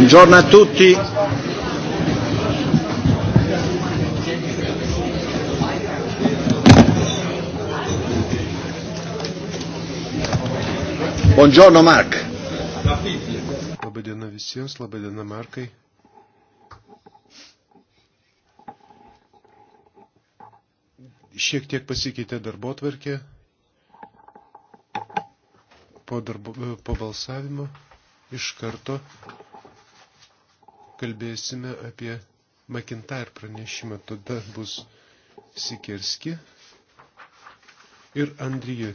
Buongiorno a tutti. Buongiorno Mark. Labai diena visiems, labai diena Markai. Šiek tiek pasikeitė darbo tvarkė po, po balsavimo iš karto kalbėsime apie McIntyre pranešimą, tada bus Sikerski ir Andrija.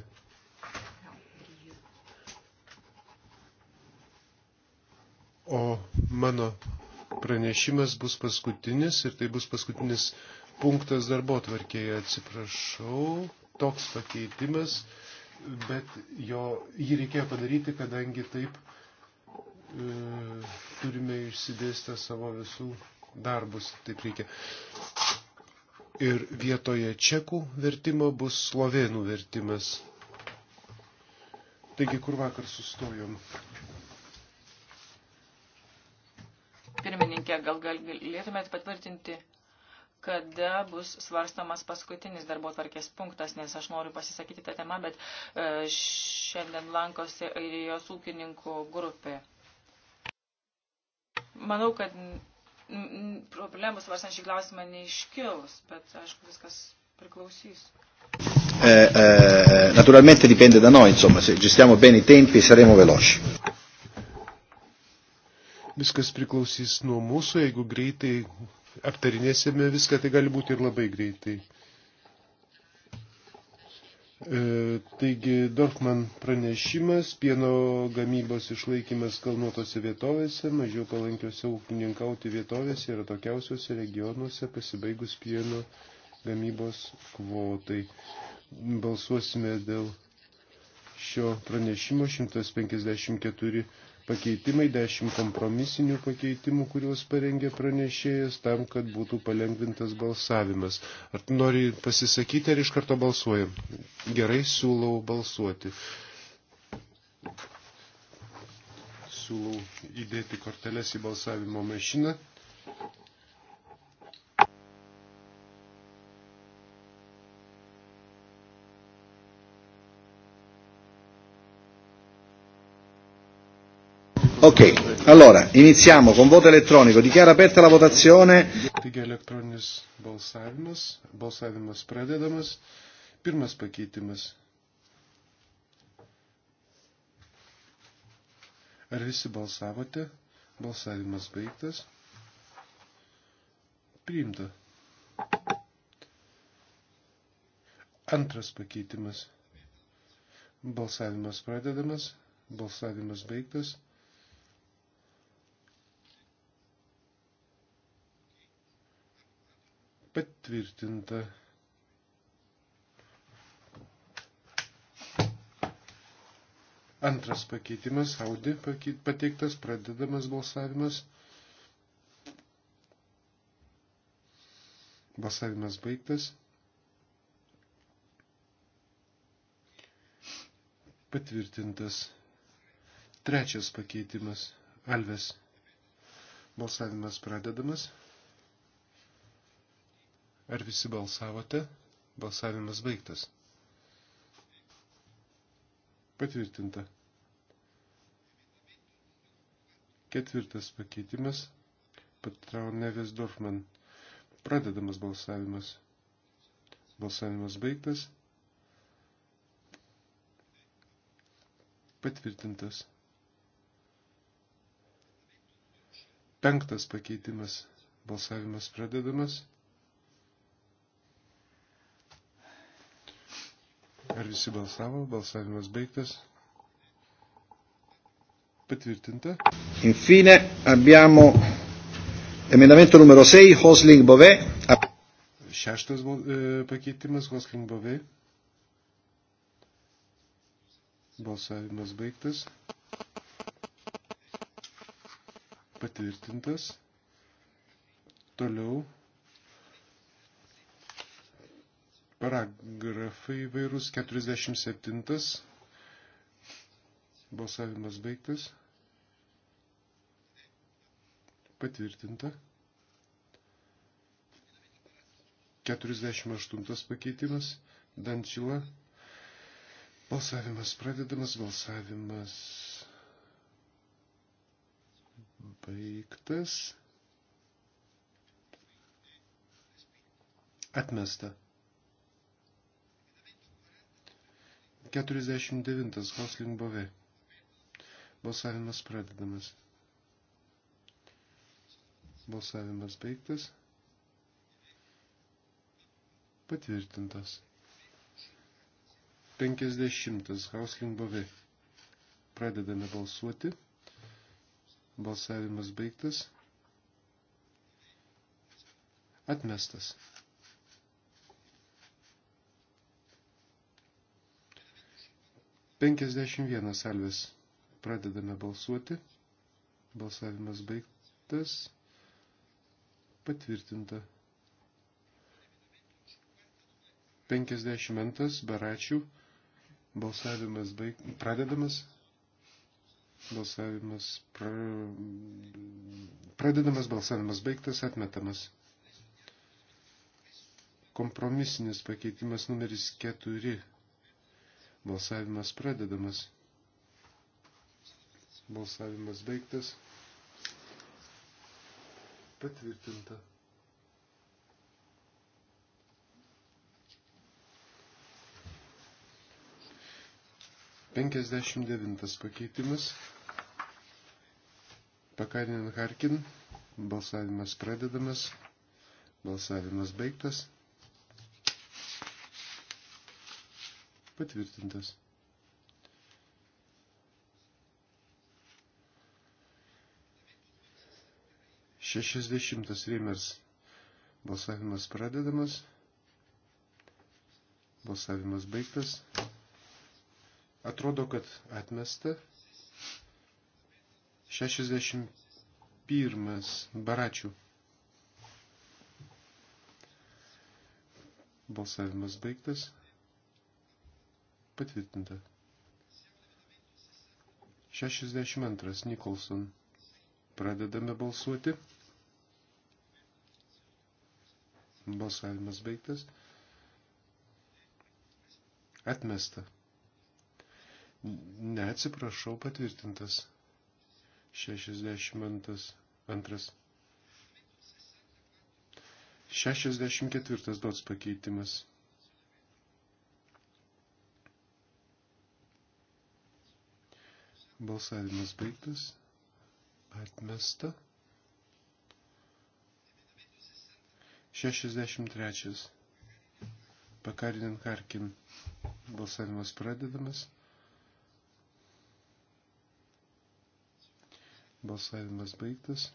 O mano pranešimas bus paskutinis ir tai bus paskutinis punktas darbo tvarkėje. Atsiprašau, toks pakeitimas, bet jo, jį reikėjo padaryti, kadangi taip E, turime išsidėstę savo visų darbus, taip reikia. Ir vietoje čekų vertimo bus slovėnų vertimas. Taigi, kur vakar sustojom? Pirmininkė, gal galėtumėt patvirtinti, kada bus svarstamas paskutinis darbo tvarkės punktas, nes aš noriu pasisakyti tą temą, bet e, šiandien lankosi ir jos ūkininkų grupė. Manau, kad problemų svarstant šį klausimą neiškils, bet aišku, viskas priklausys. Eh, eh, naturalmente dipende da noi, insomma, se gestiamo bene i tempi e saremo veloci. Viskas priklausys nuo mūsų, jeigu greitai aptarinėsime viską, tai gali būti ir labai greitai. E, taigi Dorfman pranešimas, pieno gamybos išlaikymas kalnuotose vietovėse, mažiau palankiuose ūkininkauti vietovėse ir atokiausiuose regionuose pasibaigus pieno gamybos kvotai. Balsuosime dėl šio pranešimo 154 pakeitimai, dešimt kompromisinių pakeitimų, kuriuos parengė pranešėjas tam, kad būtų palengvintas balsavimas. Ar nori pasisakyti, ar iš karto balsuoju? Gerai, siūlau balsuoti. Siūlau įdėti korteles į balsavimo mašiną. Ok, allora iniziamo con voto elettronico. Dichiaro aperta la votazione. Ar visi balsavote? Balsavimas baigtas. Priimta. Antras pakeitimas. Balsavimas pradedamas. Balsavimas baigtas. patvirtinta. Antras pakeitimas, Audi pateiktas, pradedamas balsavimas. Balsavimas baigtas. Patvirtintas. Trečias pakeitimas, Alves. Balsavimas pradedamas. Ar visi balsavote? Balsavimas baigtas. Patvirtinta. Ketvirtas pakeitimas. Neves Dorfman. Pradedamas balsavimas. Balsavimas baigtas. Patvirtintas. Penktas pakeitimas. Balsavimas pradedamas. Ar visi balsavo? Balsavimas baigtas. Patvirtinta. Infine abbiamo emendamento numero 6, Hosling Bove. Šeštas e, pakeitimas, Hosling Bove. Balsavimas baigtas. Patvirtintas. Toliau paragrafai vairūs 47. Balsavimas baigtas. Patvirtinta. 48 pakeitimas. Dančila. Balsavimas pradedamas. Balsavimas baigtas. Atmesta. 49. Hosling buvė. Balsavimas pradedamas. Balsavimas baigtas. Patvirtintas. 50. Hausling buvė. Pradedame balsuoti. Balsavimas baigtas. Atmestas. 51 salvės. Pradedame balsuoti. Balsavimas baigtas. Patvirtinta. 52 baračių. Balsavimas baig... pradedamas. Balsavimas pra... pradedamas, balsavimas baigtas, atmetamas. Kompromisinis pakeitimas numeris 4 Balsavimas pradedamas. Balsavimas baigtas. Patvirtinta. Penkiasdešimt devintas pakeitimas. Pakarinin Harkin. Balsavimas pradedamas. Balsavimas baigtas. Patvirtintas. Šešiasdešimtas rėmers. Balsavimas pradedamas. Balsavimas baigtas. Atrodo, kad atmesta. pirmas baračių. Balsavimas baigtas. Patvirtinta. 62 Nikolson. Pradedame balsuoti. Balsavimas baigtas. Atmesta. Neatsiprašau, patvirtintas. 62. Antras. 64. Dots pakeitimas. Balsavimas baigtas. Atmesta. 63. Pakarinin Karkin Balsavimas pradedamas. Balsavimas baigtas.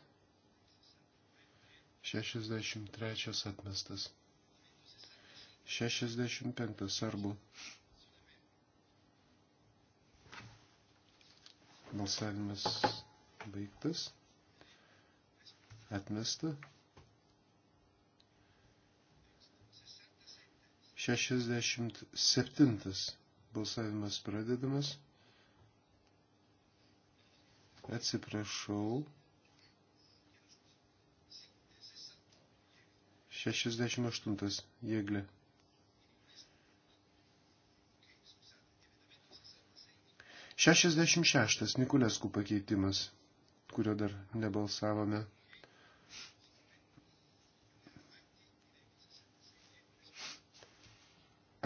63 atmestas. 65 Sarbu. Balsavimas baigtas. Atmesta. 67. Balsavimas pradedamas. Atsiprašau. 68. Jėglė. 66. Nikulėskų pakeitimas, kurio dar nebalsavome.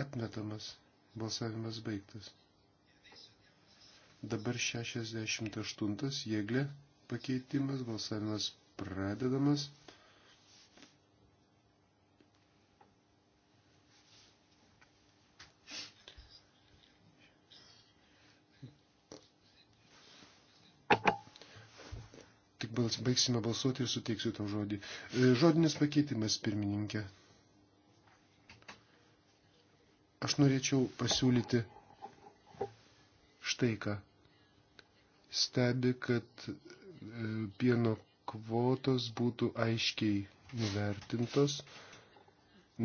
Atmetamas. Balsavimas baigtas. Dabar 68. Jėglė pakeitimas. Balsavimas pradedamas. baigsime balsuoti ir suteiksiu tam žodį. E, žodinis pakeitimas, pirmininkė. Aš norėčiau pasiūlyti štai ką. Stebi, kad e, pieno kvotos būtų aiškiai nuvertintos.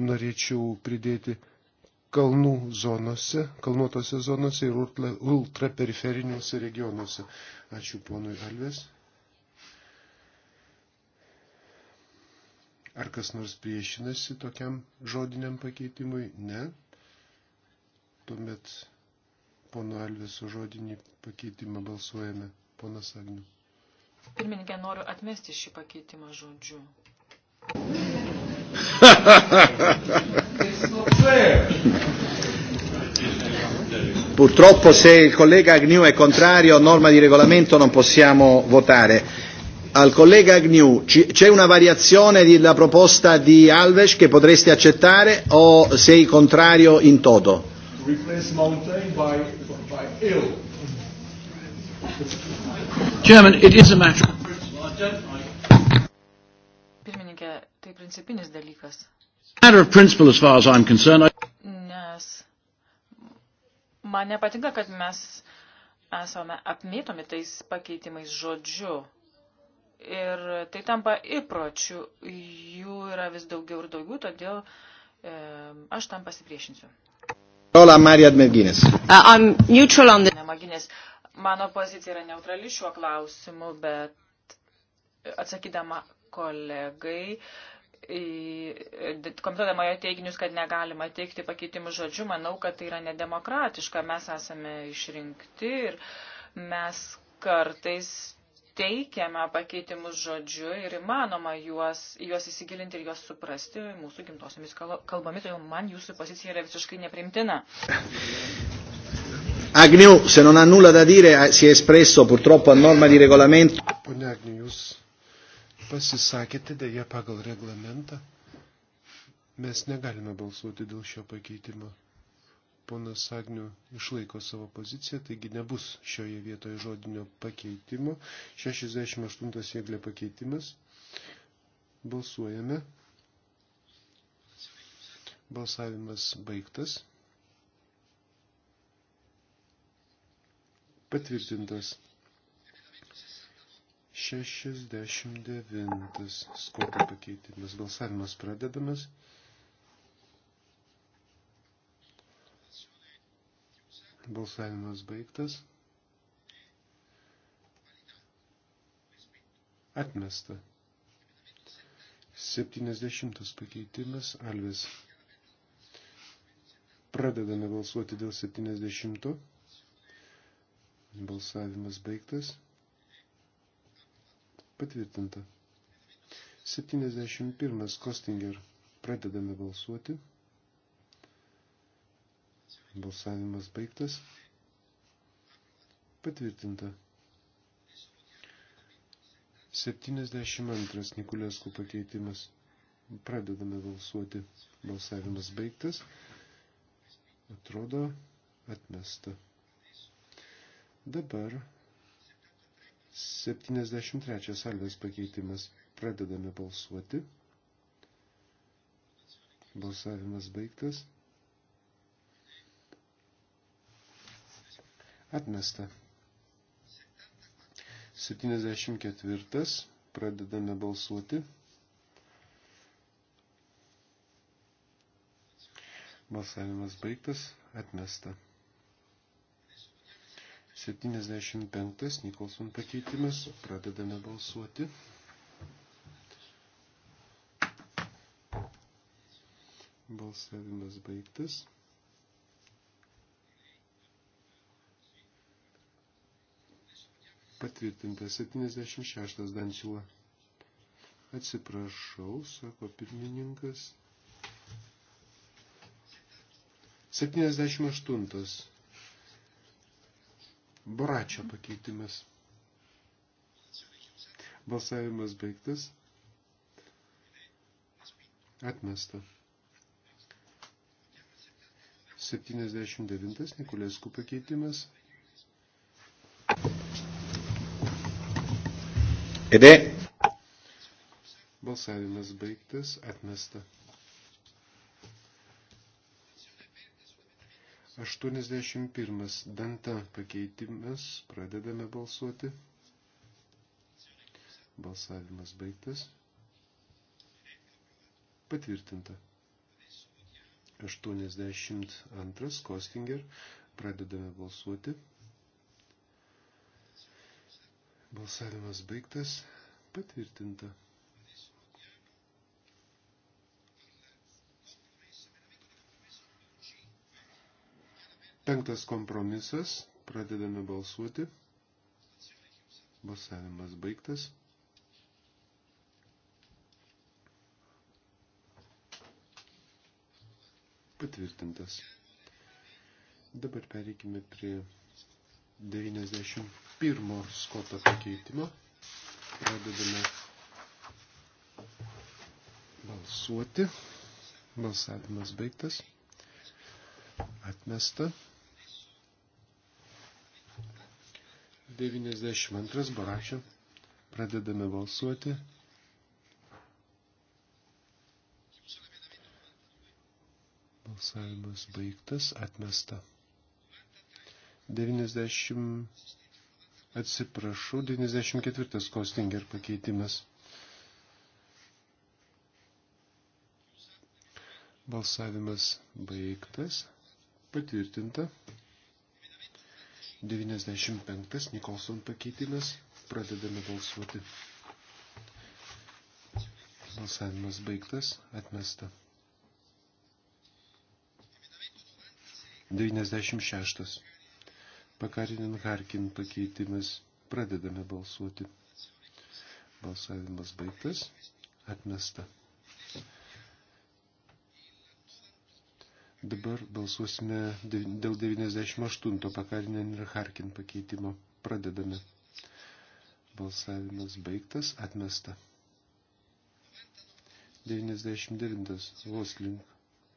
Norėčiau pridėti kalnų zonose, kalnuotose zonose ir ultraperiferiniuose regionuose. Ačiū ponui Alvės. Ar kas nors priešinasi tokiam žodiniam pakeitimui? Ne. Tuomet pono Alviso žodinį pakeitimą balsuojame. Ponas Agniu. Pirmininkė, noriu atmesti šį pakeitimą žodžiu. Purtroppo se il collega Agnew è contrario a norma di regolamento non possiamo votare al collega Agnew, c'è una variazione della proposta di Alves che potresti accettare o sei contrario in toto? Nes man nepatinka, kad mes esame apmėtomi tais pakeitimais žodžiu ir tai tampa įpročių, jų yra vis daugiau ir daugiau, todėl e, aš tam pasipriešinsiu. Hola, Marija Dmerginės. Uh, the... mano pozicija yra neutrali šiuo klausimu, bet atsakydama kolegai, komentuodama jo teiginius, kad negalima teikti pakeitimų žodžių, manau, kad tai yra nedemokratiška. Mes esame išrinkti ir mes kartais teikiame pakeitimus žodžiu ir įmanoma juos, juos įsigilinti ir juos suprasti mūsų gimtosiamis kalbomis, todėl man jūsų pozicija yra visiškai neprimtina. Agniu, se non ha nulla da dire, eh, si è espresso purtroppo a norma di regolamento. Pone Agniu, jūs pasisakėte dėja pagal reglamentą. Mes negalime balsuoti dėl šio pakeitimo ponas Agnių išlaiko savo poziciją, taigi nebus šioje vietoje žodinio pakeitimo. 68 jėglė pakeitimas. Balsuojame. Balsavimas baigtas. Patvirtintas. 69 skoto pakeitimas. Balsavimas pradedamas. Balsavimas baigtas. Atmesta. 70 pakeitimas Alvis. Pradedame balsuoti dėl 70. Balsavimas baigtas. Patvirtinta. 71. Kostinger. Pradedame balsuoti. Balsavimas baigtas. Patvirtinta. 72 Nikulėskų pakeitimas. Pradedame balsuoti. Balsavimas baigtas. Atrodo atmesta. Dabar 73 salvės pakeitimas. Pradedame balsuoti. Balsavimas baigtas. Atmesta. 74. Pradedame balsuoti. Balsavimas baigtas. Atmesta. 75. Nikolson pakeitimas. Pradedame balsuoti. Balsavimas baigtas. Patvirtinta 76 Dančiula. Atsiprašau, sako pirmininkas. 78. Boračio pakeitimas. Balsavimas baigtas. Atmesta. 79. Nikulėskų pakeitimas. Ed è. Balsavimas baigtas, atmesta. 81. Danta pakeitimas. Pradedame balsuoti. Balsavimas baigtas. Patvirtinta. 82. Kostinger. Pradedame balsuoti. Balsavimas baigtas. Patvirtinta. Penktas kompromisas. Pradedame balsuoti. Balsavimas baigtas. Patvirtintas. Dabar pereikime prie 90 pirmo skoto pakeitimo. Pradedame balsuoti. Balsavimas baigtas. Atmesta. 92 barašė. Pradedame balsuoti. Balsavimas baigtas. Atmesta. 90. Atsiprašau, 94 Kostinger pakeitimas. Balsavimas baigtas. Patvirtinta. 95 Nikolson pakeitimas. Pradedame balsuoti. Balsavimas baigtas. Atmesta. 96. Pakarinin Harkin pakeitimas. Pradedame balsuoti. Balsavimas baigtas. Atmesta. Dabar balsuosime dėl 98 pakarinin Harkin pakeitimo. Pradedame. Balsavimas baigtas. Atmesta. 99 Voslink.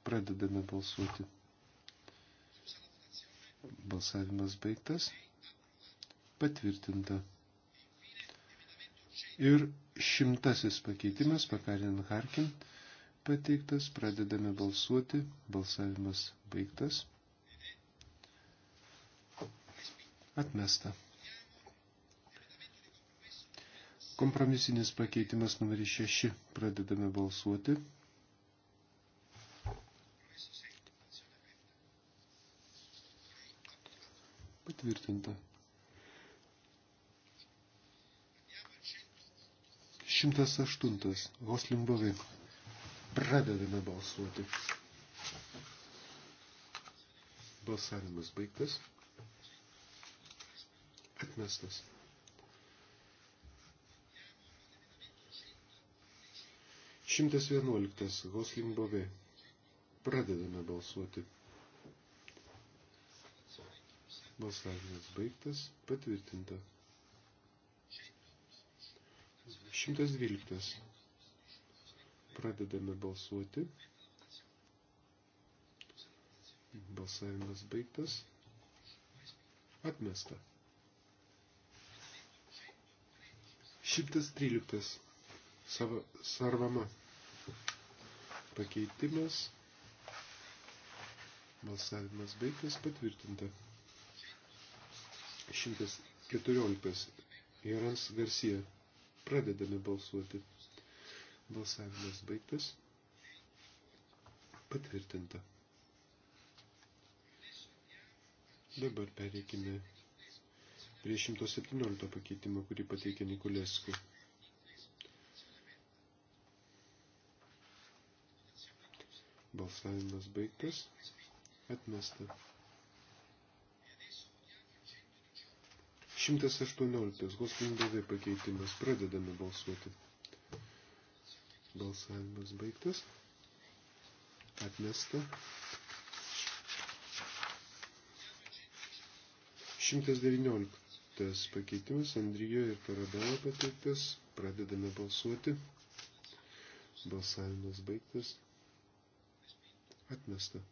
Pradedame balsuoti. Balsavimas baigtas. Patvirtinta. Ir šimtasis pakeitimas, pakarin Harkin, pateiktas, pradedame balsuoti, balsavimas baigtas. Atmesta. Kompromisinis pakeitimas numeris 6, pradedame balsuoti, Patvirtinta. 108. Goslimbovi. Pradedame balsuoti. Balsavimas baigtas. Atmestas. Šimtas vienuoliktas Goslimbovi. Pradedame balsuoti. Balsavimas baigtas. Patvirtinta. 112. Pradedame balsuoti. Balsavimas baigtas. Atmesta. 113. Sava, sarvama. Pakeitimas. Balsavimas baigtas patvirtinta. 114. Joras Garcia. Pradedame balsuoti. Balsavimas baigtas. Patvirtinta. Dabar pereikime prie 117 pakeitimo, kurį pateikė Nikulesku. Balsavimas baigtas. Atmesta. 118 Goslingdovė pakeitimas. Pradedame balsuoti. Balsavimas baigtas. Atmesta. 119 pakeitimas Andrijo ir Tarabela pateiktas. Pradedame balsuoti. Balsavimas baigtas. Atmesta.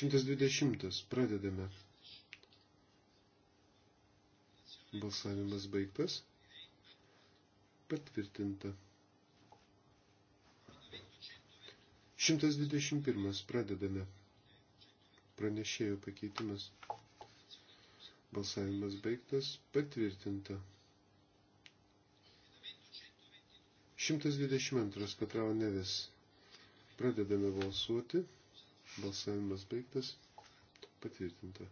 120. Pradedame. Balsavimas baigtas. Patvirtinta. 121. Pradedame. Pranešėjo pakeitimas. Balsavimas baigtas. Patvirtinta. 122. Petravo Neves. Pradedame balsuoti. Balsavimas baigtas. Patvirtinta.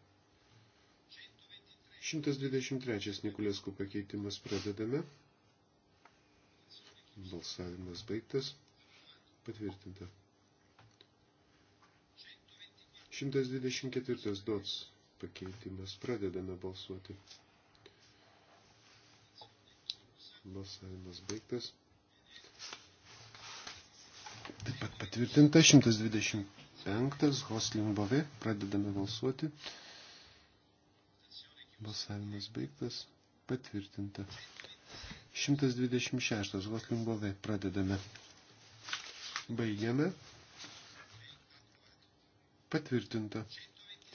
123 Nikulėskų pakeitimas pradedame. Balsavimas baigtas. Patvirtinta. 124 dots pakeitimas. Pradedame balsuoti. Balsavimas baigtas. Taip pat patvirtinta 125 Hosling Pradedame balsuoti. Balsavimas baigtas. Patvirtinta. 126. Goslimbovė. Pradedame. Baigiame. Patvirtinta.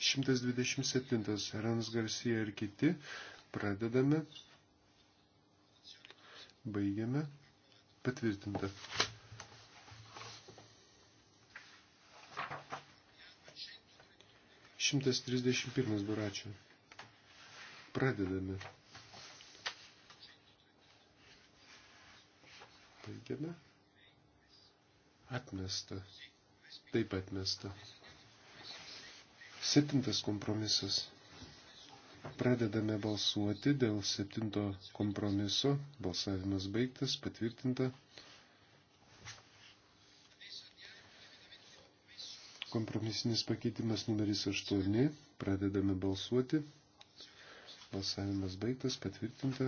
127. Rans Garcia ir kiti. Pradedame. Baigiame. Patvirtinta. Šimtas trisdešimt pirmas buračių. Pradedame. Baigiame. Atmesta. Taip atmesta. Septintas kompromisas. Pradedame balsuoti dėl septinto kompromiso. Balsavimas baigtas, patvirtinta. Kompromisinis pakeitimas numeris 8. Pradedame balsuoti. Balsavimas baigtas, patvirtinta.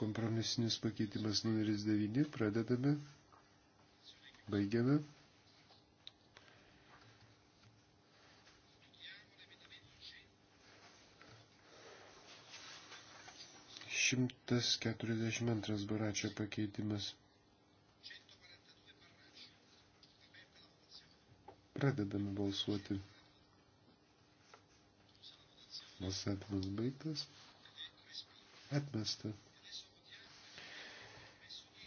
Kompromisinis pakeitimas numeris 9. Pradedame. Baigiame. Šimtas keturiasdešimt antras baračio pakeitimas. Pradedame balsuoti. Was no Balsavimas baigtas. Atmesta.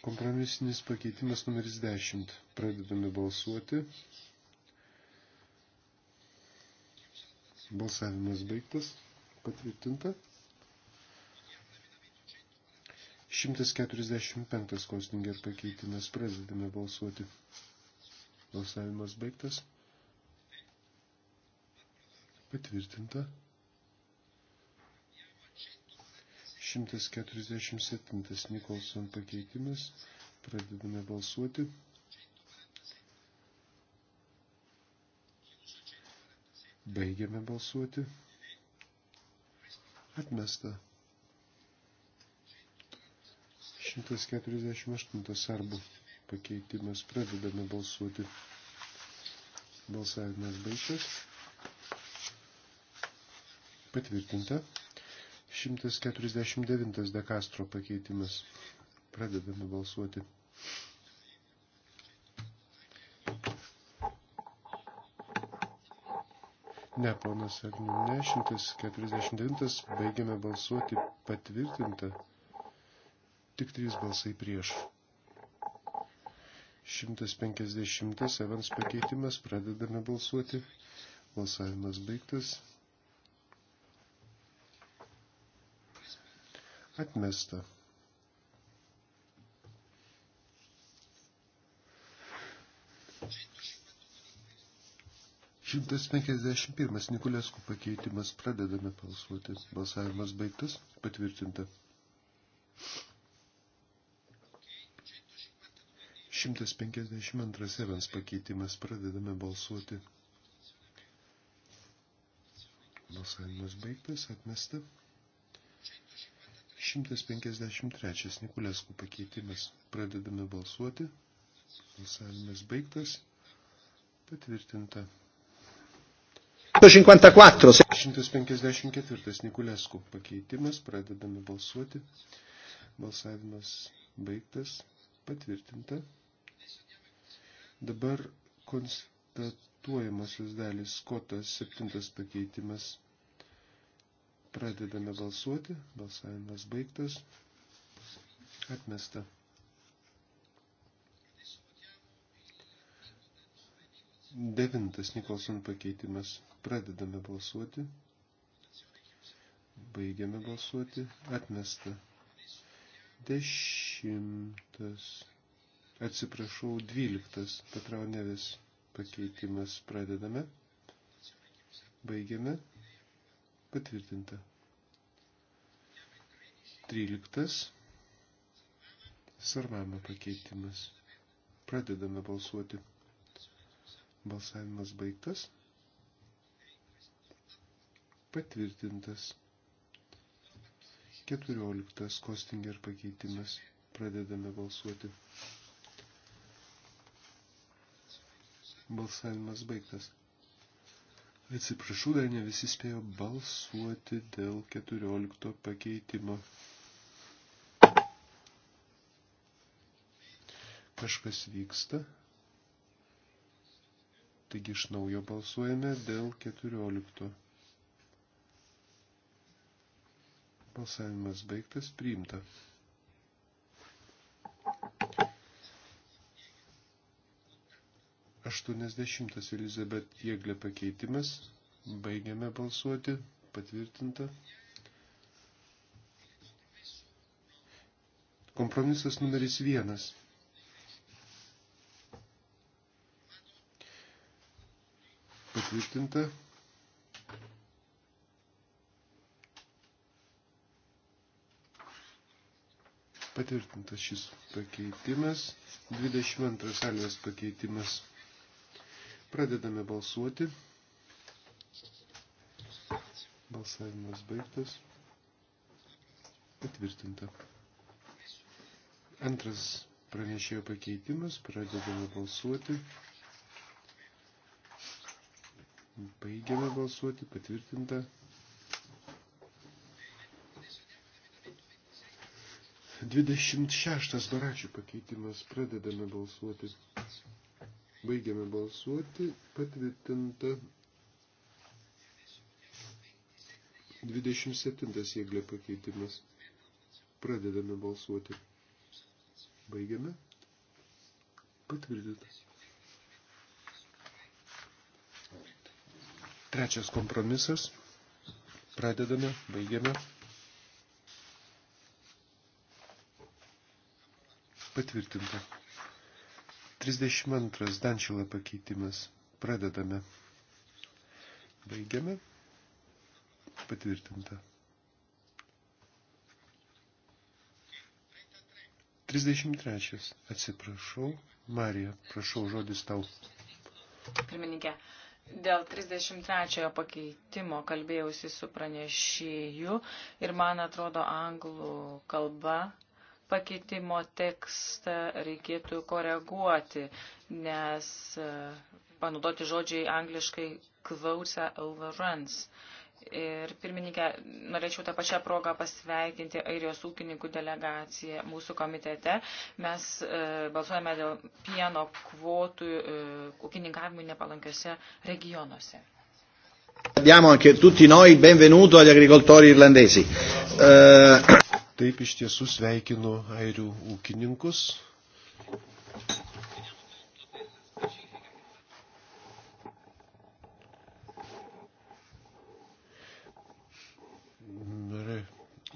Kompromisinis pakeitimas numeris 10. Pradedame balsuoti. Balsavimas baigtas. Patvirtinta. 145 Kostinger pakeitimas. Pradedame balsuoti. Balsavimas baigtas. Patvirtinta. 147 Nikolson pakeitimas. Pradedame balsuoti. Baigiame balsuoti. Atmesta. 148 sarbu pakeitimas. Pradedame balsuoti. Balsavimas baigtas. Patvirtinta. 149 dekastro pakeitimas. Pradedame balsuoti. Ne, ponas ar ne, 149, baigiame balsuoti patvirtintą, tik trys balsai prieš. 150 Evans pakeitimas, pradedame balsuoti, balsavimas baigtas, atmesta. Šimtas penkiasdešimt pirmas Nikulėskų pakeitimas pradedame balsuoti. Balsavimas baigtas, patvirtinta. Šimtas penkiasdešimt antras Evans pakeitimas pradedame balsuoti. Balsavimas baigtas, atmesta. 153 Nikulėskų pakeitimas. Pradedame balsuoti. Balsavimas baigtas. Patvirtinta. 154. 154 Nikulėskų pakeitimas. Pradedame balsuoti. Balsavimas baigtas. Patvirtinta. Dabar konstatuojamasis dalis kotas 7 pakeitimas. Pradedame balsuoti. Balsavimas baigtas. Atmesta. Devintas Nikolson pakeitimas. Pradedame balsuoti. Baigiame balsuoti. Atmesta. Dešimtas. Atsiprašau, dvyliktas Petraunėvis pakeitimas. Pradedame. Baigiame. Patvirtinta. 13. Sarvama pakeitimas. Pradedame balsuoti. Balsavimas baigtas. Patvirtintas. 14. Kostinger pakeitimas. Pradedame balsuoti. Balsavimas baigtas. Atsiprašau, dar ne visi spėjo balsuoti dėl 14 pakeitimo. Kažkas vyksta. Taigi iš naujo balsuojame dėl 14. Balsavimas baigtas, priimta. 80 Elizabeth Jėglė pakeitimas. Baigiame balsuoti. Patvirtinta. Kompromisas numeris vienas. Patvirtinta. Patvirtintas šis pakeitimas. 22 salės pakeitimas. Pradedame balsuoti. Balsavimas baigtas. Patvirtinta. Antras pranešėjo pakeitimas. Pradedame balsuoti. Baigiame balsuoti. Patvirtinta. Dvidešimt šeštas baračių pakeitimas. Pradedame balsuoti. Baigiame balsuoti. Patvirtinta 27 jėglė pakeitimas. Pradedame balsuoti. Baigiame. Patvirtinta. Trečias kompromisas. Pradedame, baigiame. Patvirtinta. 32 dančilą pakeitimas. Pradedame. Baigiame. Patvirtinta. 33. Atsiprašau. Marija, prašau, žodis tau. Pirmininkė, dėl 33 pakeitimo kalbėjausi su pranešėju ir man atrodo anglų kalba pakeitimo tekstą reikėtų koreguoti, nes e, panaudoti žodžiai angliškai closer overruns. Ir pirmininkė, norėčiau tą pačią progą pasveikinti Airijos ūkininkų delegaciją mūsų komitete. Mes e, balsuojame dėl pieno kvotų e, ūkininkavimui nepalankiose regionuose. Diamo anche tutti noi benvenuto agli agricoltori irlandesi. Uh, Taip iš tiesų sveikinu airių ūkininkus.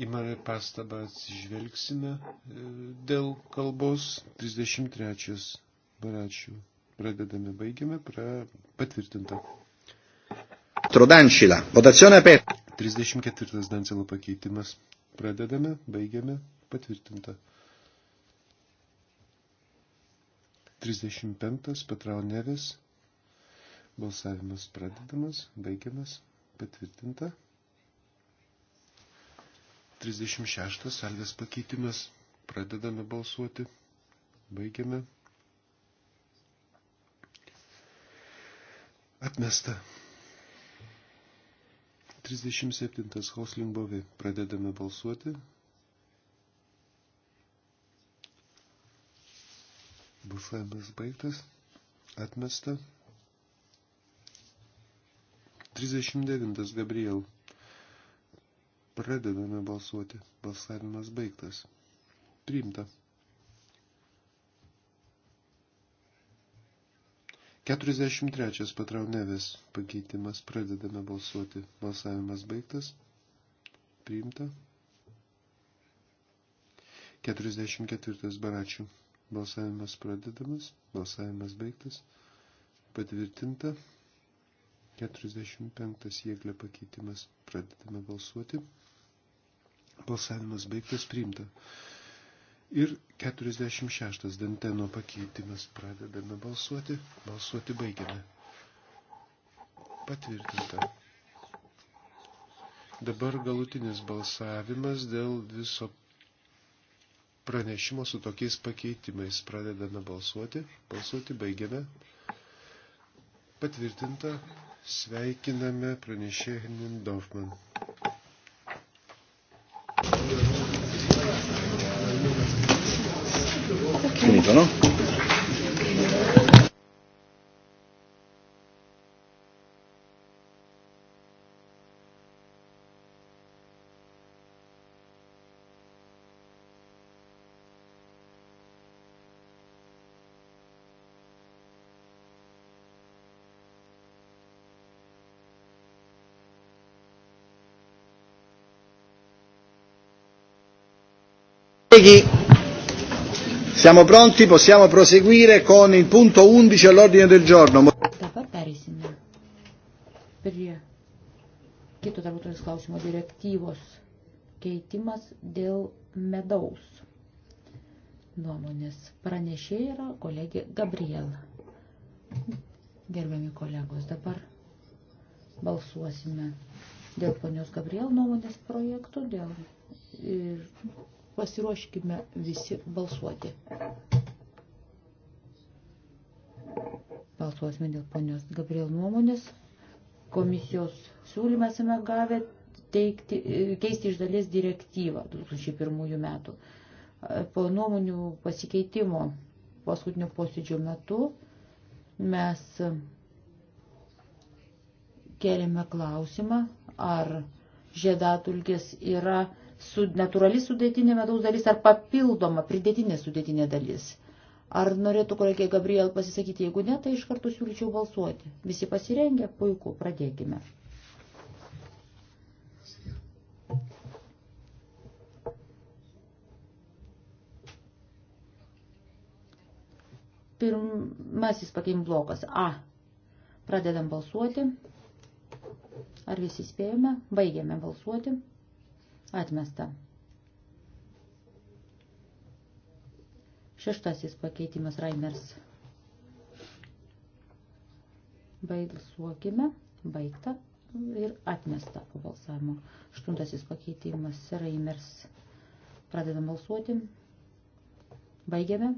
Į mane pastabą atsižvelgsime e, dėl kalbos 33 baračių. Pradedame, baigiame, pra... patvirtinta. Trodančila, votazione apie. 34 Dancelo pakeitimas. Pradedame, baigiame, patvirtinta. 35 Petrao Neves. Balsavimas pradedamas, baigiamas, patvirtinta. 36 salvės pakeitimas. Pradedame balsuoti, baigiame. Atmesta. 37 Hoslinbovi pradedame balsuoti. Balsavimas baigtas. Atmesta. 39 Gabriel. Pradedame balsuoti. Balsavimas baigtas. Priimta. 43 patraunėvės pakeitimas pradedame balsuoti. Balsavimas baigtas. Priimta. 44 baračių. Balsavimas pradedamas. Balsavimas baigtas. Patvirtinta. 45 jėglė pakeitimas. Pradedame balsuoti. Balsavimas baigtas. Priimta. Ir 46 danteno pakeitimas pradedame balsuoti, balsuoti baigiame. Patvirtinta. Dabar galutinis balsavimas dėl viso pranešimo su tokiais pakeitimais. Pradedame balsuoti, balsuoti baigiame. Patvirtinta, sveikiname pranešėją Henin punto, ¿no? you. Siamo pronti, possiamo proseguire con il punto 11 all'ordine del giorno. keitimas dėl medaus. Nuomonės pranešė yra kolegė Gabriela. Gerbiami kolegos, dabar balsuosime dėl ponios Gabriel nuomonės projektų, dėl ir Pasiruoškime visi balsuoti. Balsuosime dėl ponios Gabriel nuomonės. Komisijos siūlymą esame gavę teikti, keisti iš dalies direktyvą 2001 metų. Po nuomonių pasikeitimo paskutinio posėdžio metu mes kelime klausimą, ar žiedadulkės yra su, natūrali sudėtinė medaus dalis ar papildoma pridėtinė sudėtinė dalis. Ar norėtų kolegė Gabriel pasisakyti, jeigu ne, tai iš karto siūlyčiau balsuoti. Visi pasirengę, puiku, pradėkime. Pirmasis pakeim blokas A. Pradedam balsuoti. Ar visi spėjome? Baigėme balsuoti. Atmesta. Šeštasis pakeitimas Raimers. Balsuokime. Baigta ir atmesta po balsavimo. Aštuntasis pakeitimas Raimers. Pradedam balsuoti. Baigiame.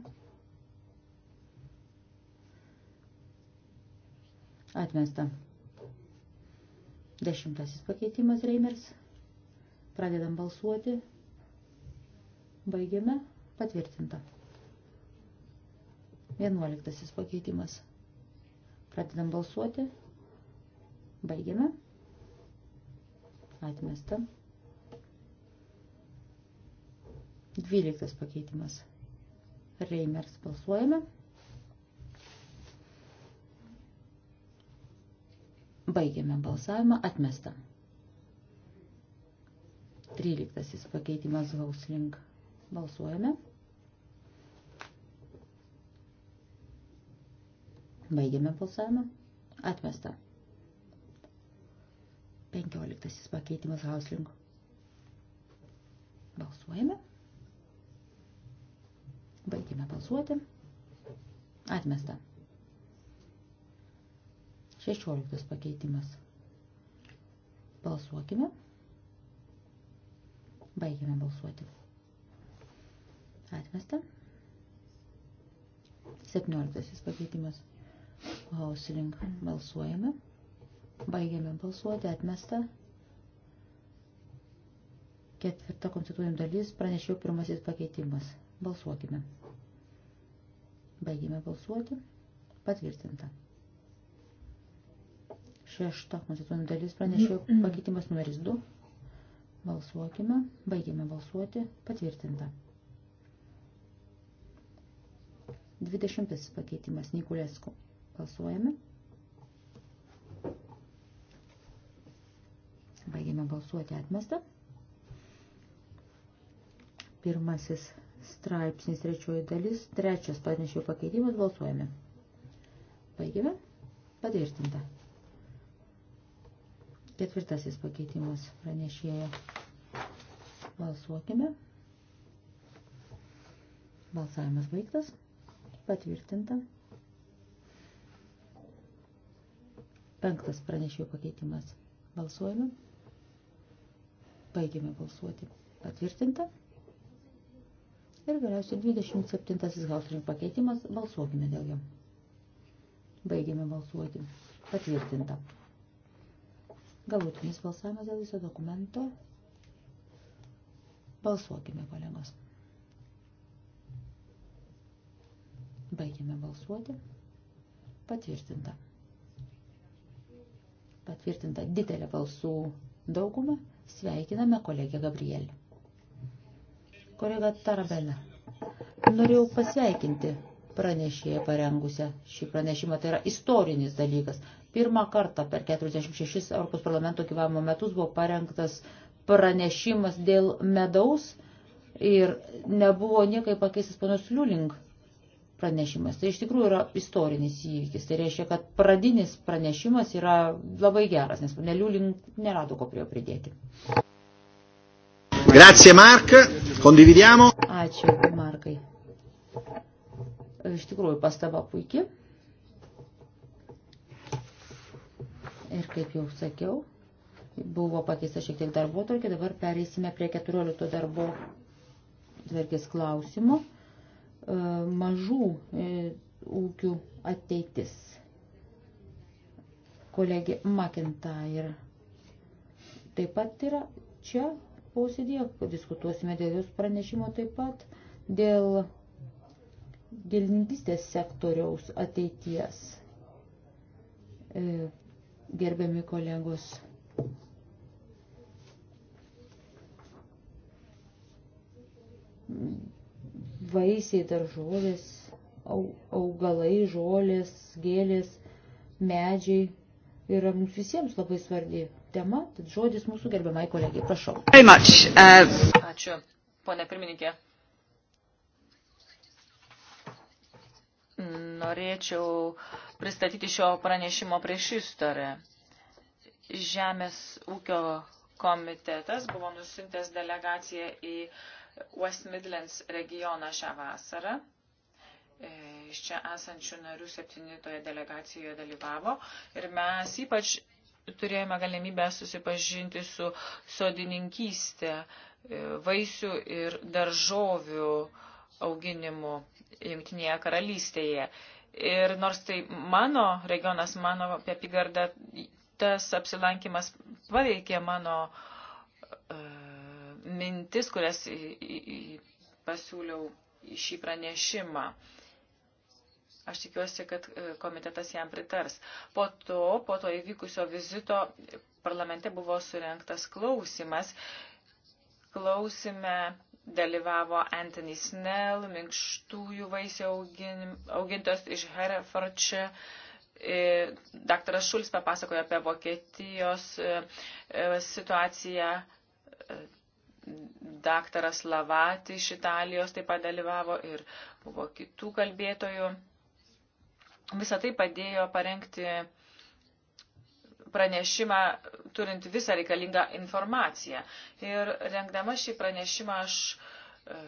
Atmesta. Dešimtasis pakeitimas Reimers. Pradedam balsuoti. Baigiame. Patvirtinta. Vienuoliktasis pakeitimas. Pradedam balsuoti. Baigiame. Atmesta. Dvyliktas pakeitimas. Reimers balsuojame. Baigiame balsavimą. Atmestam. 13 pakeitimas Hauslink. Balsuojame. Baigiame balsavimą. Atmesta. 15 pakeitimas Hauslink. Balsuojame. Baigiame balsuoti. Atmesta. 16 pakeitimas. Balsuokime. Baigiame balsuoti. Atmesta. 17 pakeitimas. Hausling. Balsuojame. Baigiame balsuoti. Atmesta. Ketvirta konstituojam dalis. Pranešiau pirmasis pakeitimas. Balsuokime. Baigiame balsuoti. Patvirtinta. Šešta konstituojam dalis. Pranešiau pakeitimas numeris 2. Balsuokime. Baigėme balsuoti. Patvirtinta. 20 pakeitimas Nikulesku. Balsuojame. Baigėme balsuoti atmestą. Pirmasis straipsnis trečioji dalis. Trečias pranešėjų pakeitimas. Balsuojame. Baigėme. Patvirtinta. Ketvirtasis pakeitimas pranešėjo. Balsuokime. Balsavimas baigtas. Patvirtinta. Penktas pranešėjo pakeitimas. Balsuojame. Baigėme balsuoti. Patvirtinta. Ir galiausiai 27 asis gausrinių pakeitimas. Balsuokime dėl jo. Baigėme balsuoti. Patvirtinta. Galutinis balsavimas dėl viso dokumento. Balsuokime, kolegos. Baigime balsuoti. Patvirtinta. Patvirtinta didelė balsų dauguma. Sveikiname kolegę Gabrielį. Kolega Tarabena. Norėjau pasveikinti pranešėją parengusią šį pranešimą. Tai yra istorinis dalykas. Pirmą kartą per 46 Europos parlamento gyvavimo metus buvo parengtas pranešimas dėl medaus ir nebuvo niekai pakeistas panos Liulink pranešimas. Tai iš tikrųjų yra istorinis įvykis. Tai reiškia, kad pradinis pranešimas yra labai geras, nes panė Liulink nerado ko prie jo pridėti. Grazie Mark, Ačiū Markai. Iš tikrųjų pastaba puikiai. Ir kaip jau sakiau, buvo pakeista šiek tiek darbo tvarkė, dabar pereisime prie 14 darbo tvarkės klausimų. E, mažų e, ūkių ateitis. Kolegė Makinta ir taip pat yra čia posėdėje, diskutuosime dėl jos pranešimo taip pat, dėl gėlininkistės sektoriaus ateities e, gerbiami kolegos. Vaisiai, daržovės, augalai, žolės, gėlės, medžiai yra mums visiems labai svarbi tema, tad žodis mūsų gerbiamai kolegiai, prašau. Uh, Ačiū, ponė pirmininkė. Norėčiau uh, pristatyti šio pranešimo prieš istorę. Žemės ūkio komitetas buvo nusintęs delegaciją į West Midlands regioną šią vasarą. E, iš čia esančių narių septynitoje delegacijoje dalyvavo ir mes ypač turėjome galimybę susipažinti su sodininkystė, e, vaisių ir daržovių auginimu Junktinėje karalystėje. Ir nors tai mano regionas, mano apygarda, tas apsilankimas paveikė mano uh, mintis, kurias į, į, į pasiūliau į šį pranešimą. Aš tikiuosi, kad e, komitetas jam pritars. Po to, po to įvykusio vizito parlamente buvo surinktas klausimas. Klausime dalyvavo Anthony Snell, minkštųjų vaisių augintos iš Herefordšė. E, Dr. Šulis papasakojo apie Vokietijos e, e, situaciją. Dr. Lavati iš Italijos taip pat dalyvavo ir buvo kitų kalbėtojų. Visą tai padėjo parengti pranešimą turint visą reikalingą informaciją. Ir rengdama šį pranešimą aš e,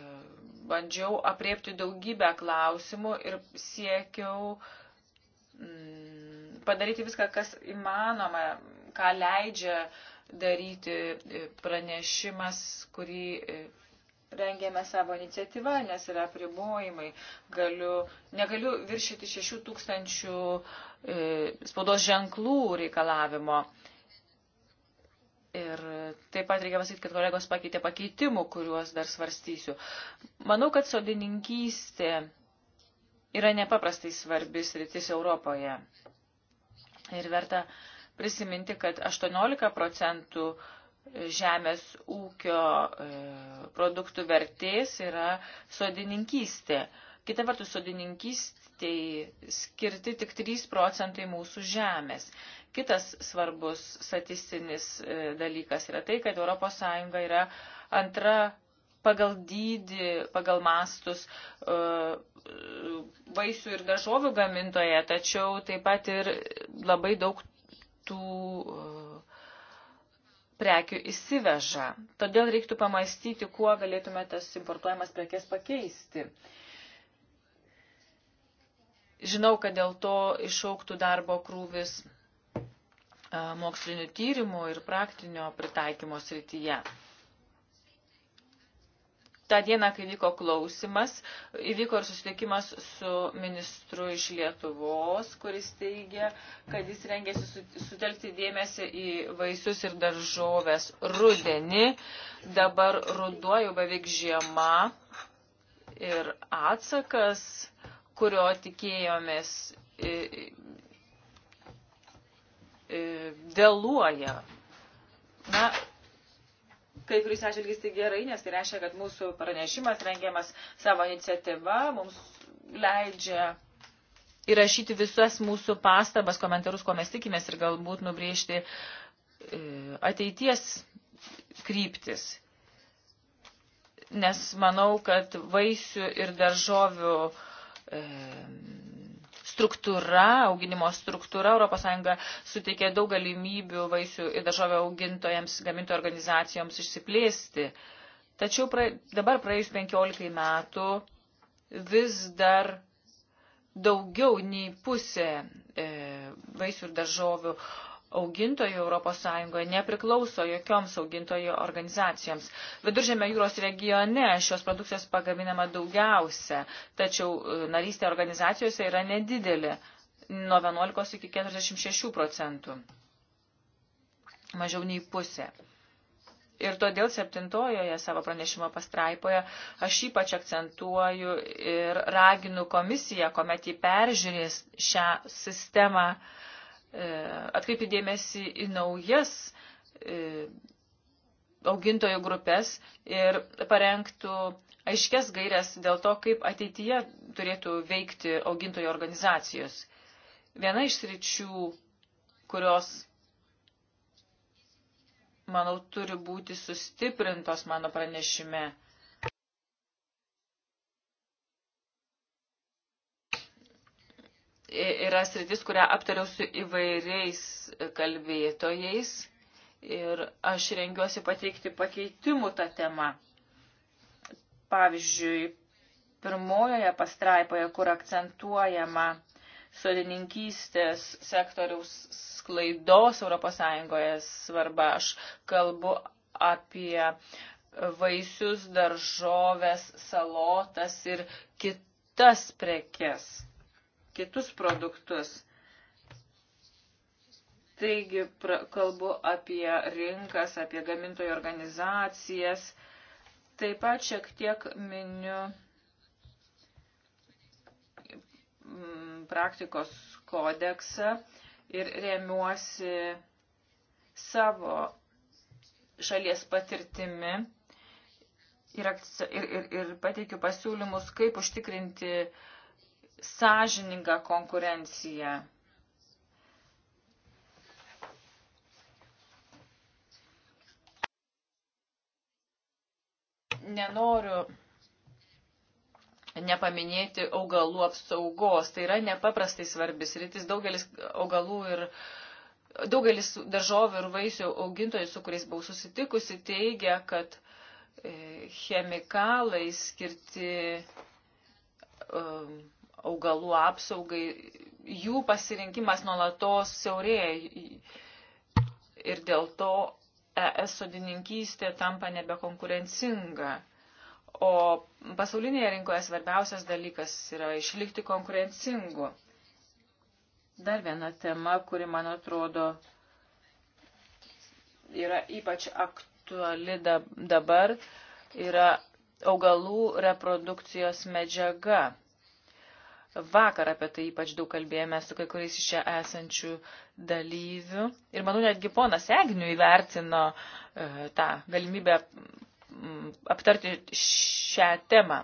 bandžiau apriepti daugybę klausimų ir siekiau mm, padaryti viską, kas įmanoma, ką leidžia daryti e, pranešimas, kurį e, rengėme savo iniciatyvą, nes yra pribojimai. Galiu, negaliu viršyti 6 tūkstančių spaudos ženklų reikalavimo. Ir taip pat reikia pasakyti, kad kolegos pakeitė pakeitimų, kuriuos dar svarstysiu. Manau, kad sodininkystė yra nepaprastai svarbis rytis Europoje. Ir verta prisiminti, kad 18 procentų žemės ūkio e, produktų vertės yra sodininkystė. Kita vertus, sodininkystė tai skirti tik 3 procentai mūsų žemės. Kitas svarbus statistinis e, dalykas yra tai, kad ES yra antra pagal dydį, pagal mastus e, vaisių ir dažovių gamintoje, tačiau taip pat ir labai daug tų e, prekių įsiveža. Todėl reiktų pamastyti, kuo galėtume tas importuojamas prekes pakeisti. Žinau, kad dėl to išauktų darbo krūvis e, mokslinių tyrimų ir praktinio pritaikymo srityje. Ta diena, kai vyko klausimas, įvyko ir susitikimas su ministru iš Lietuvos, kuris teigia, kad jis rengėsi sutelkti dėmesį į vaisius ir daržovės rudenį. Dabar ruduoju beveik žiema ir atsakas kurio tikėjomės, e, e, e, vėluoja. Na, kai kuris atžvilgis tai gerai, nes tai reiškia, kad mūsų pranešimas rengiamas savo iniciatyva mums leidžia įrašyti visas mūsų pastabas, komentarus, ko mes tikimės ir galbūt nubrėžti ateities kryptis. Nes manau, kad vaisių ir daržovių uh, Ehm, struktūra, auginimo struktūra. Europos Sąjunga suteikė daug galimybių vaisių ir dažovio augintojams, gamintojų organizacijoms išsiplėsti. Tačiau pra, dabar praėjus 15 metų vis dar daugiau nei pusė e, vaisių ir dažovių augintojų Europos Sąjungoje nepriklauso jokioms augintojų organizacijoms. Viduržėme jūros regione šios produkcijos pagaminama daugiausia, tačiau e, narystė organizacijose yra nedidelė nuo 11 iki 46 procentų, mažiau nei pusė. Ir todėl septintojoje savo pranešimo pastraipoje aš ypač akcentuoju ir raginu komisiją, kuomet jį peržiūrės šią sistemą, E, atkreipti dėmesį į naujas e, augintojų grupės ir parengtų aiškias gairias dėl to, kaip ateityje turėtų veikti augintojų organizacijos. Viena iš sričių, kurios, manau, turi būti sustiprintos mano pranešime, yra sritis, kurią aptariau su įvairiais kalbėtojais ir aš rengiuosi pateikti pakeitimų tą temą. Pavyzdžiui, pirmojoje pastraipoje, kur akcentuojama sodininkystės sektoriaus sklaidos ES svarba, aš kalbu apie vaisius, daržovės, salotas ir kitas prekes kitus produktus. Taigi pra, kalbu apie rinkas, apie gamintojų organizacijas. Taip pat šiek tiek miniu mm, praktikos kodeksą ir remiuosi savo šalies patirtimi ir, ir, ir, ir pateikiu pasiūlymus, kaip užtikrinti uh, sąžininga konkurencija. Nenoriu nepaminėti augalų apsaugos. Tai yra nepaprastai svarbis rytis. Daugelis augalų ir daugelis daržovių ir vaisių augintojų, su kuriais buvau susitikusi, teigia, kad e, chemikalai skirti um, augalų apsaugai, jų pasirinkimas nuolatos siaurėja ir dėl to ES sodininkystė tampa nebekonkurencinga. O pasaulinėje rinkoje svarbiausias dalykas yra išlikti konkurencingu. Dar viena tema, kuri, man atrodo, yra ypač aktuali dabar, yra augalų reprodukcijos medžiaga. Vakar apie tai ypač daug kalbėjome su kai kuriais iš čia esančių dalyvių. Ir manau, netgi ponas Egniu įvertino e, tą galimybę aptarti šią temą.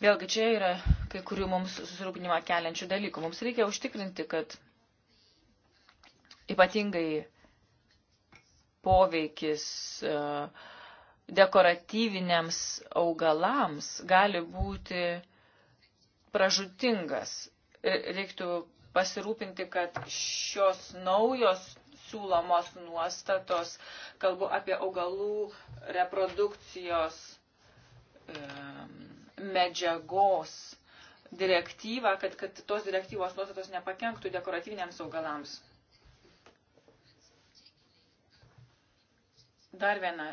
Vėlgi čia yra kai kurių mums susirūpinimą keliančių dalykų. Mums reikia užtikrinti, kad ypatingai poveikis e, dekoratyviniams augalams gali būti pražutingas. E, reiktų pasirūpinti, kad šios naujos siūlomos nuostatos, kalbu apie augalų reprodukcijos medžiagos direktyvą, kad, kad tos direktyvos nuostatos nepakenktų dekoratyviniams augalams. Dar viena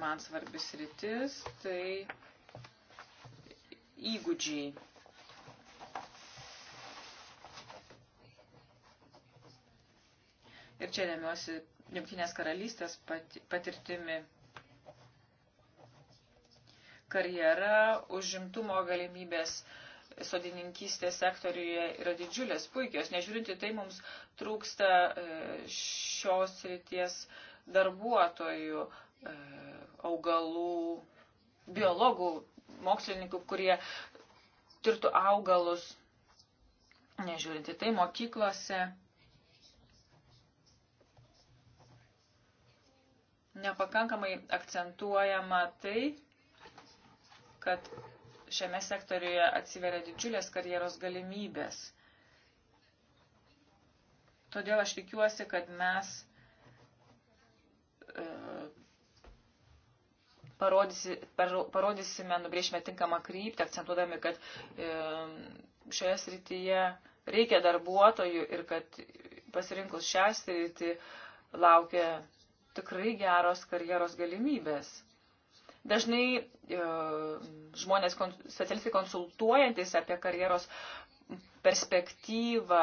man svarbis rytis, tai įgūdžiai ir čia remiuosi Junktinės karalystės patirtimi. Karjera, užimtumo galimybės sodininkystės sektoriuje yra didžiulės, puikios. Nežiūrinti tai, mums trūksta e, šios ryties darbuotojų, e, augalų, biologų, mokslininkų, kurie tirtų augalus. Nežiūrinti tai, mokyklose nepakankamai akcentuojama tai, kad šiame sektoriuje atsiveria didžiulės karjeros galimybės. Todėl aš tikiuosi, kad mes e, parodysime, parodysime nubrėžime tinkamą kryptį, akcentuodami, kad e, šioje srityje reikia darbuotojų ir kad pasirinkus šią sritį laukia tikrai geros karjeros galimybės. Dažnai e, žmonės, specialistai konsultuojantis apie karjeros perspektyvą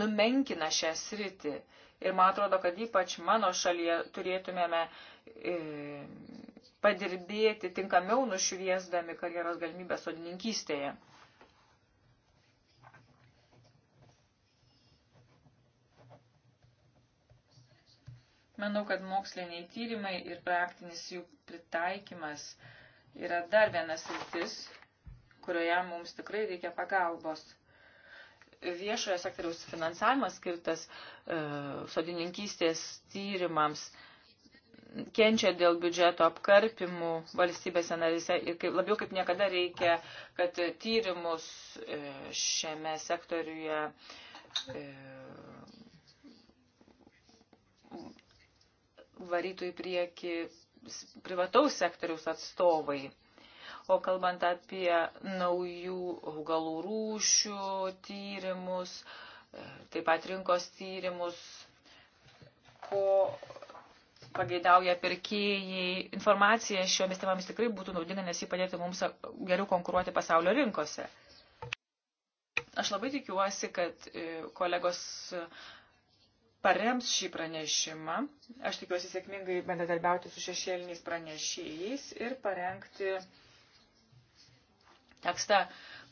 numenkina šią sritį. Ir man atrodo, kad ypač mano šalyje turėtumėme e, padirbėti tinkamiau nušviesdami karjeros galimybę sodininkystėje. Manau, kad moksliniai tyrimai ir praktinis jų pritaikymas yra dar vienas rytis, kurioje mums tikrai reikia pagalbos. Viešojo sektoriaus finansavimas skirtas uh, sodininkystės tyrimams kenčia dėl biudžeto apkarpimų valstybės analizė ir kaip, labiau kaip niekada reikia, kad tyrimus uh, šiame sektoriuje uh, varytų į priekį privataus sektoriaus atstovai. O kalbant apie naujų augalų rūšių tyrimus, e, taip pat rinkos tyrimus, ko pageidauja pirkėjai, informacija šiomis temomis tikrai būtų naudinga, nes jį padėtų mums geriau konkuruoti pasaulio rinkose. Aš labai tikiuosi, kad e, kolegos parems šį pranešimą. Aš tikiuosi sėkmingai bendradarbiauti su šešėliniais pranešėjais ir parengti tekstą,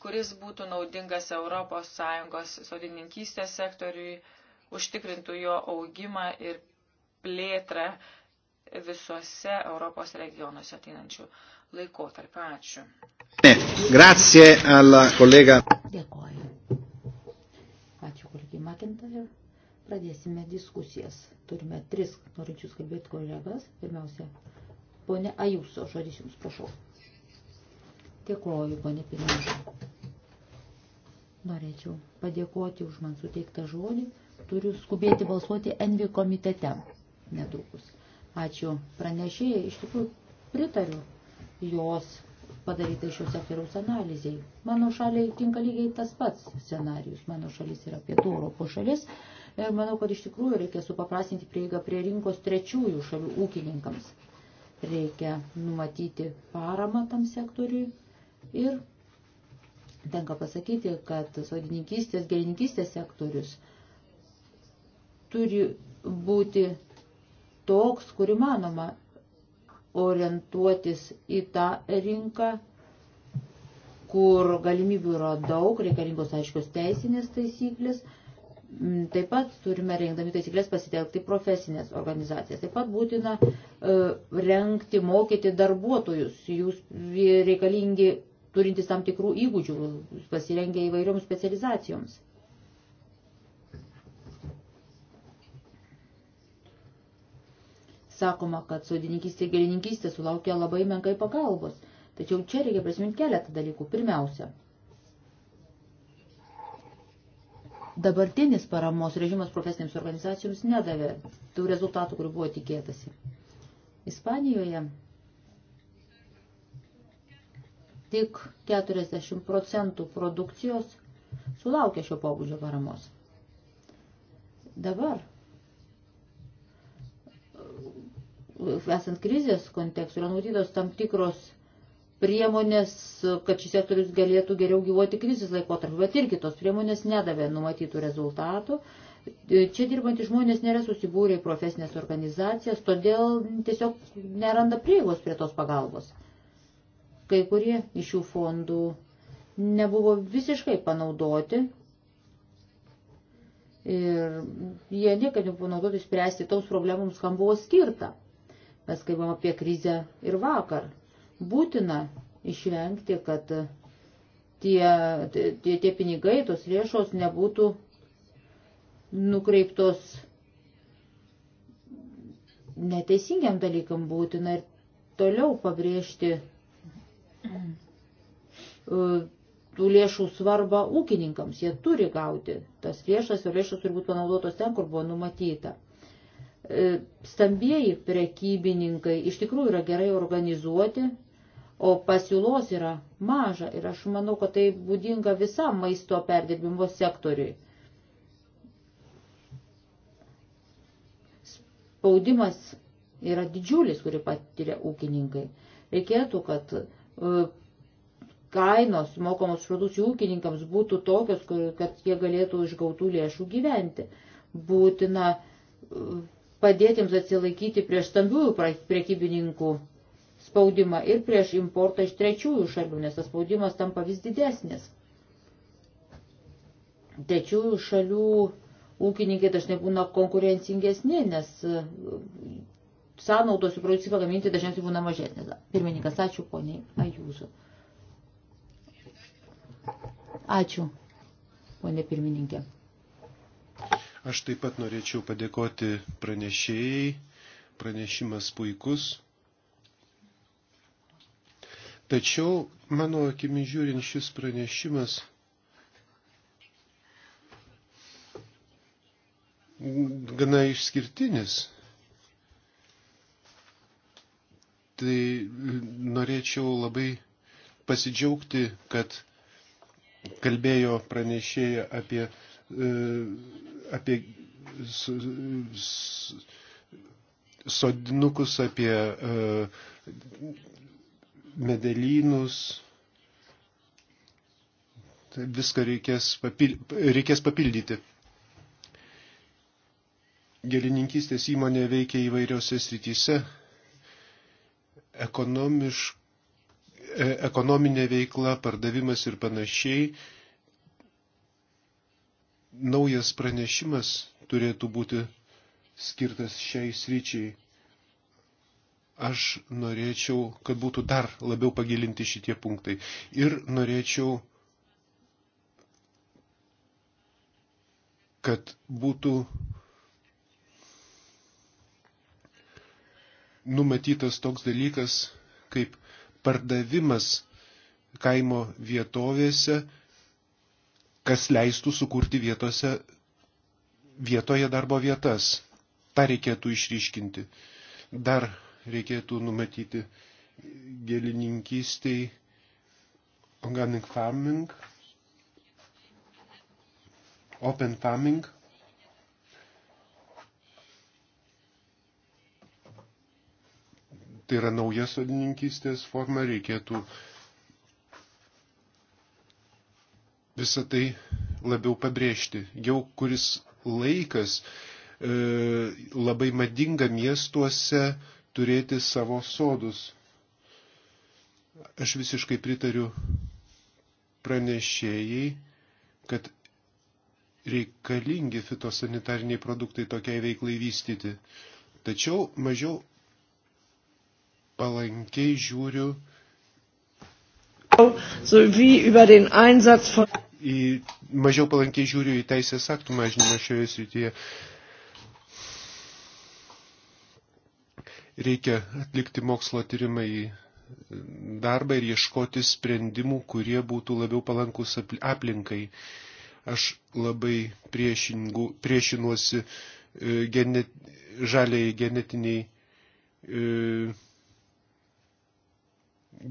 kuris būtų naudingas Europos Sąjungos sodininkystės sektoriui, užtikrintų jo augimą ir plėtrą visuose Europos regionuose ateinančių laikotarpių. Ačiū. Grazie alla collega. Dėkoju. Ačiū kolegai McIntyre. Pradėsime diskusijas. Turime tris norinčius kalbėti kolegas. Pirmiausia, ponė Ajuso, žodis jums prašau. Dėkuoju, ponė Pirmiausia. Norėčiau padėkoti už man suteiktą žodį. Turiu skubėti balsuoti Envi komitete netrukus. Ačiū pranešėjai, iš tikrųjų pritariu jos padarytai šios sektoriaus analizai. Mano šaliai tinka lygiai tas pats scenarius. Mano šalis yra pietų Europos šalis, Ir e, Manau, kad iš tikrųjų reikia supaprastinti prieigą prie rinkos trečiųjų šalių ūkininkams. Reikia numatyti paramą tam sektoriui ir tenka pasakyti, kad sodininkystės, gerininkystės sektorius turi būti toks, kuri manoma orientuotis į tą rinką, kur galimybių yra daug, reikalingos aiškios teisinės taisyklės, Taip pat turime rengdami taisyklės pasitelkti profesinės organizacijas. Taip pat būtina e, rengti, mokyti darbuotojus. Jūs reikalingi turintis tam tikrų įgūdžių, pasirengę įvairioms specializacijoms. Sakoma, kad sodininkistė ir gelininkistė sulaukia labai menkai pagalbos. Tačiau čia reikia prisiminti keletą dalykų. Pirmiausia – dabartinis paramos režimas profesinėms organizacijoms nedavė tų rezultatų, kurių buvo tikėtasi. Ispanijoje tik 40 procentų produkcijos sulaukė šio pobūdžio paramos. Dabar, esant krizės kontekstų, yra nutytos tam tikros priemonės, kad šis sektorius galėtų geriau gyvuoti krizės laikotarpiu, bet irgi tos priemonės nedavė numatytų rezultatų. Čia dirbantys žmonės nėra susibūrę į profesinės organizacijas, todėl tiesiog neranda prieigos prie tos pagalbos. Kai kurie iš šių fondų nebuvo visiškai panaudoti ir jie niekad nebuvo panaudoti spręsti toms problemams, kam buvo skirta. Mes kalbam apie krizę ir vakar. Būtina išvengti, kad tie, tie, tie pinigai, tos lėšos nebūtų nukreiptos neteisingiam dalykam būtina ir toliau pabrėžti e, tų lėšų svarbą ūkininkams. Jie turi gauti tas lėšas ir lėšas turi būti panaudotos ten, kur buvo numatyta. E, stambieji prekybininkai iš tikrųjų yra gerai organizuoti, o pasiūlos yra maža ir aš manau, kad tai būdinga visam maisto perdirbimo sektoriui. Spaudimas yra didžiulis, kurį patiria ūkininkai. Reikėtų, kad e, kainos mokamos šrodus ūkininkams būtų tokios, kad jie galėtų iš gautų lėšų gyventi. Būtina e, padėtiems atsilaikyti prieš stambiųjų prekybininkų spaudimą ir prieš importą iš trečiųjų šalių, nes tas spaudimas tampa vis didesnis. Trečiųjų šalių ūkininkai dažnai būna konkurencingesni, nes e, sąnaudos į produkciją pagaminti dažniausiai būna mažesnės. Pirmininkas, ačiū poniai Ajūzu. Ačiū, ponė pirmininkė. Aš taip pat norėčiau padėkoti pranešėjai. Pranešimas puikus. Tačiau, mano akimi žiūrint, šis pranešimas gana išskirtinis. Tai norėčiau labai pasidžiaugti, kad kalbėjo pranešėja apie, e, apie sodinukus, apie e, medelynus. Tai viską reikės, papil, reikės papildyti. Gelininkistės įmonė veikia įvairiose srityse. Ekonomiš, e, ekonominė veikla, pardavimas ir panašiai. Naujas pranešimas turėtų būti skirtas šiai sryčiai. Aš norėčiau, kad būtų dar labiau pagilinti šitie punktai. Ir norėčiau, kad būtų numatytas toks dalykas kaip pardavimas kaimo vietovėse, kas leistų sukurti vietose, vietoje darbo vietas. Ta reikėtų išryškinti. Dar reikėtų numatyti gėlininkystai organic farming, open farming. Tai yra nauja sodininkystės forma, reikėtų visą tai labiau pabrėžti. Jau kuris laikas e, labai madinga miestuose e, turėti savo sodus. Aš visiškai pritariu pranešėjai, kad reikalingi fitosanitariniai produktai tokiai veiklai vystyti. Tačiau mažiau palankiai žiūriu į, mažiau palankiai žiūriu į teisės aktų mažinimą šioje srityje. Reikia atlikti mokslo tyrimai e, darbą ir ieškoti sprendimų, kurie būtų labiau palankus aplinkai. Aš labai priešinuosi e, genet, žaliai genetiniai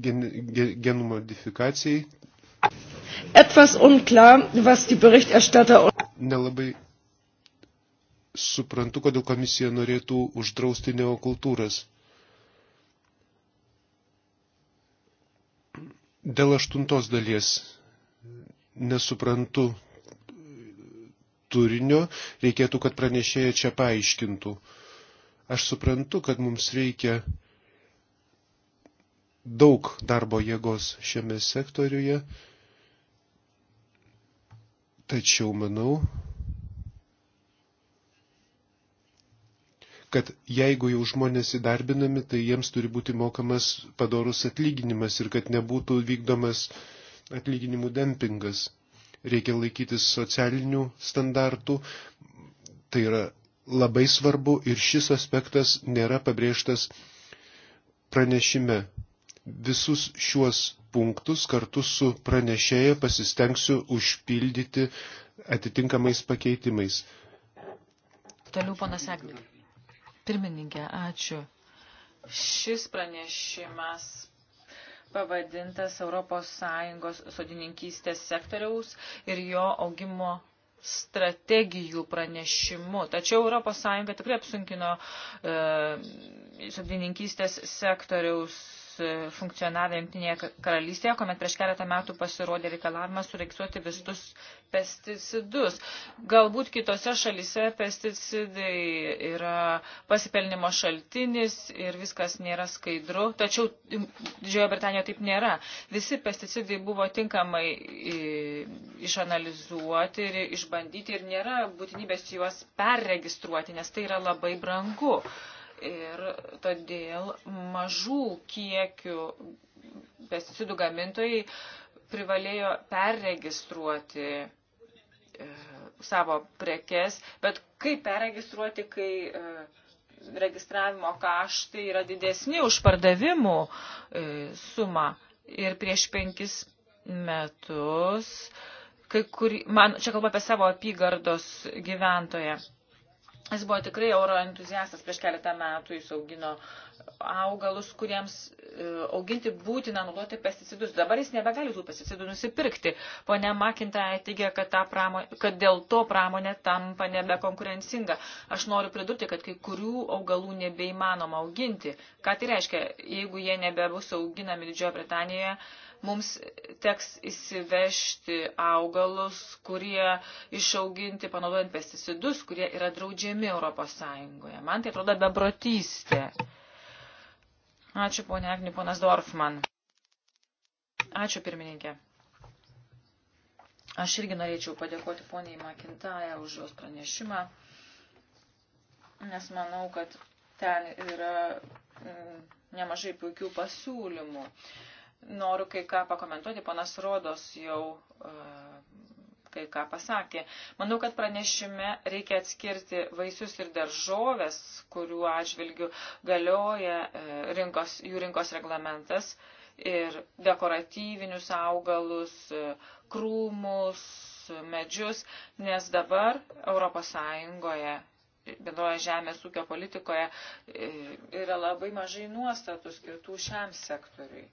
gen, gen, genų modifikacijai. Etwas unklar, was die Berichterstatter. Nelabai suprantu, kodėl komisija norėtų uždrausti neokultūras. Dėl aštuntos dalies nesuprantu turinio, reikėtų, kad pranešėja čia paaiškintų. Aš suprantu, kad mums reikia daug darbo jėgos šiame sektoriuje, tačiau manau, kad jeigu jau žmonės įdarbinami, tai jiems turi būti mokamas padorus atlyginimas ir kad nebūtų vykdomas atlyginimų dempingas. Reikia laikytis socialinių standartų. Tai yra labai svarbu ir šis aspektas nėra pabrėžtas pranešime. Visus šiuos punktus kartu su pranešėja pasistengsiu užpildyti atitinkamais pakeitimais. Toliau, ponas Eglė. Pirmininkė, ačiū. Šis pranešimas pavadintas Europos Sąjungos sodininkystės sektoriaus ir jo augimo strategijų pranešimu. Tačiau ES tikrai apsunkino e, sodininkystės sektoriaus funkcionavę Junktinėje karalystėje, kuomet prieš keletą metų pasirodė reikalavimas sureiksuoti visus pesticidus. Galbūt kitose šalise pesticidai yra pasipelnimo šaltinis ir viskas nėra skaidru, tačiau Džiojo Britanijoje taip nėra. Visi pesticidai buvo tinkamai išanalizuoti ir išbandyti ir nėra būtinybės juos perregistruoti, nes tai yra labai brangu ir todėl mažų kiekių pesticidų gamintojai privalėjo perregistruoti e, savo prekes, bet kaip perregistruoti, kai e, registravimo kaštai yra didesni už pardavimų e, sumą. Ir prieš penkis metus, kai kur, man, čia kalba apie savo apygardos gyventoje. Jis buvo tikrai oro entuziastas prieš keletą metų, jis augino augalus, kuriems e, auginti būtina naudoti pesticidus. Dabar jis nebegali tų pesticidų nusipirkti. Pone Makintai teigia, kad, kad dėl to pramonė tampa nebekonkurencinga. Aš noriu pridurti, kad kai kurių augalų nebeįmanoma auginti. Ką tai reiškia, jeigu jie nebebus auginami Didžiojo Britanijoje? mums teks įsivežti augalus, kurie išauginti panaudojant pesticidus, kurie yra draudžiami Europos Sąjungoje. Man tai atrodo bebrotystė. Ačiū, ponė Agni, ponas Dorfman. Ačiū, pirmininkė. Aš irgi norėčiau padėkoti poniai Makintaja už jos pranešimą, nes manau, kad ten yra mm, nemažai puikių pasiūlymų noriu kai ką pakomentuoti, panas Rodos jau e, kai ką pasakė. Manau, kad pranešime reikia atskirti vaisius ir daržovės, kurių atžvilgių galioja e, rinkos, jų rinkos reglamentas ir dekoratyvinius augalus, e, krūmus, medžius, nes dabar Sąjungoje bendroje žemės ūkio politikoje yra labai mažai nuostatų skirtų šiam sektoriui.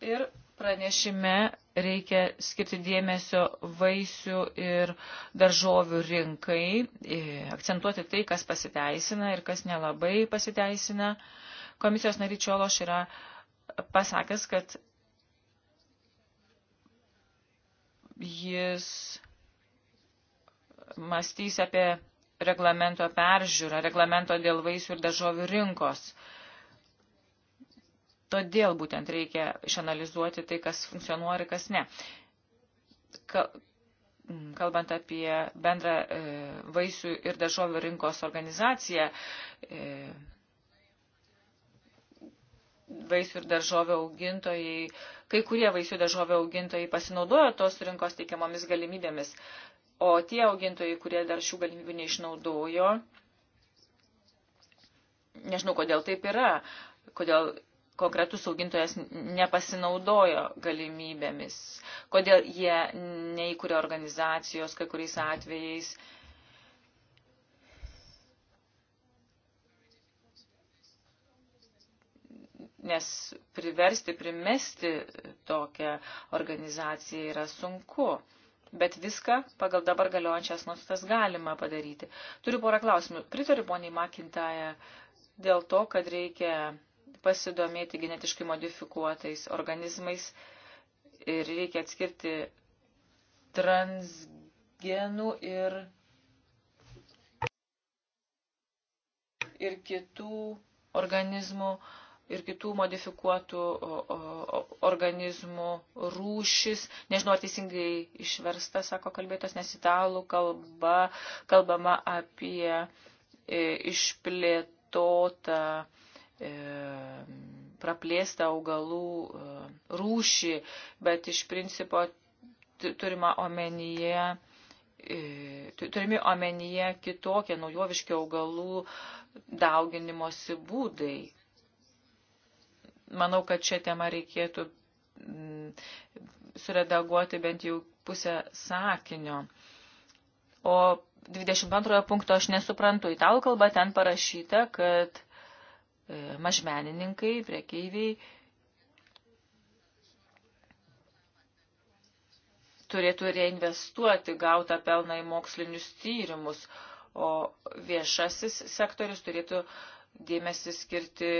Ir pranešime reikia skirti dėmesio vaisių ir daržovių rinkai, akcentuoti tai, kas pasiteisina ir kas nelabai pasiteisina. Komisijos naryčiološ yra pasakęs, kad jis mąstys apie reglamento peržiūrą, reglamento dėl vaisių ir daržovių rinkos. Todėl būtent reikia išanalizuoti tai, kas funkcionuoja ir kas ne. Kalbant apie bendrą e, vaisių ir daržovių rinkos organizaciją, e, vaisių ir daržovių augintojai, kai kurie vaisių ir daržovių augintojai pasinaudojo tos rinkos teikiamomis galimybėmis, o tie augintojai, kurie dar šių galimybių neišnaudojo, nežinau, kodėl taip yra, kodėl konkretus augintojas nepasinaudojo galimybėmis, kodėl jie neįkūrė organizacijos kai kuriais atvejais. Nes priversti, primesti tokią organizaciją yra sunku. Bet viską pagal dabar galiojančias nuostatas galima padaryti. Turiu porą klausimų. Pritariu poniai Makintaja dėl to, kad reikia pasidomėti genetiškai modifikuotais organizmais ir reikia atskirti transgenų ir, ir kitų organizmų ir kitų modifikuotų organizmų rūšis. Nežinau, ar teisingai išversta, sako kalbėtos, nes italų kalba kalbama apie e, išplėtotą E, praplėstą augalų e, rūšį, bet iš principo turima omenyje, e, turime omenyje kitokie naujoviški augalų dauginimosi būdai. Manau, kad šią temą reikėtų mm, suredaguoti bent jau pusę sakinio. O 22 punkto aš nesuprantu. Italų kalba ten parašyta, kad mažmenininkai, priekeiviai turėtų reinvestuoti gautą pelną į mokslinius tyrimus, o viešasis sektorius turėtų dėmesį skirti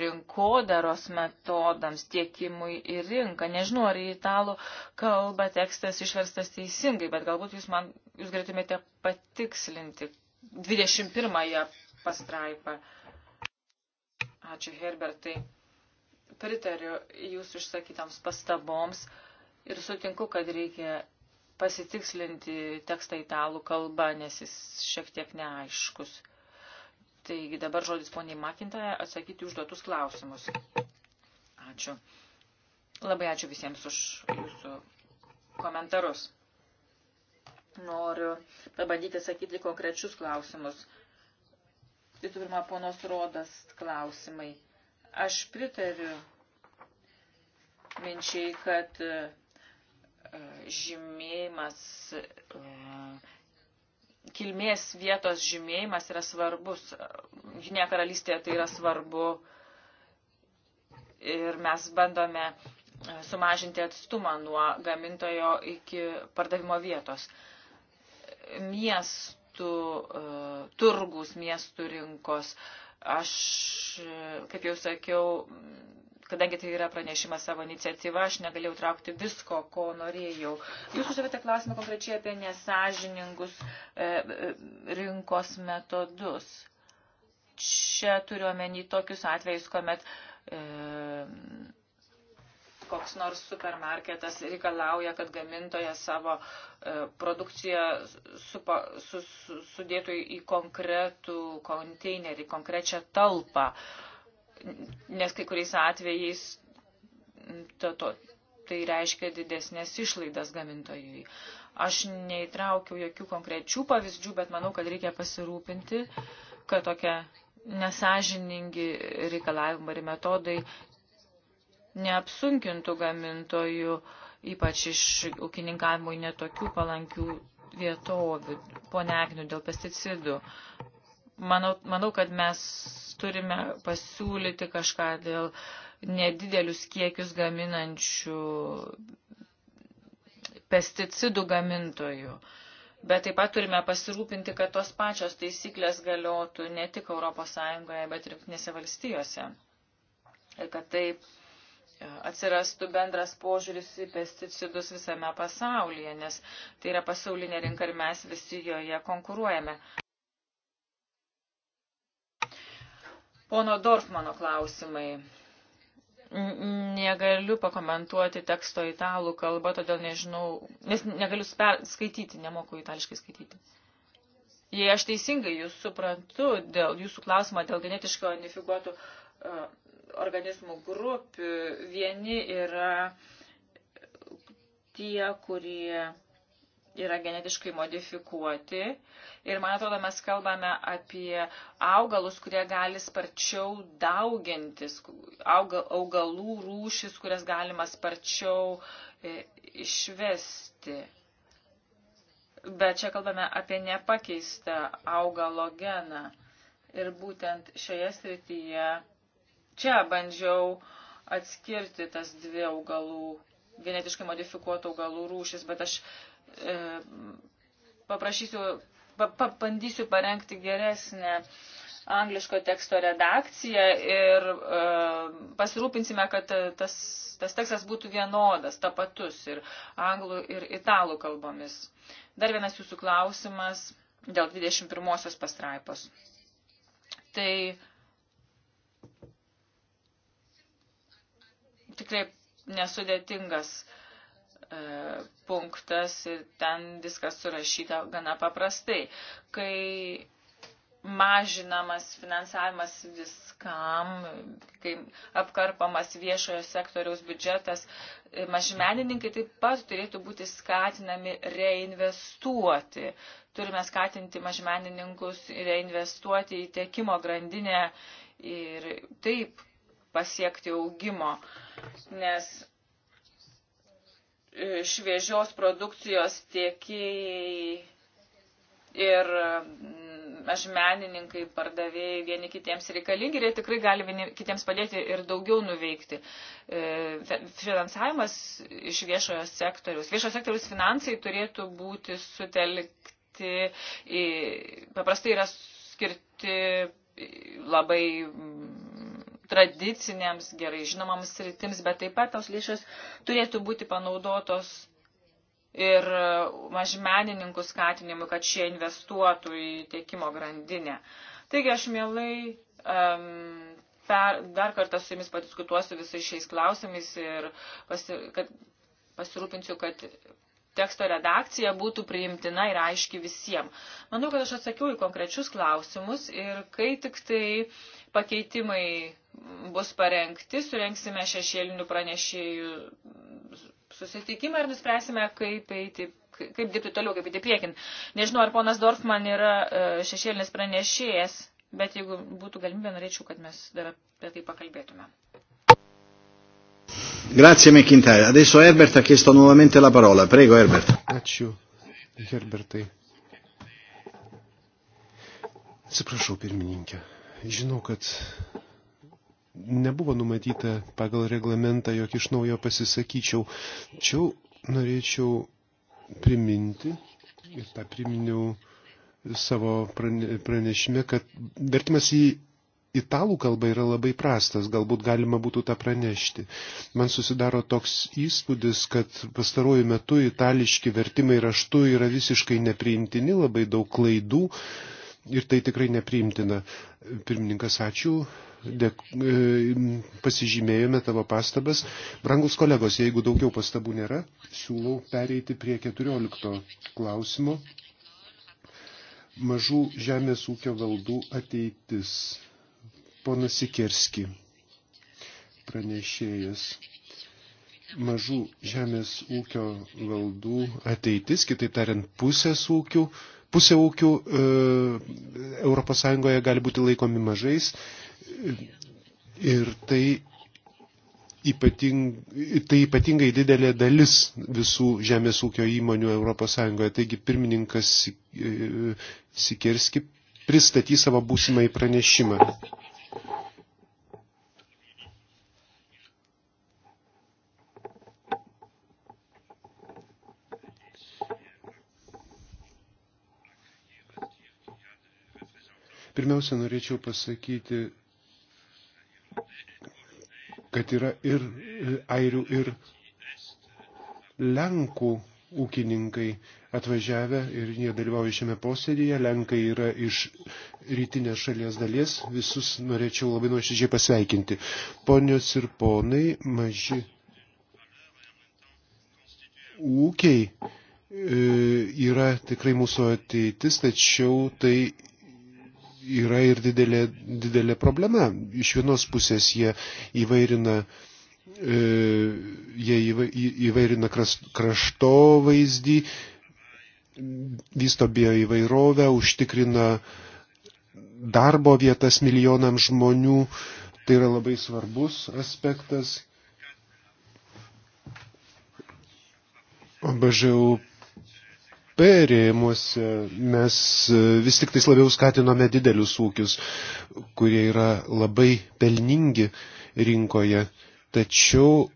rinkodaros metodams, tiekimui į rinką. Nežinau, ar į italų kalbą tekstas išverstas teisingai, bet galbūt jūs man, jūs galėtumėte patikslinti 21 ąją pastraipą. Ačiū, Herbertai. Pritariu jūsų išsakytams pastaboms ir sutinku, kad reikia pasitikslinti tekstą italų kalbą, nes jis šiek tiek neaiškus. Taigi dabar žodis poniai Makintoje atsakyti užduotus klausimus. Ačiū. Labai ačiū visiems už jūsų komentarus. Noriu pabandyti sakyti konkrečius klausimus. Visų pirma, ponos Rodas klausimai. Aš pritariu minčiai, kad e, žymėjimas e, kilmės vietos žymėjimas yra svarbus. Žinė karalystėje tai yra svarbu ir mes bandome e, sumažinti atstumą nuo gamintojo iki pardavimo vietos. Miestų, e, turgus, miestų rinkos. Aš, e, kaip jau sakiau, kadangi tai yra pranešimas savo iniciatyva, aš negalėjau traukti visko, ko norėjau. Jūs uždavėte klausimą konkrečiai apie nesažiningus e, e rinkos metodus. Čia turiu omeny tokius atvejus, kuomet e, koks nors supermarketas reikalauja, kad gamintoje savo e, produkciją supa, su, su, sudėtų į konkretų konteinerį, konkrečią talpą. E, nes kai kuriais atvejais to, to, tai reiškia didesnės išlaidas gamintojui. Aš neįtraukiau jokių konkrečių pavyzdžių, bet manau, kad reikia pasirūpinti, kad tokia nesažiningi reikalavimai ir metodai neapsunkintų gamintojų, ypač iš ūkininkavimui netokių palankių vietovių, ponegnių dėl pesticidų. Manau, manau, kad mes turime pasiūlyti kažką dėl nedidelius kiekius gaminančių pesticidų gamintojų. Bet taip pat turime pasirūpinti, kad tos pačios taisyklės galiotų ne tik ES, bet ir jungtinėse valstijose. Ir kad taip e, atsirastų bendras požiūris į pesticidus visame pasaulyje, nes tai yra pasaulinė rinka ir mes visi joje konkuruojame. Pono Dorfmano klausimai. Negaliu pakomentuoti teksto italų kalbą, todėl nežinau, nes negaliu skaityti, nemoku itališkai skaityti. Jei aš teisingai jūs suprantu dėl jūsų klausimą dėl genetiškai unifikuotų uh, organizmų grupių, vieni yra tie, kurie yra genetiškai modifikuoti. Ir man atrodo, mes kalbame apie augalus, kurie gali sparčiau daugintis, augalų rūšis, kurias galima sparčiau e, išvesti. Bet čia kalbame apie nepakeistą augalo geną. Ir būtent šioje srityje čia bandžiau atskirti tas dvi augalų genetiškai modifikuotų augalų rūšis, bet aš E, paprašysiu, pabandysiu parengti geresnę angliško teksto redakciją ir e, pasirūpinsime, kad tas, tas tekstas būtų vienodas, tapatus ir anglų ir italų kalbomis. Dar vienas jūsų klausimas dėl 21 pastraipos. Tai tikrai nesudėtingas Eh, punktas ir ten viskas surašyta gana paprastai. Kai mažinamas finansavimas viskam, kai apkarpamas viešojo sektoriaus biudžetas, eh, mažmenininkai taip pat turėtų būti skatinami reinvestuoti. Turime skatinti mažmenininkus reinvestuoti į tiekimo grandinę ir taip pasiekti augimo, nes šviežios produkcijos tiekėjai ir mažmenininkai, mm, pardavėjai vieni kitiems reikalingi ir jie tikrai gali vieni kitiems padėti ir daugiau nuveikti. E, finansavimas iš viešojo sektoriaus. Viešojo sektoriaus finansai turėtų būti sutelkti, į, paprastai yra skirti labai mm, tradicinėms gerai žinomams sritims, bet taip pat tos lėšos turėtų būti panaudotos ir e, mažmenininkų skatinimui, kad šie investuotų į tiekimo grandinę. Taigi aš mielai um, per, dar kartą su jumis padiskutuosiu visais šiais klausimais ir pasi, kad, pasirūpinsiu, kad teksto redakcija būtų priimtina ir aiški visiems. Manau, kad aš atsakiau į konkrečius klausimus ir kai tik tai pakeitimai bus parengti, surenksime šešėlinių pranešėjų susitikimą ir nuspręsime, kaip eiti kaip dirbti toliau, kaip įti priekin. Nežinau, ar ponas Dorfman yra e, šešėlinis pranešėjas, bet jeigu būtų galimybė, norėčiau, kad mes dar apie tai pakalbėtume. Grazie McIntyre. Adesso Herbert ha chiesto nuovamente la parola. Prego Herbert. Ačiū Herbertai. Atsiprašau pirmininkė. Žinau, kad nebuvo numatyta pagal reglamentą, jog iš naujo pasisakyčiau. Čia norėčiau priminti, ir tą priminiau savo pranešime, kad vertimas į italų kalbą yra labai prastas, galbūt galima būtų tą pranešti. Man susidaro toks įspūdis, kad pastaruoju metu itališki vertimai raštu yra visiškai nepriimtini, labai daug klaidų ir tai tikrai nepriimtina. Pirmininkas, ačiū. Dėk, e, pasižymėjome tavo pastabas. Brangus kolegos, jeigu daugiau pastabų nėra, siūlau pereiti prie 14 klausimo. Mažų žemės ūkio valdų ateitis. Ponas Sikerski, pranešėjas mažų žemės ūkio valdų ateitis, kitaip tariant, pusės ūkių Pusė ūkių ES gali būti laikomi mažais ir tai, ypating, tai ypatingai didelė dalis visų žemės ūkio įmonių ES. Taigi pirmininkas e, Sikerski pristatys savo būsimą į pranešimą. Pirmiausia, norėčiau pasakyti, kad yra ir e, airių, ir lenkų ūkininkai atvažiavę ir jie dalyvauja šiame posėdėje. Lenkai yra iš rytinės šalies dalies. Visus norėčiau labai nuoširdžiai pasveikinti. Ponios ir ponai, maži ūkiai e, yra tikrai mūsų ateitis, tačiau tai yra ir didelė, didelė problema. Iš vienos pusės jie įvairina e, jie įvairina kraštovaizdį, vysto įvairovę, užtikrina darbo vietas milijonam žmonių. Tai yra labai svarbus aspektas. BŽUP perėjimuose mes e, vis tik tais labiau skatinome didelius ūkius, kurie yra labai pelningi rinkoje. Tačiau,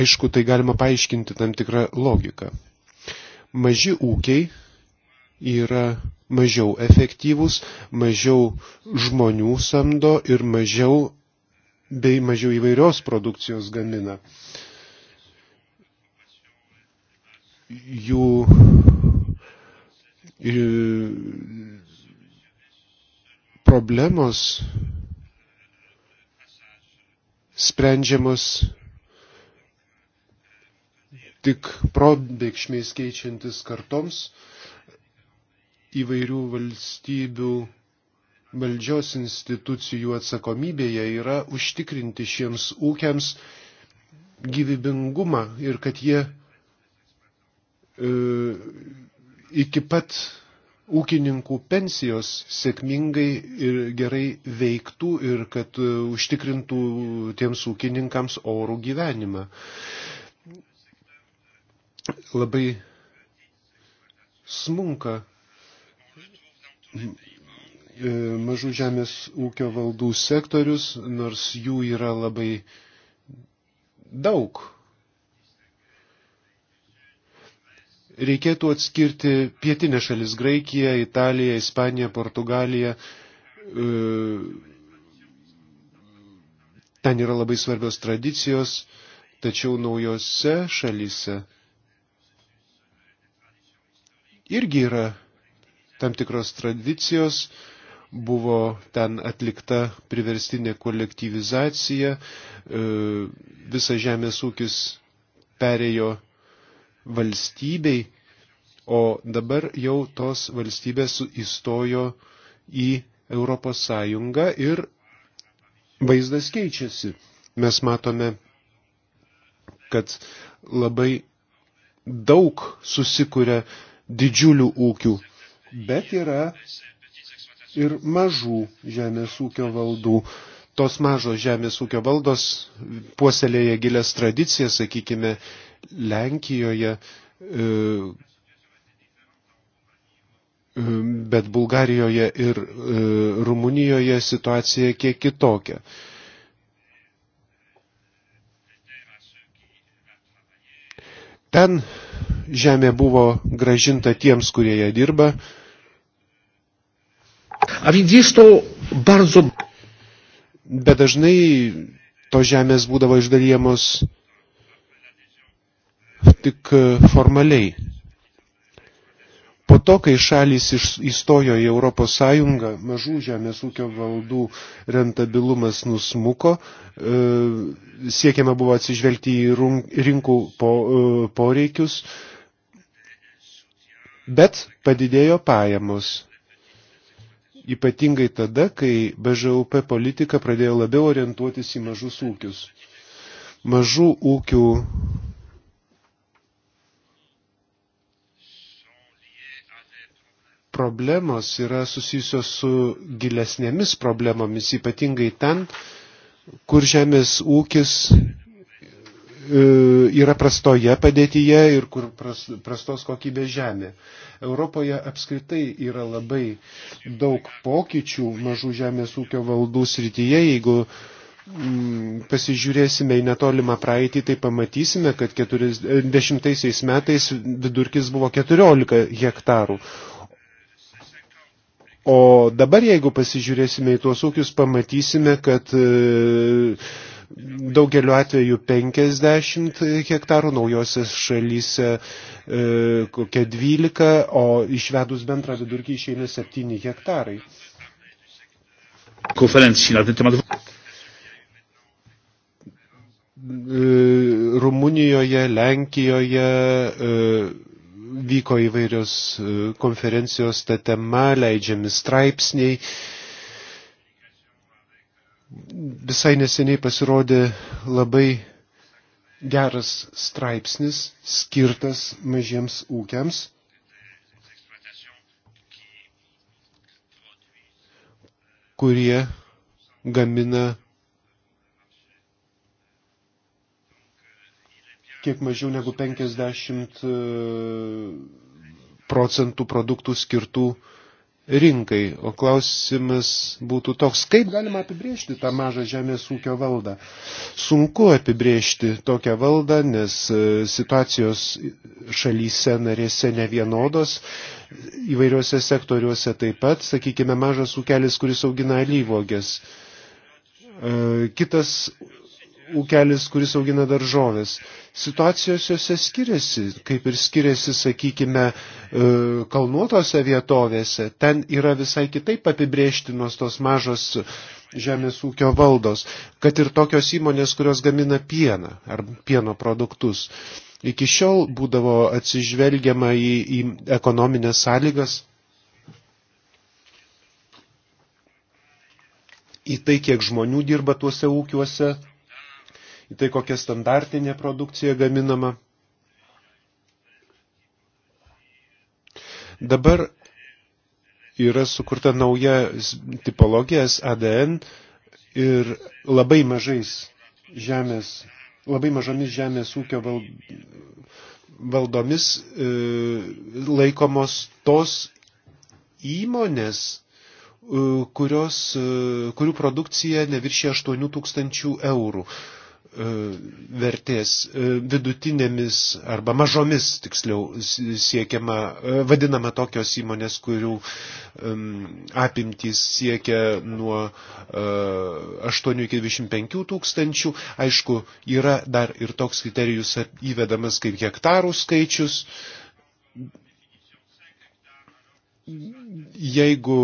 aišku, tai galima paaiškinti tam tikrą logiką. Maži ūkiai yra mažiau efektyvūs, mažiau žmonių samdo ir mažiau bei mažiau įvairios produkcijos gamina. Uh, you, problemos sprendžiamos tik probėgšmiais keičiantis kartoms įvairių valstybių valdžios institucijų atsakomybėje yra užtikrinti šiems ūkiams gyvybingumą ir kad jie iki pat ūkininkų pensijos sėkmingai ir gerai veiktų ir kad e, užtikrintų tiems ūkininkams orų gyvenimą. Labai smunka e, mažų žemės ūkio valdų sektorius, nors jų yra labai daug. Reikėtų atskirti pietinę šalis Graikiją, Italiją, Ispaniją, Portugaliją. E, ten yra labai svarbios tradicijos, tačiau naujose šalyse irgi yra tam tikros tradicijos, buvo ten atlikta priverstinė kolektyvizacija, e, visa žemės ūkis perėjo valstybei, o dabar jau tos valstybės įstojo į Europos Sąjungą ir vaizdas keičiasi. Mes matome, kad labai daug susikuria didžiulių ūkių, bet yra ir mažų žemės ūkio valdų. Tos mažos žemės ūkio valdos puoselėja gilės tradicijas, sakykime, Lenkijoje, e, e, bet Bulgarijoje ir e, Rumunijoje situacija kiek kitokia. Ten žemė buvo gražinta tiems, kurie ją dirba. A to bardzo... Bet dažnai to žemės būdavo išdalyjamos tik e, formaliai. Po to, kai šalis įstojo į Europos Sąjungą, mažų žemės ūkio valdų rentabilumas nusmuko, e, siekiama buvo atsižvelgti į rinkų e, poreikius, bet padidėjo pajamos. Ypatingai tada, kai BŽUP politika pradėjo labiau orientuotis į mažus ūkius. Mažų ūkių problemos yra susijusios su gilesnėmis problemomis, ypatingai ten, kur žemės ūkis e, yra prastoje padėtyje ir kur prastos kokybės žemė. Europoje apskritai yra labai daug pokyčių mažų žemės ūkio valdų srityje. Jeigu mm, pasižiūrėsime į netolimą praeitį, tai pamatysime, kad 40 e, metais vidurkis buvo 14 hektarų, O dabar, jeigu pasižiūrėsime į tuos ūkius, pamatysime, kad e, daugeliu atveju 50 hektarų, naujose šalyse e, kokia 12, o išvedus bendrą vidurkį išeina 7 hektarai. E, Rumunijoje, Lenkijoje vyko įvairios e, konferencijos ta tema leidžiami straipsniai. Visai neseniai pasirodė labai geras straipsnis skirtas mažiems ūkiams. kurie gamina kiek mažiau negu 50 e, procentų produktų skirtų rinkai. O klausimas būtų toks, kaip galima apibriežti tą mažą žemės ūkio valdą. Sunku apibriežti tokią valdą, nes e, situacijos šalyse narėse ne vienodos, įvairiuose sektoriuose taip pat, sakykime, mažas ūkelis, kuris augina alyvogės. E, kitas ūkelis, kuris augina daržovės. Situacijos jose skiriasi, kaip ir skiriasi, sakykime, e, kalnuotose vietovėse. Ten yra visai kitaip apibrėžtinos tos mažos žemės ūkio valdos, kad ir tokios įmonės, kurios gamina pieną ar pieno produktus. Iki šiol būdavo atsižvelgiama į, į ekonominės sąlygas, į tai, kiek žmonių dirba tuose ūkiuose, į tai, kokia standartinė produkcija gaminama. Dabar yra sukurta nauja tipologijas ADN ir labai mažais žemės, labai mažomis žemės ūkio valdomis e, laikomos tos įmonės, e, kurios, e, kurių produkcija neviršė 8000 eurų. E, vertės e, vidutinėmis arba mažomis, tiksliau, siekiama, e, vadinama tokios įmonės, kurių apimtys siekia nuo 8 iki 25 tūkstančių. Aišku, yra dar ir toks kriterijus įvedamas kaip hektarų skaičius. Jeigu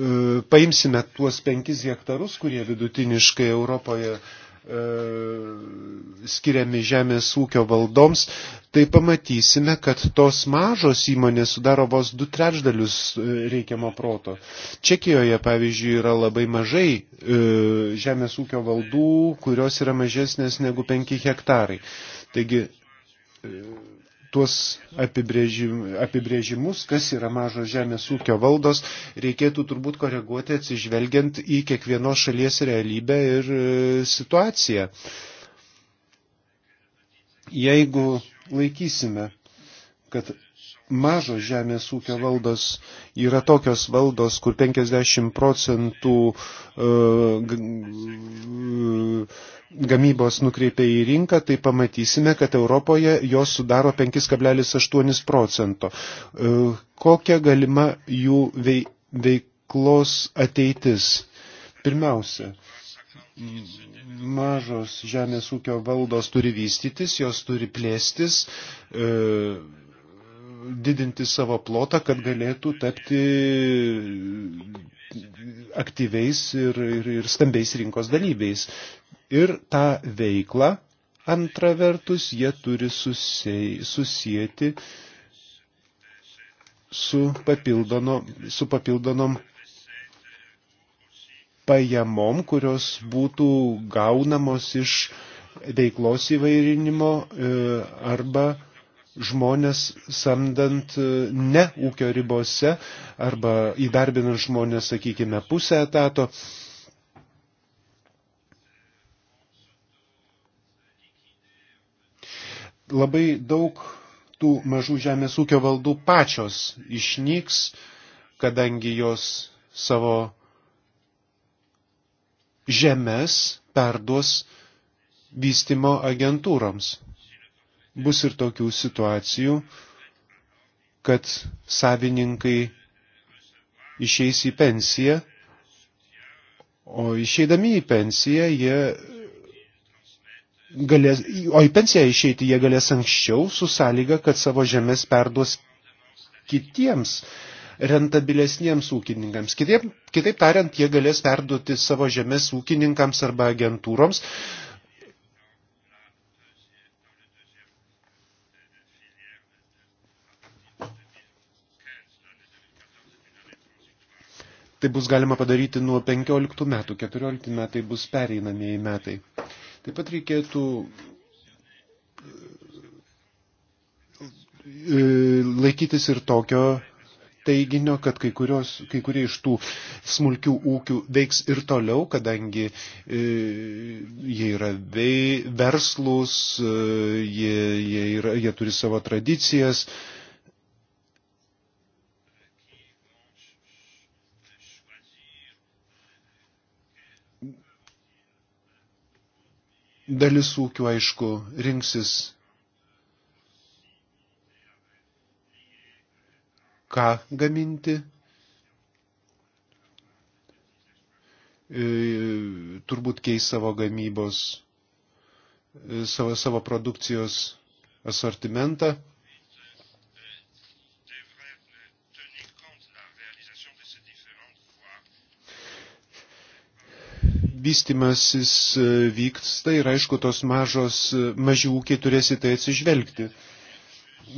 E, paimsime tuos penkis hektarus, kurie vidutiniškai Europoje e, skiriami žemės ūkio valdoms, tai pamatysime, kad tos mažos įmonės sudaro vos du trečdalius e, reikiamo proto. Čekijoje, pavyzdžiui, yra labai mažai žemės ūkio valdų, kurios yra mažesnės negu penki hektarai. Taigi tuos apibrėžimus, kas yra mažos žemės ūkio valdos, reikėtų turbūt koreguoti atsižvelgiant į kiekvienos šalies realybę ir e, situaciją. Jeigu laikysime, kad mažos žemės ūkio valdos yra tokios valdos, kur 50 procentų e, gamybos nukreipia į rinką, tai pamatysime, kad Europoje jos sudaro 5,8 procento. E, kokia galima jų veiklos ateitis? Pirmiausia, mažos žemės ūkio valdos turi vystytis, jos turi plėstis, e, didinti savo plotą, kad galėtų tapti aktyviais ir, ir, ir stambiais rinkos dalyviais. Ir tą veiklą, antra vertus, jie turi susijęti su, su papildonom pajamom, kurios būtų gaunamos iš veiklos įvairinimo e, arba žmonės samdant e, ne ūkio ribose arba įdarbinant žmonės, sakykime, pusę etato. Labai daug tų mažų žemės ūkio valdų pačios išnyks, kadangi jos savo žemės perduos vystimo agentūroms bus ir tokių situacijų, kad savininkai išeis į pensiją, o išeidami į pensiją jie galės, o į pensiją išeiti jie galės anksčiau su sąlyga, kad savo žemės perduos kitiems rentabilesniems ūkininkams. Kitaip, kitaip tariant, jie galės perduoti savo žemės ūkininkams arba agentūroms, Tai bus galima padaryti nuo 15 metų, 14 metai bus pereinamieji metai. Taip pat reikėtų e, laikytis ir tokio teiginio, kad kai, kurios, kai kurie iš tų smulkių ūkių veiks ir toliau, kadangi e, jie yra vei, verslus, e, jie, jie, yra, jie turi savo tradicijas, e, Dalis ūkių, aišku, rinksis, ką gaminti. E, turbūt keis savo gamybos, e, savo, savo produkcijos asortimentą. vystimasis e, vyksta ir aišku, tos mažos, e, maži ūkiai turės į tai atsižvelgti.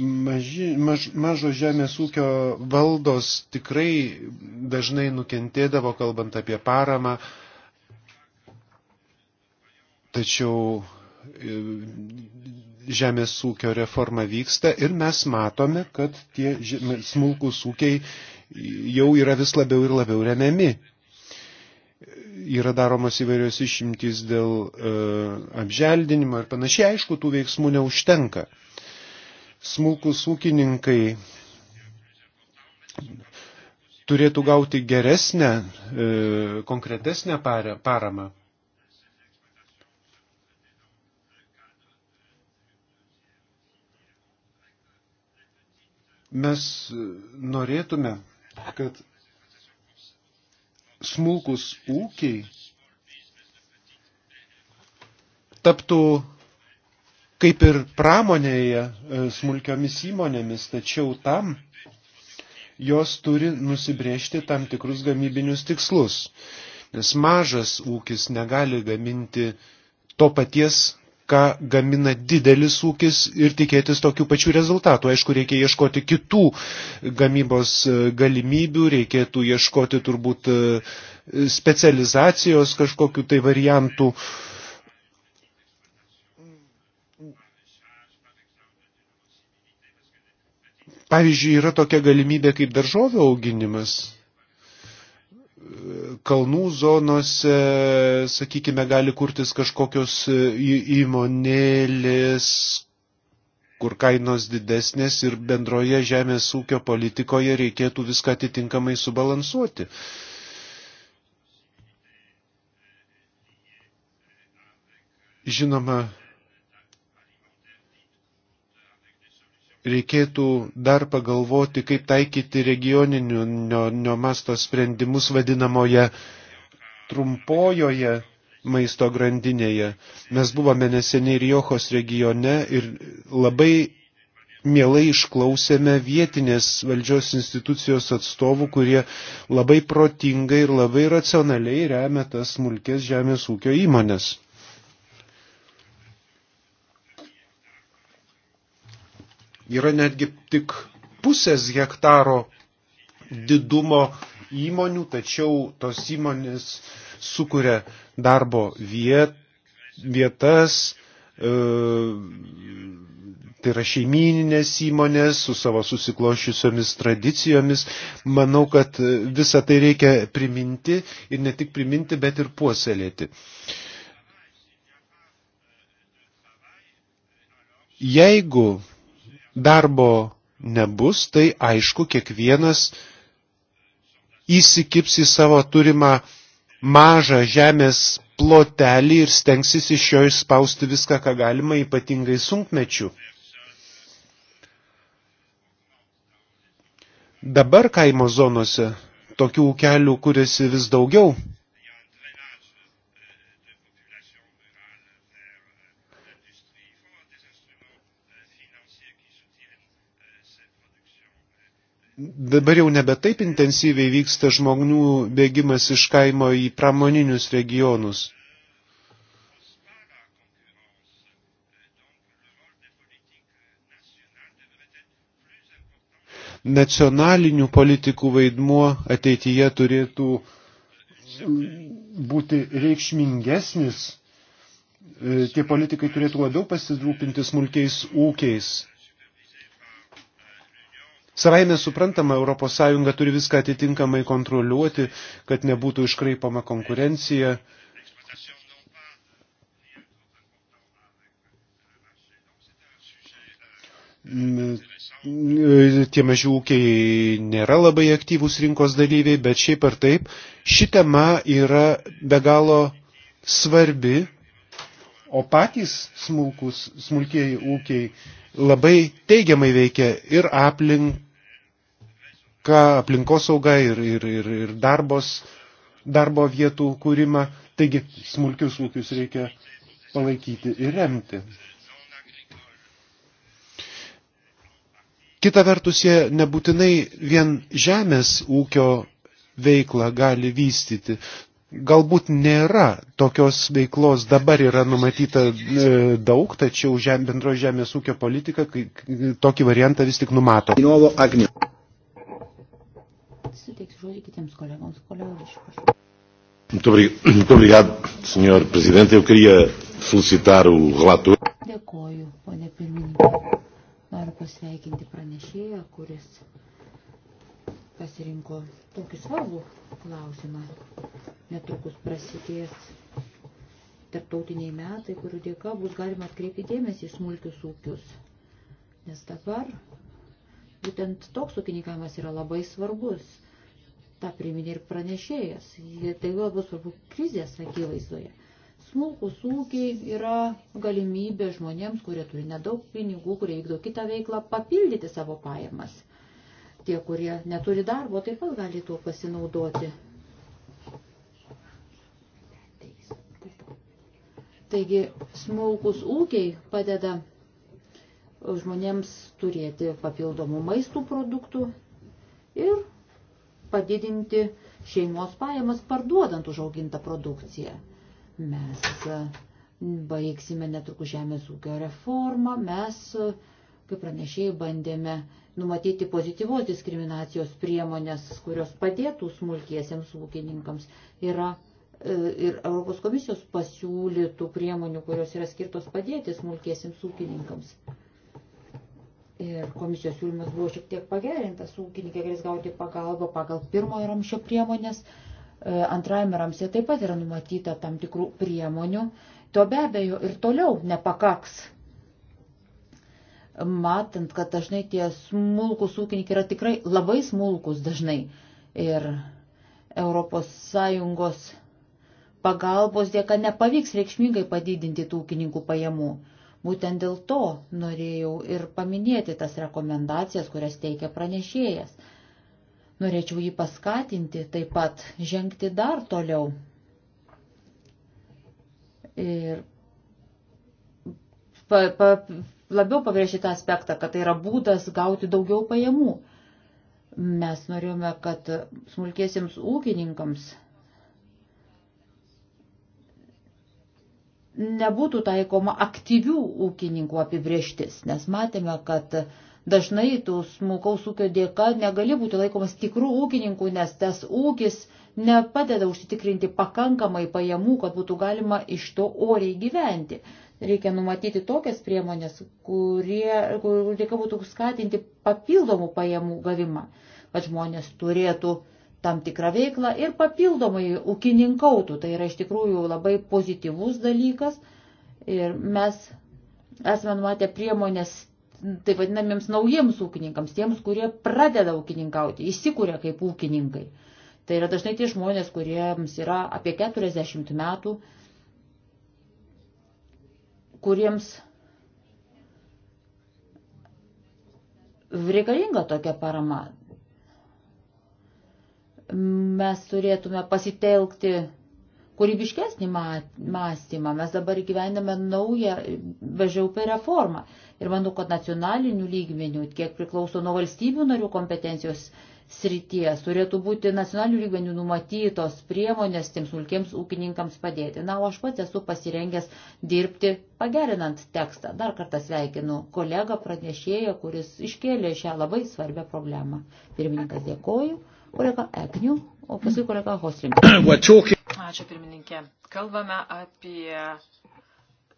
Maži, maž, mažo žemės ūkio valdos tikrai dažnai nukentėdavo, kalbant apie paramą, tačiau e, žemės ūkio reforma vyksta ir mes matome, kad tie smulkūs ūkiai jau yra vis labiau ir labiau remiami yra daromas įvairios išimtys dėl e, apželdinimo ir panašiai, aišku, tų veiksmų neužtenka. Smulkus ūkininkai turėtų gauti geresnę, e, konkretesnę paramą. Mes norėtume, kad smulkus ūkiai taptų kaip ir pramonėje smulkiomis įmonėmis, tačiau tam jos turi nusibriežti tam tikrus gamybinius tikslus. Nes mažas ūkis negali gaminti to paties ką gamina didelis ūkis ir tikėtis tokių pačių rezultatų. Aišku, reikia ieškoti kitų gamybos e, galimybių, reikėtų ieškoti turbūt e, specializacijos kažkokių tai variantų. Pavyzdžiui, yra tokia galimybė kaip daržovio auginimas kalnų zonose, sakykime, gali kurtis kažkokios e, įmonėlės, kur kainos didesnės ir bendroje žemės ūkio politikoje reikėtų viską atitinkamai subalansuoti. Žinoma, reikėtų dar pagalvoti, kaip taikyti regioninių masto sprendimus vadinamoje trumpojoje maisto grandinėje. Mes buvome neseniai ir Johos regione ir labai mielai išklausėme vietinės valdžios institucijos atstovų, kurie labai protingai ir labai racionaliai remia tas smulkės žemės ūkio įmonės. Yra netgi tik pusės hektaro didumo įmonių, tačiau tos įmonės sukuria darbo viet, vietas, e, tai yra šeimininės įmonės su savo susiklošiusiomis tradicijomis. Manau, kad visą tai reikia priminti ir ne tik priminti, bet ir puoselėti. Jeigu darbo nebus, tai aišku, kiekvienas įsikips į savo turimą mažą žemės plotelį ir stengsis iš jo išspausti viską, ką galima, ypatingai sunkmečių. Dabar kaimo zonose tokių kelių kuriasi vis daugiau dabar jau nebe taip intensyviai vyksta žmonių bėgimas iš kaimo į pramoninius regionus. Nacionalinių politikų vaidmuo ateityje turėtų būti reikšmingesnis. E, tie politikai turėtų labiau pasirūpinti smulkiais ūkiais Savaime suprantama, ES turi viską atitinkamai kontroliuoti, kad nebūtų iškraipama konkurencija. Mm, tie maži ūkiai nėra labai aktyvūs rinkos dalyviai, bet šiaip ar taip, ši tema yra be galo svarbi, o patys smulkus, smulkieji ūkiai labai teigiamai veikia ir aplinka, aplinkosauga ir, ir, ir, ir darbos, darbo vietų kūrimą. Taigi smulkius ūkius reikia palaikyti ir remti. Kita vertus, jie nebūtinai vien žemės ūkio veiklą gali vystyti. Galbūt nėra tokios veiklos, dabar yra numatyta e, daug, tačiau žem, bendro žemės ūkio politika kai, tokį variantą vis tik numato. Dėkoju, ponė pirmininkė. Noriu pasveikinti pranešėją, kuris pasirinko tokį svarbų klausimą. Netrukus prasidės tarptautiniai metai, kurių dėka bus galima atkreipti dėmesį į smulkius ūkius. Nes dabar būtent toks ūkininkavimas yra labai svarbus. Ta priminė ir pranešėjas. Tai labai svarbu krizės akivaizdoje. Smulkus ūkiai yra galimybė žmonėms, kurie turi nedaug pinigų, kurie vykdo kitą veiklą, papildyti savo pajamas – Tie, kurie neturi darbo, taip pat gali tuo pasinaudoti. Taigi smulkus ūkiai padeda žmonėms turėti papildomų maistų produktų ir padidinti šeimos pajamas parduodant užaugintą produkciją. Mes e, baigsime netrukus žemės ūkio reformą, mes, kaip pranešėjai, bandėme numatyti pozityvos diskriminacijos priemonės, kurios padėtų smulkiesiems ūkininkams. Yra e, ir Europos komisijos pasiūlytų priemonių, kurios yra skirtos padėti smulkiesiems ūkininkams. Ir komisijos siūlymas buvo šiek tiek pagerintas, ūkininkai galės gauti pagalbą pagal pirmojo ramšio priemonės. E, antrajame ramsė taip pat yra numatyta tam tikrų priemonių. To be abejo ir toliau nepakaks matant, kad dažnai tie smulkus ūkininkai yra tikrai labai smulkus dažnai. Ir ES pagalbos dėka nepavyks reikšmingai padidinti tų ūkininkų pajamų. Būtent dėl to norėjau ir paminėti tas rekomendacijas, kurias teikia pranešėjas. Norėčiau jį paskatinti taip pat žengti dar toliau. Ir pa, pa, labiau pabrėžti tą aspektą, kad tai yra būdas gauti daugiau pajamų. Mes norėjome, kad smulkėsiams ūkininkams nebūtų taikoma aktyvių ūkininkų apibrieštis, nes matėme, kad dažnai tų smulkaus ūkio dėka negali būti laikomas tikrų ūkininkų, nes tas ūkis nepadeda užsitikrinti pakankamai pajamų, kad būtų galima iš to oriai gyventi. Reikia numatyti tokias priemonės, kurie, kur dėka būtų skatinti papildomų pajamų gavimą, kad žmonės turėtų tam tikrą veiklą ir papildomai ūkininkautų. Tai yra iš tikrųjų labai pozityvus dalykas ir mes esame numatę priemonės tai vadinamiems naujiems ūkininkams, tiems, kurie pradeda ūkininkauti, įsikūrė kaip ūkininkai. Tai yra dažnai tie žmonės, kuriems yra apie 40 metų, kuriems reikalinga tokia parama. Mes turėtume pasitelkti kūrybiškesnį mąstymą. Mes dabar gyvename naują bežiaupę reformą. Ir manau, kad nacionalinių lygmenių, kiek priklauso nuo valstybių narių kompetencijos, srities. Turėtų būti nacionalinių lygmenių numatytos priemonės tiems smulkiems ūkininkams padėti. Na, o aš pats esu pasirengęs dirbti pagerinant tekstą. Dar kartą sveikinu kolegą pranešėją, kuris iškėlė šią labai svarbią problemą. Pirmininkas dėkoju, kolega Eknių, o paskui kolega Hoslim. Ačiū pirmininkė. Kalbame apie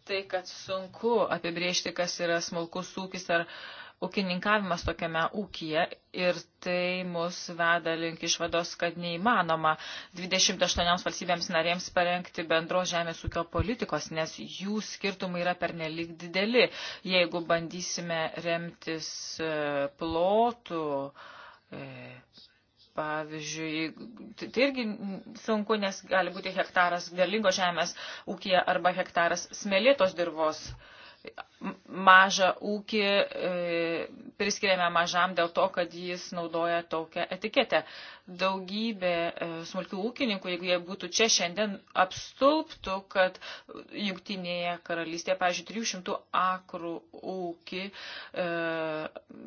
tai, kad sunku apibriežti, kas yra smulkus ūkis ar uh, ūkininkavimas tokiame ūkyje ir tai mus veda link išvados, kad neįmanoma 28 valstybėms narėms parengti bendros žemės ūkio politikos, nes jų skirtumai yra pernelyg dideli. Jeigu bandysime remtis e, plotų, e, Pavyzdžiui, tai irgi sunku, nes gali būti hektaras derlingos žemės ūkija arba hektaras smėlėtos dirvos mažą ūkį e, priskiriame mažam dėl to, kad jis naudoja tokią etiketę. Daugybė e, smulkių ūkininkų, jeigu jie būtų čia šiandien, apstulptų, kad jungtinėje karalystėje, pavyzdžiui, 300 akrų ūkį e,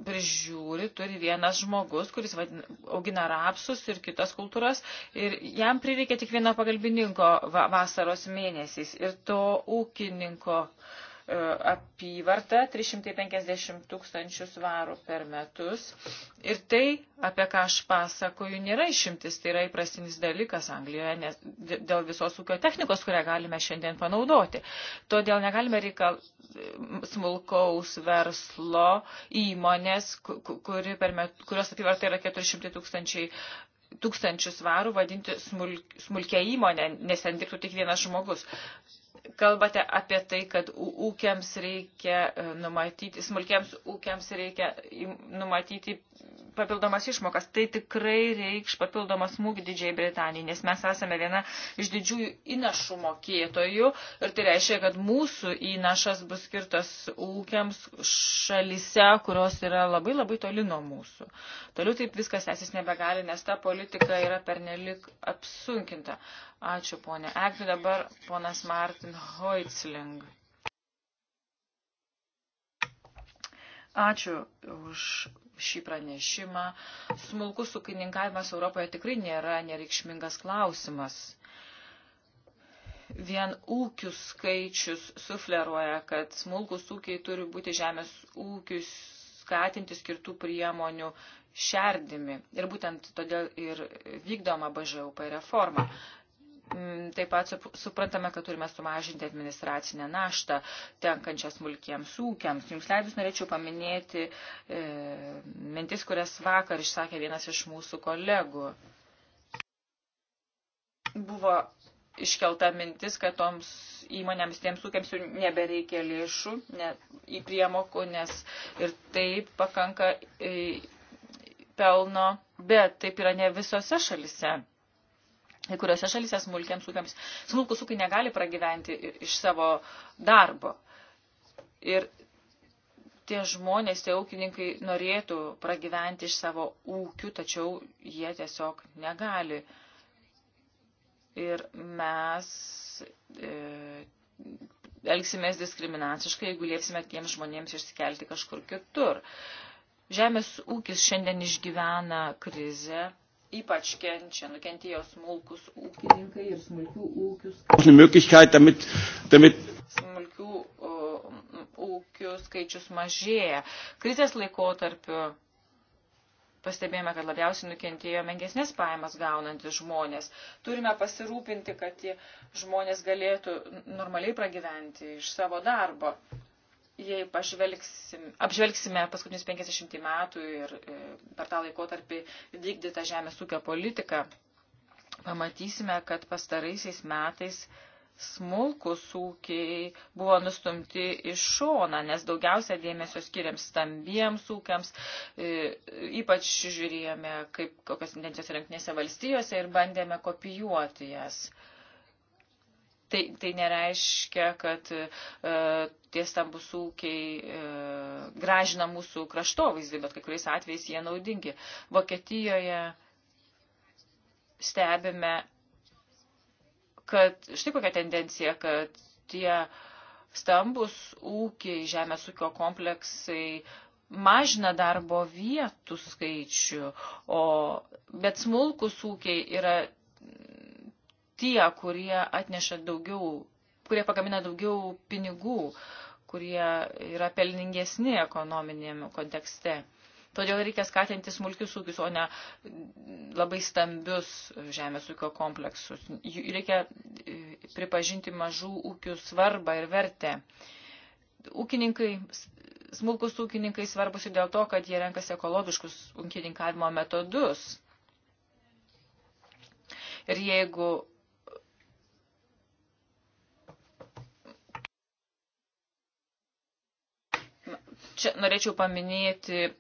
prižiūri, turi vienas žmogus, kuris vadina, augina rapsus ir kitas kultūras ir jam prireikia tik vieno pagalbininko vasaros mėnesiais ir to ūkininko apyvartą 350 tūkstančių svarų per metus. Ir tai, apie ką aš pasakoju, nėra išimtis, tai yra įprastinis dalykas Anglijoje nes, dėl visos ūkio technikos, kurią galime šiandien panaudoti. Todėl negalime reikal smulkaus verslo įmonės, kuri per met, kurios apyvarta yra 400 tūkstančiai tūkstančių svarų vadinti smulkia įmonė, nes ten dirbtų tik vienas žmogus kalbate apie tai, kad ūkiams reikia e, numatyti, smulkiams ūkiams reikia numatyti papildomas išmokas. Tai tikrai reikš papildomas smūgį Didžiai Britanijai, nes mes esame viena iš didžiųjų įnašų mokėtojų ir tai reiškia, kad mūsų įnašas bus skirtas ūkiams šalise, kurios yra labai labai toli nuo mūsų. Toliau taip viskas esis nebegali, nes ta politika yra pernelik apsunkinta. Ačiū, ponė Ačiū Dabar ponas Martin Hoitzling. Ačiū už šį pranešimą. Smulkus ūkininkavimas Europoje tikrai nėra nereikšmingas klausimas. Vien ūkių skaičius sufleruoja, kad smulkus ūkiai turi būti žemės ūkius skatinti skirtų priemonių šerdimi. Ir būtent todėl ir vykdoma BŽUP reforma. Mm, taip pat suprantame, kad turime sumažinti administracinę naštą tenkančią smulkiems ūkiams. Jums leidus norėčiau paminėti e, mintis, kurias vakar išsakė vienas iš mūsų kolegų. Buvo iškelta mintis, kad toms įmonėms, tiems ūkiams jau nebereikia lėšų ne, į priemokų, nes ir taip pakanka e, pelno, bet taip yra ne visose šalise. Kai kuriuose šalyse smulkiams ūkiams, smulkus ūkiai negali pragyventi iš savo darbo. Ir tie žmonės, tie ūkininkai norėtų pragyventi iš savo ūkių, tačiau jie tiesiog negali. Ir mes e, elgsimės diskriminaciškai, jeigu liepsime tiems žmonėms išsikelti kažkur kitur. Žemės ūkis šiandien išgyvena krizę ypač kenčia, nukentėjo smulkus ūkininkai ir smulkių ūkių skaičius. Smulkių ūkių skaičius mažėja. Krizės laikotarpiu pastebėjome, kad labiausiai nukentėjo menkesnės pajamas gaunantis žmonės. Turime pasirūpinti, kad tie žmonės galėtų normaliai pragyventi iš savo darbo jei apžvelgsime paskutinius 50 metų ir e, per tą laikotarpį vykdytą žemės ūkio politiką, pamatysime, kad pastaraisiais metais smulkus ūkiai buvo nustumti iš šona, nes daugiausia dėmesio skiriam stambiems ūkiams, e, ypač žiūrėjome, kaip kokias tendencijos yra valstijose ir bandėme kopijuoti jas. Tai, tai nereiškia, kad e, eh, tie stambus ūkiai e, eh, gražina mūsų kraštovaizdį, bet kai kuriais atvejais jie naudingi. Vokietijoje stebime, kad štai kokia tendencija, kad tie eh, stambus ūkiai, žemės ūkio kompleksai mažina darbo vietų skaičių, o, bet smulkus ūkiai yra tie, kurie atneša daugiau, kurie pagamina daugiau pinigų, kurie yra pelningesni ekonominėme kontekste. Todėl reikia skatinti smulkius ūkius, o ne labai stambius žemės ūkio kompleksus. Reikia e, pripažinti mažų ūkių svarbą ir vertę. Ūkininkai, smulkus ūkininkai svarbus ir dėl to, kad jie renkasi ekologiškus ūkininkavimo metodus. Ir jeigu Čia norėčiau paminėti e,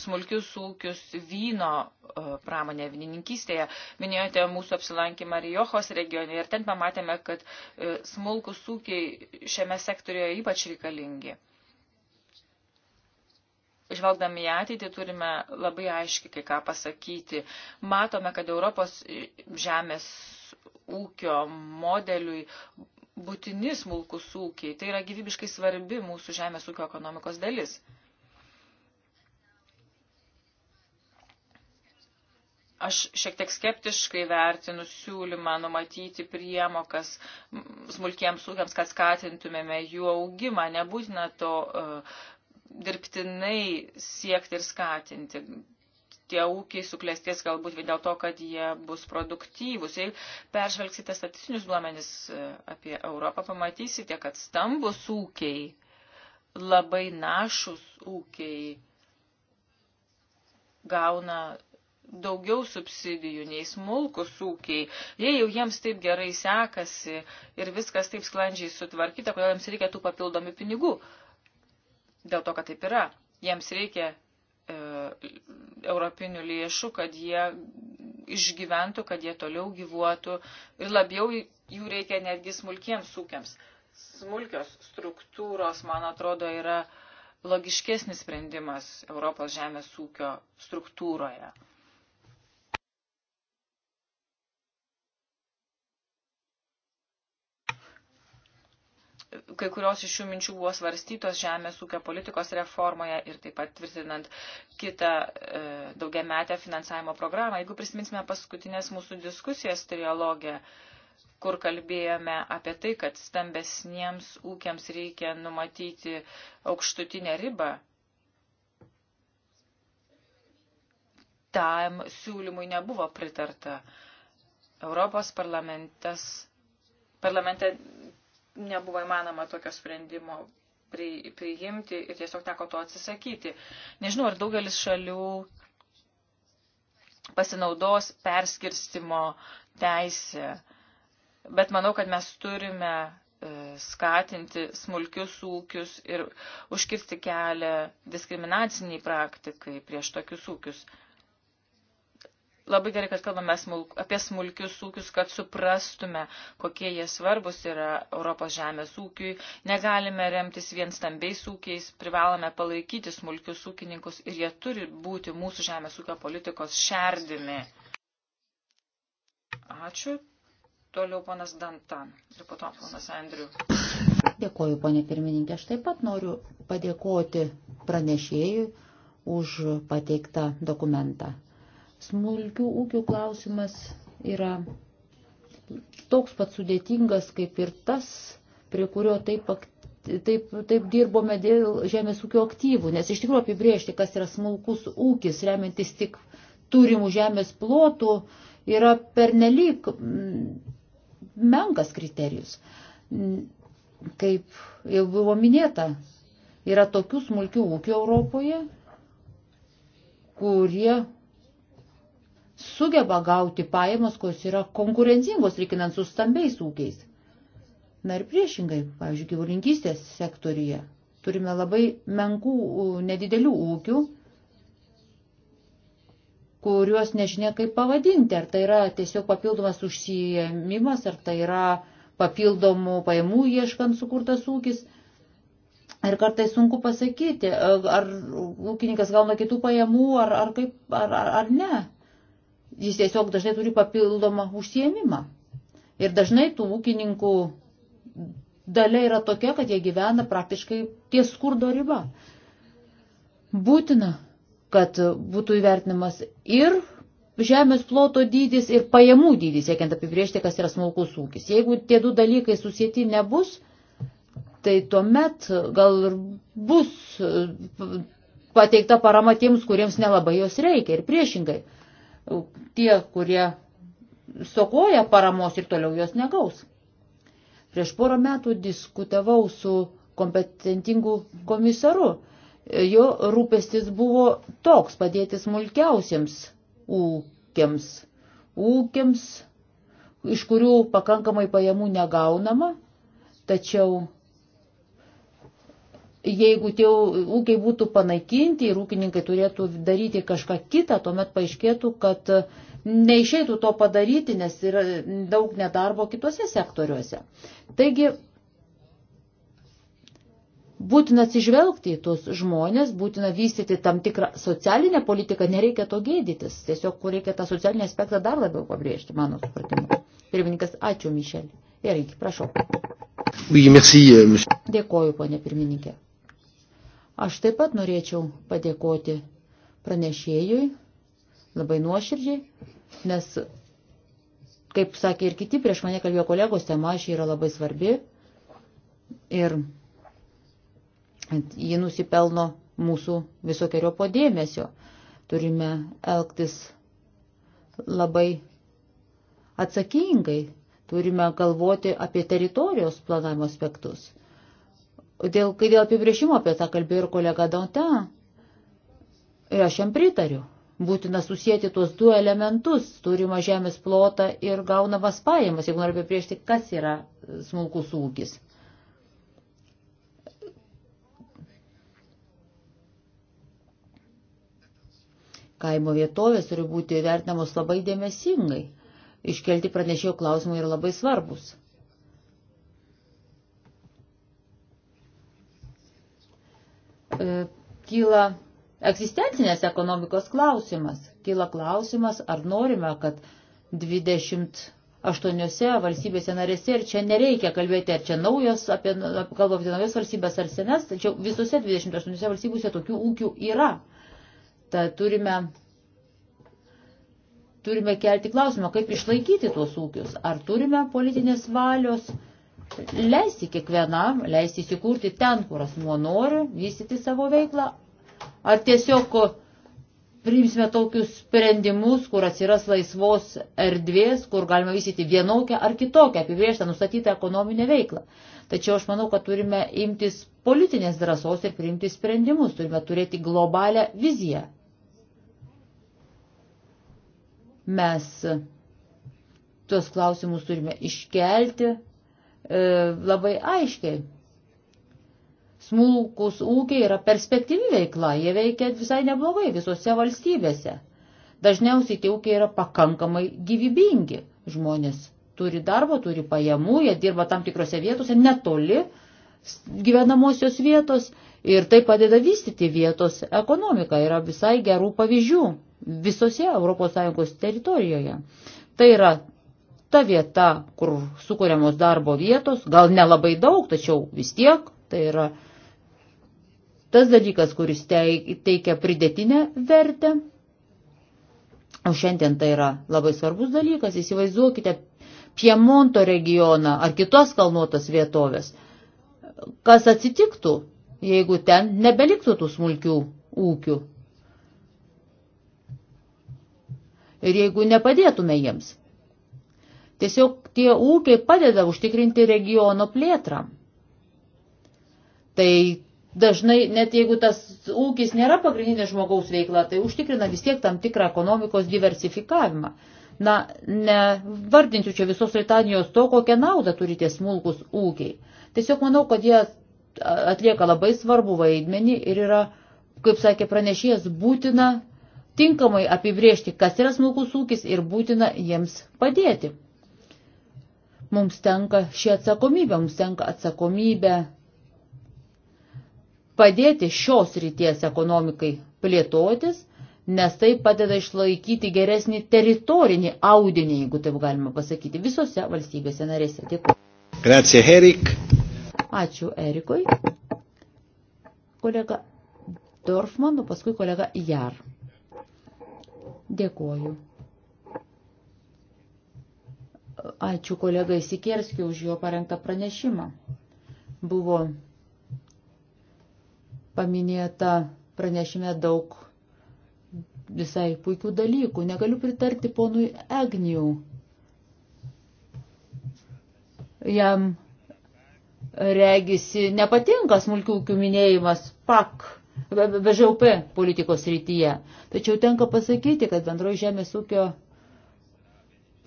smulkius ūkius vyno e, pramonė vynininkystėje. Minėjote mūsų apsilankymą Rijohos regione ir ten pamatėme, kad e, smulkus ūkiai šiame sektoriuje ypač reikalingi. Žvelgdami į ateitį turime labai aiškiai kai ką pasakyti. Matome, kad Europos žemės ūkio modeliui būtini smulkus ūkiai, tai yra gyvybiškai svarbi mūsų žemės ūkio ekonomikos dalis. Aš šiek tiek skeptiškai vertinu siūlymą numatyti priemokas smulkiems ūkiams, kad skatintumėme jų augimą. Nebūtina to uh, dirbtinai siekti ir skatinti tie ūkiai suklestės galbūt dėl to, kad jie bus produktyvus. Jei peržvelgsite statistinius duomenis e, apie Europą, pamatysite, kad stambus ūkiai, labai našus ūkiai gauna daugiau subsidijų nei smulkus ūkiai. Jei jau jiems taip gerai sekasi ir viskas taip sklandžiai sutvarkyta, kodėl jiems reikia tų papildomų pinigų? Dėl to, kad taip yra. Jiems reikia europinių lėšų, kad jie išgyventų, kad jie toliau gyvuotų ir labiau jų reikia netgi smulkiems ūkiams. Smulkios struktūros, man atrodo, yra logiškesnis sprendimas Europos žemės ūkio struktūroje. kai kurios iš šių minčių buvo svarstytos žemės ūkio politikos reformoje ir taip pat tvirtinant kitą e, daugiametę finansavimo programą. Jeigu prisiminsime paskutinės mūsų diskusijas triologę, kur kalbėjome apie tai, kad stambesniems ūkiams reikia numatyti aukštutinę ribą, tam siūlymui nebuvo pritarta. Europos parlamentas parlamente nebuvo įmanoma tokio sprendimo priimti ir tiesiog teko to atsisakyti. Nežinau, ar daugelis šalių pasinaudos perskirstimo teisė, bet manau, kad mes turime e, skatinti smulkius ūkius ir užkirsti kelią diskriminaciniai praktikai prieš tokius ūkius labai gerai, kad kalbame smulk, apie smulkius ūkius, kad suprastume, kokie jie svarbus yra Europos žemės ūkiui. Negalime remtis vien stambiais ūkiais, privalome palaikyti smulkius ūkininkus ir jie turi būti mūsų žemės ūkio politikos šerdimi. Ačiū. Toliau ponas Dantan ir po to ponas Andriu. Dėkoju, ponė pirmininkė. Aš taip pat noriu padėkoti pranešėjui už pateiktą dokumentą. Smulkių ūkių klausimas yra toks pat sudėtingas, kaip ir tas, prie kurio taip, taip, taip dirbome dėl žemės ūkio aktyvų, nes iš tikrųjų apibriežti, kas yra smulkus ūkis, remiantis tik turimų žemės plotų, yra pernelyg mm, menkas kriterijus. Mm, kaip jau buvo minėta, yra tokių smulkių ūkių Europoje, kurie sugeba gauti pajamas, kurios yra konkurencingos, lyginant su stambiais ūkiais. Na ir priešingai, pavyzdžiui, gyvulinkystės sektorija turime labai menkų, nedidelių ūkių, kuriuos nežinia kaip pavadinti, ar tai yra tiesiog papildomas užsijėmimas, ar tai yra papildomų pajamų ieškant sukurtas ūkis. Ir kartai sunku pasakyti, ar ūkininkas gauna kitų pajamų, ar, ar, kaip, ar, ar, ar ne jis tiesiog dažnai turi papildomą užsiemimą. Ir dažnai tų ūkininkų dalia yra tokia, kad jie gyvena praktiškai ties skurdo riba. Būtina, kad būtų įvertinimas ir žemės ploto dydis, ir pajamų dydis, siekiant apibriežti, kas yra smulkus ūkis. Jeigu tie du dalykai susijęti nebus, tai tuomet gal ir bus pateikta parama tiems, kuriems nelabai jos reikia ir priešingai tie, kurie sokoja paramos ir toliau jos negaus. Prieš porą metų diskutavau su kompetentingu komisaru. Jo rūpestis buvo toks padėti smulkiausiems ūkiams, ūkiams, iš kurių pakankamai pajamų negaunama, tačiau jeigu tie ūkiai būtų panaikinti ir ūkininkai turėtų daryti kažką kitą, tuomet paaiškėtų, kad neišėtų to padaryti, nes yra daug nedarbo kitose sektoriuose. Taigi, būtina atsižvelgti į tuos žmonės, būtina vystyti tam tikrą socialinę politiką, nereikia to gėdytis, tiesiog kur reikia tą socialinį aspektą dar labiau pabrėžti, mano supratimu. Pirmininkas, ačiū, Mišelė. Gerai, prašau. Oui, merci, euh, monsieur. Dėkoju, ponė pirmininkė. Aš taip pat norėčiau padėkoti pranešėjui labai nuoširdžiai, nes, kaip sakė ir kiti prieš mane kalbėjo kolegos, tema ši yra labai svarbi ir ji nusipelno mūsų visokiojo podėmesio. Turime elgtis labai atsakingai, turime galvoti apie teritorijos planavimo aspektus. Dėl, kai dėl apibrėžimo apie tą kalbėjo ir kolega Dante, ir aš jam pritariu. Būtina susijęti tuos du elementus turima žemės plotą ir gaunamas pajamas, jeigu noriu apibrėžti, kas yra smulkus ūkis. Kaimo vietovės turi būti vertinamos labai dėmesingai. Iškelti pranešėjo klausimai yra labai svarbus. E, kyla egzistencinės ekonomikos klausimas. Kyla klausimas, ar norime, kad 20. Aštuoniuose valstybėse narėse ir čia nereikia kalbėti, ar čia naujos, apie, kalbam apie naujas valstybės ar senes, tačiau visose 28 valstybėse tokių ūkių yra. Ta turime, turime kelti klausimą, kaip išlaikyti tuos ūkius. Ar turime politinės valios? leisti kiekvienam, leisti įsikurti ten, kur asmuo nori, vystyti savo veiklą, ar tiesiog priimsime tokius sprendimus, kur atsiras laisvos erdvės, kur galima vystyti vienokią ar kitokią apibriežtą nustatytą ekonominę veiklą. Tačiau aš manau, kad turime imtis politinės drąsos ir priimti sprendimus, turime turėti globalią viziją. Mes tuos klausimus turime iškelti, E, labai aiškiai. Smulkus ūkiai yra perspektyvi veikla, jie veikia visai neblogai visose valstybėse. Dažniausiai tie ūkiai yra pakankamai gyvybingi žmonės. Turi darbą, turi pajamų, jie dirba tam tikrose vietose, netoli gyvenamosios vietos ir tai padeda vystyti vietos ekonomiką. Yra visai gerų pavyzdžių visose ES teritorijoje. Tai yra ta vieta, kur sukūriamos darbo vietos, gal nelabai daug, tačiau vis tiek tai yra tas dalykas, kuris teikia pridėtinę vertę. O šiandien tai yra labai svarbus dalykas. Įsivaizduokite Piemonto regioną ar kitos kalnuotas vietovės. Kas atsitiktų, jeigu ten nebeliktų tų smulkių ūkių? Ir jeigu nepadėtume jiems. Tiesiog tie ūkiai padeda užtikrinti regiono plėtrą. Tai dažnai, net jeigu tas ūkis nėra pagrindinė žmogaus veikla, tai užtikrina vis tiek tam tikrą ekonomikos diversifikavimą. Na, nevardinsiu čia visos Britanijos to, kokią naudą turi tie smulkus ūkiai. Tiesiog manau, kad jie atlieka labai svarbu vaidmenį ir yra, kaip sakė pranešėjas, būtina tinkamai apibriežti, kas yra smulkus ūkis ir būtina jiems padėti. Mums tenka ši atsakomybė, mums tenka atsakomybė padėti šios ryties ekonomikai plėtotis, nes tai padeda išlaikyti geresnį teritorinį audinį, jeigu taip galima pasakyti, visose valstybėse narėse. Dėkui. Grazie, Erik. Ačiū Erikui. Kolega Dorfmanu, paskui kolega Jar. Dėkuoju. Ačiū kolegai Sikerskiu už jo parengtą pranešimą. Buvo paminėta pranešime daug visai puikių dalykų. Negaliu pritarti ponui Egniu. Jam regisi nepatinka smulkių ūkių minėjimas PAK, BŽUP politikos rytyje. Tačiau tenka pasakyti, kad bendroji žemės ūkio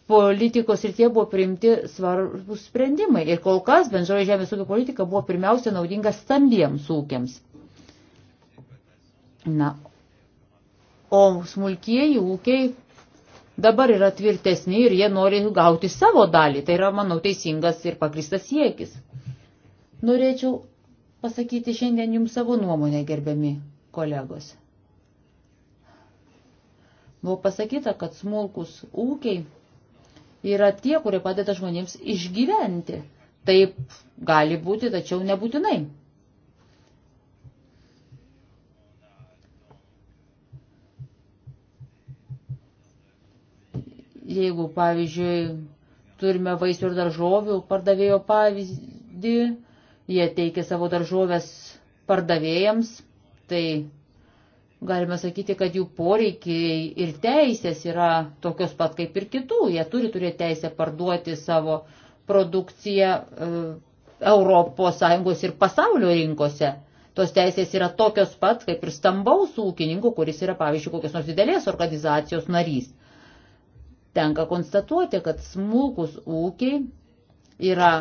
politikos tie buvo priimti svarbus sprendimai. Ir kol kas bendroji žemės ūkio politika buvo pirmiausia naudinga stambiems ūkiams. Na, o smulkieji ūkiai dabar yra tvirtesni ir jie nori gauti savo dalį. Tai yra, manau, teisingas ir pakristas siekis. Norėčiau pasakyti šiandien jums savo nuomonę, gerbiami kolegos. Buvo pasakyta, kad smulkus ūkiai yra tie, kurie padeda žmonėms išgyventi. Taip gali būti, tačiau nebūtinai. Jeigu, pavyzdžiui, turime vaisių ir daržovių pardavėjo pavyzdį, jie teikia savo daržovės pardavėjams, tai galima sakyti, kad jų poreikiai ir teisės yra tokios pat kaip ir kitų. Jie turi turėti teisę parduoti savo produkciją ES ir pasaulio rinkose. Tos teisės yra tokios pat kaip ir stambaus ūkininkų, kuris yra, pavyzdžiui, kokios nors didelės organizacijos narys. Tenka konstatuoti, kad smulkus ūkiai yra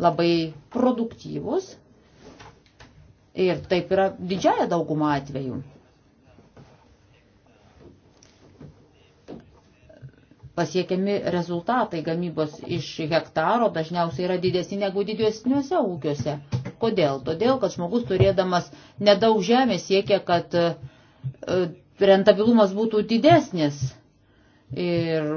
labai produktyvus ir taip yra didžiaja dauguma atvejų. pasiekiami rezultatai gamybos iš hektaro dažniausiai yra didesni negu didesniuose ūkiuose. Kodėl? Todėl, kad žmogus turėdamas nedaug žemės siekia, kad e, rentabilumas būtų didesnis. Ir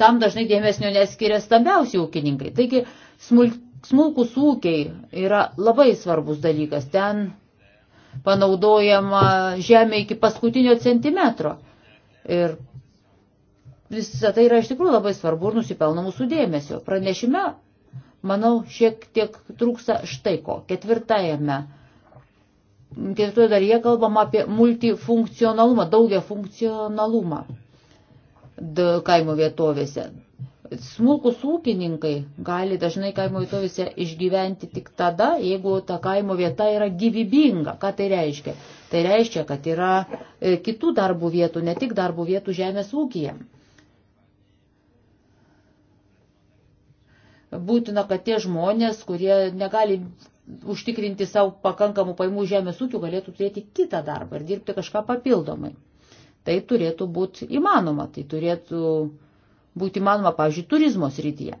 tam dažnai dėmesnio neskiria stambiausi ūkininkai. Taigi smulkus ūkiai yra labai svarbus dalykas. Ten panaudojama žemė iki paskutinio centimetro. Ir visą tai yra iš tikrųjų labai svarbu ir nusipelno mūsų dėmesio. Pranešime, manau, šiek tiek trūksa štai ko. Ketvirtajame. Ketvirtoje dalyje kalbama apie multifunkcionalumą, daugia funkcionalumą kaimo vietovėse. Smulkus ūkininkai gali dažnai kaimo vietovėse išgyventi tik tada, jeigu ta kaimo vieta yra gyvybinga. Ką tai reiškia? Tai reiškia, kad yra e, kitų darbų vietų, ne tik darbų vietų žemės ūkijam. būtina, kad tie žmonės, kurie negali užtikrinti savo pakankamų paimų žemės ūkių, galėtų turėti kitą darbą ir dirbti kažką papildomai. Tai turėtų būti įmanoma, tai turėtų būti įmanoma, pavyzdžiui, turizmo srityje.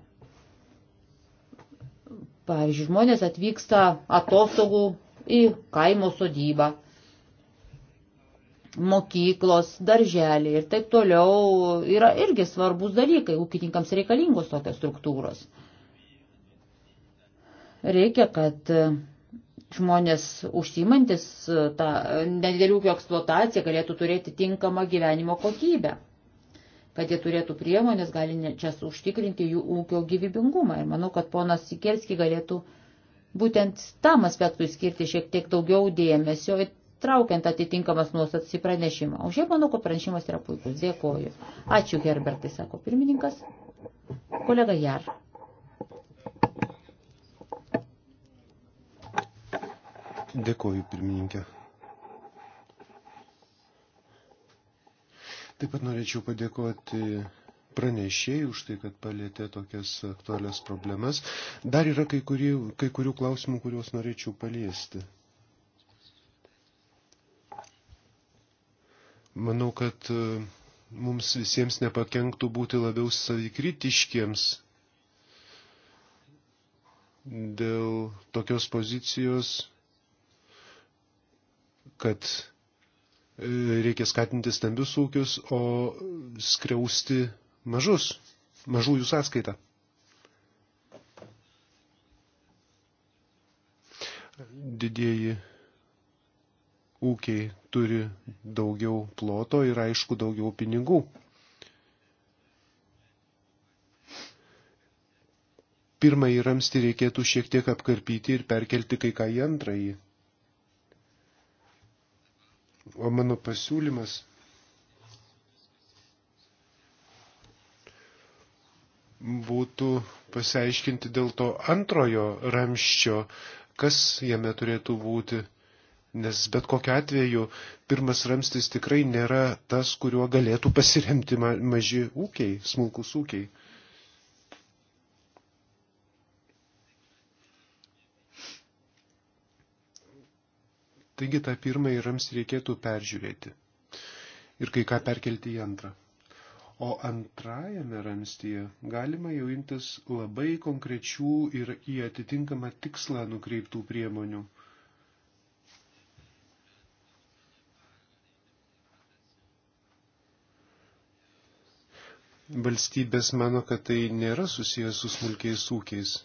Pavyzdžiui, žmonės atvyksta atostogų į kaimo sodybą, mokyklos, darželį ir taip toliau yra irgi svarbus dalykai, ūkininkams reikalingos tokios struktūros. Reikia, kad e, žmonės užsimantis e, tą nedėlių ūkio eksploataciją galėtų turėti tinkamą gyvenimo kokybę, kad jie turėtų priemonės, gali čia užtikrinti jų ūkio gyvybingumą. Ir manau, kad ponas Sikerski galėtų būtent tam aspektui skirti šiek tiek daugiau dėmesio, traukiant atitinkamas nuostatas į pranešimą. O šiaip manau, kad pranešimas yra puikus. Dėkoju. Ačiū, Herbertai, sako pirmininkas. Kolega Jar. Dėkoju, pirmininkė. Taip pat norėčiau padėkoti pranešėjai už tai, kad palėtė tokias aktualias problemas. Dar yra kai, kurį, kai kurių klausimų, kuriuos norėčiau paliesti. Manau, kad e, mums visiems nepakenktų būti labiau savikritiškiems dėl tokios pozicijos kad e, reikia skatinti stambius ūkius, o skriausti mažus, mažųjų sąskaitą. Didėji ūkiai turi daugiau ploto ir aišku daugiau pinigų. Pirmąjį ramstį reikėtų šiek tiek apkarpyti ir perkelti kai ką į antrąjį. O mano pasiūlymas būtų pasiaiškinti dėl to antrojo ramščio, kas jame turėtų būti, nes bet kokia atveju pirmas ramstis tikrai nėra tas, kuriuo galėtų pasiremti maži ūkiai, smulkus ūkiai. Taigi tą pirmąjį ramstį reikėtų peržiūrėti ir kai ką perkelti į antrą. O antrajame ramstyje galima jau imtis labai konkrečių ir į atitinkamą tikslą nukreiptų priemonių. Valstybės mano, kad tai nėra susijęs su smulkiais ūkiais,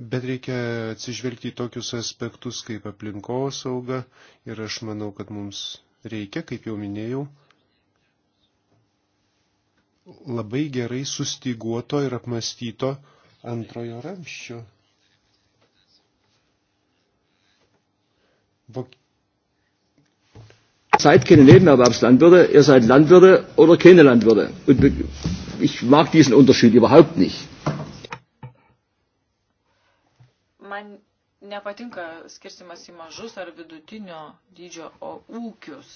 Bet reikia atsižvelgti į tokius aspektus kaip sauga ir aš manau, kad mums reikia, kaip jau minėjau, labai gerai sustiguoto ir apmastyto antrojo ramščio. Vok... Seid keine Nebenerwerbslandwirte, ihr seid Landwirte oder keine Landwirte. Und ich mag diesen Unterschied überhaupt nicht. Man nepatinka skirstimas į mažus ar vidutinio dydžio o ūkius.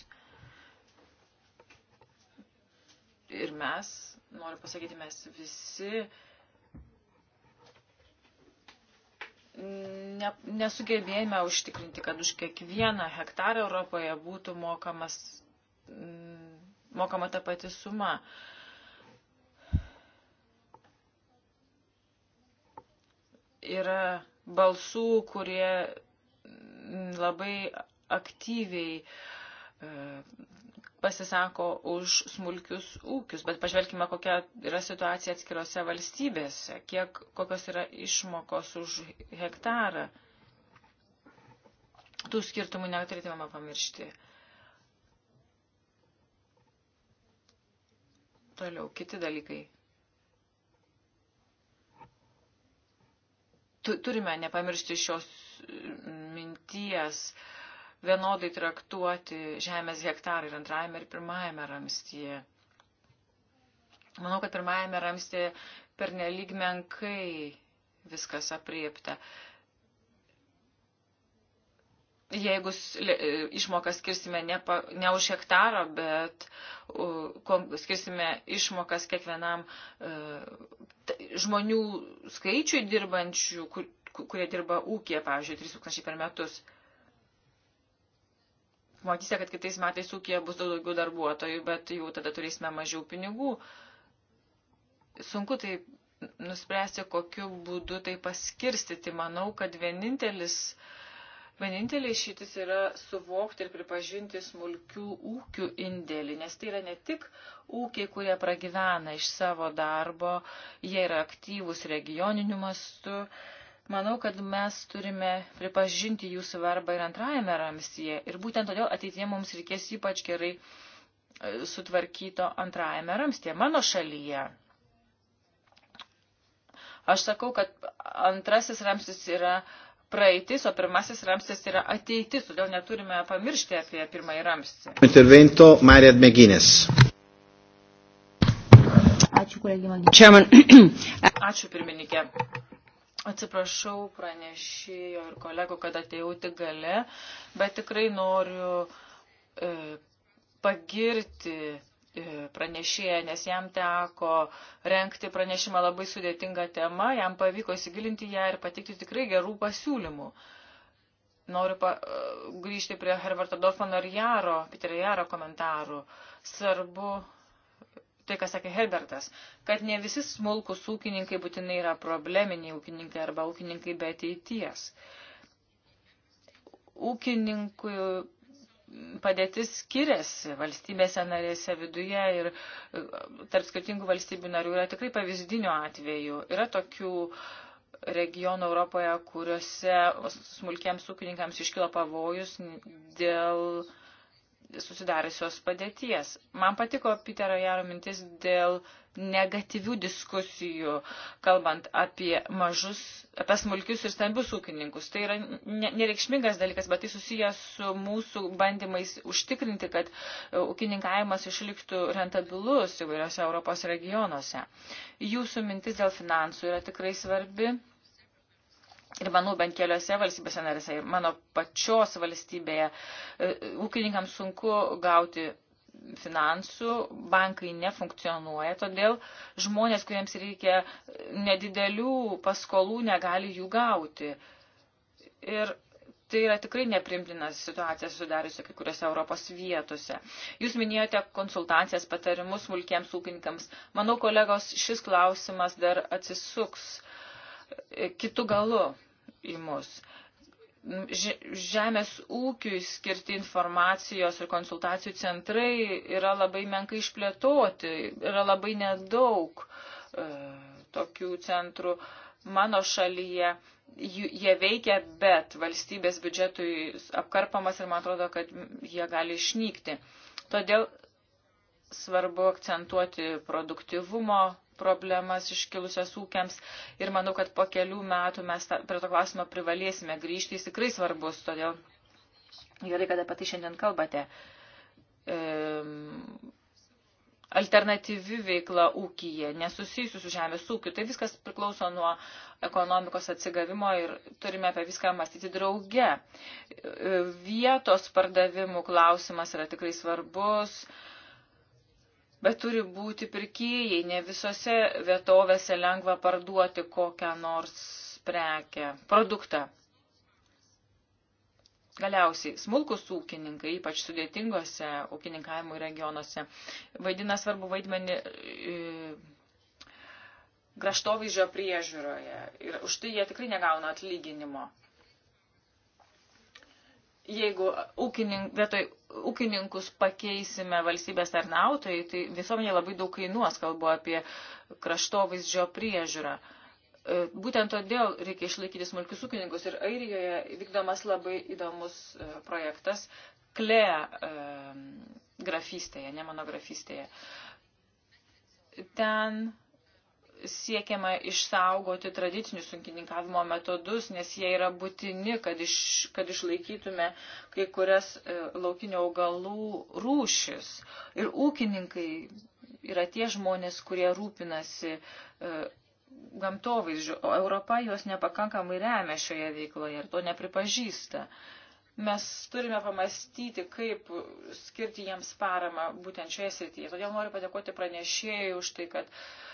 Ir mes, noriu pasakyti, mes visi ne, nesugebėjome užtikrinti, kad už kiekvieną hektarą Europoje būtų mokamas, mm, mokama ta pati suma. Yra balsų, kurie labai aktyviai e, pasisako už smulkius ūkius, bet pažvelkime, kokia yra situacija atskirose valstybėse, kiek, kokios yra išmokos už hektarą. Tų skirtumų neturėtume pamiršti. Toliau, kiti dalykai. turime nepamiršti šios mm, minties vienodai traktuoti žemės hektarą ir antrajame ir pirmajame ramstyje. Manau, kad pirmajame ramstyje per neligmenkai viskas apriepta jeigu e, išmokas skirsime ne, pa, ne už hektarą, bet uh, skirsime išmokas kiekvienam e, žmonių skaičiui dirbančių, kur, kurie dirba ūkė, pavyzdžiui, 3000 per metus. Matysite, kad kitais metais ūkėje bus daugiau darbuotojų, bet jau tada turėsime mažiau pinigų. Sunku tai nuspręsti, kokiu būdu tai paskirstyti. Manau, kad vienintelis uh, Vienintelė išytis yra suvokti ir pripažinti smulkių ūkių indėlį, nes tai yra ne tik ūkiai, kurie pragyvena iš savo darbo, jie yra aktyvus regioniniu mastu. Manau, kad mes turime pripažinti jų svarbą ir antrajame ramsyje. Ir būtent todėl ateitie mums reikės ypač gerai e, sutvarkyto antrajame ramstyje, mano šalyje. Aš sakau, kad antrasis ramstis yra uh, praeitis, o pirmasis ramstis yra ateitis, todėl neturime pamiršti apie pirmąjį ramstį. Intervento Marija Meginės. Ačiū, kolegė Ačiū, pirmininkė. Atsiprašau pranešėjo ir kolegų, kad atėjau tik gale, bet tikrai noriu e, pagirti pranešėja, nes jam teko renkti pranešimą labai sudėtingą temą, jam pavyko įsigilinti ją ir patikti tikrai gerų pasiūlymų. Noriu pa, e, grįžti prie Herberto Dorfano ir Jaro, Piterio Jaro komentarų. Svarbu tai, ką sakė Herbertas, kad ne visi smulkus ūkininkai būtinai yra probleminiai ūkininkai arba ūkininkai be ateities. Ūkininkui padėtis skiriasi valstybėse narėse viduje ir e, tarp skirtingų valstybių narių yra tikrai pavyzdinių atvejų. Yra tokių regionų Europoje, kuriuose smulkiems ūkininkams iškilo pavojus dėl susidariusios padėties. Man patiko Piterio Jaro mintis dėl negatyvių diskusijų, kalbant apie mažus, apie smulkius ir stambius ūkininkus. Tai yra nereikšmingas dalykas, bet tai susijęs su mūsų bandymais užtikrinti, kad ūkininkavimas išliktų rentabilus įvairiose Europos regionuose. Jūsų mintis dėl finansų yra tikrai svarbi Ir manau, bent keliose valstybėse narėse, ir mano pačios valstybėje, e, ūkininkams sunku gauti finansų, bankai nefunkcionuoja, todėl žmonės, kuriems reikia nedidelių paskolų, negali jų gauti. Ir tai yra tikrai neprimtina situacija sudariusi kai kuriuose Europos vietose. Jūs minėjote konsultacijas, patarimus smulkiems ūkininkams. Manau, kolegos, šis klausimas dar atsisuks kitų galų į mus. Žemės ūkiui skirti informacijos ir konsultacijų centrai yra labai menkai išplėtoti, yra labai nedaug e, tokių centrų mano šalyje. Jie veikia, bet valstybės biudžetui apkarpamas ir man atrodo, kad jie gali išnykti. Todėl svarbu akcentuoti produktivumo problemas iškilusios ūkiams ir manau, kad po kelių metų mes ta, prie to klausimo privalėsime grįžti, jis tikrai svarbus, todėl gerai, kad apie tai šiandien kalbate. E, alternatyvi veikla ūkyje, nesusijusiu su žemės ūkiu, tai viskas priklauso nuo ekonomikos atsigavimo ir turime apie viską mąstyti drauge. Vietos pardavimų klausimas yra tikrai svarbus bet turi būti pirkėjai, ne visose vietovėse lengva parduoti kokią nors prekę, produktą. Galiausiai, smulkus ūkininkai, ypač sudėtingose ūkininkavimo regionuose, vaidina svarbu vaidmenį e, kraštovaizdžio priežiūroje ir už tai jie tikrai negauna atlyginimo jeigu ūkinink, vietoj ūkininkus pakeisime valstybės tarnautojai, tai visuomenė labai daug kainuos, kalbu apie kraštovaizdžio priežiūrą. E, būtent todėl reikia išlaikyti smulkius ūkininkus ir Airijoje vykdomas labai įdomus e, projektas KLE e, grafystėje, ne mano grafystėje. Ten siekiama išsaugoti tradicinius sunkininkavimo metodus, nes jie yra būtini, kad, iš, kad išlaikytume kai kurias e, laukinio augalų rūšis. Ir ūkininkai yra tie žmonės, kurie rūpinasi e, gamtovaizdžiu, o Europa juos nepakankamai remia šioje veikloje ir to nepripažįsta. Mes turime pamastyti, kaip skirti jiems paramą būtent šioje srityje. Todėl noriu padėkoti pranešėjai už tai, kad uh,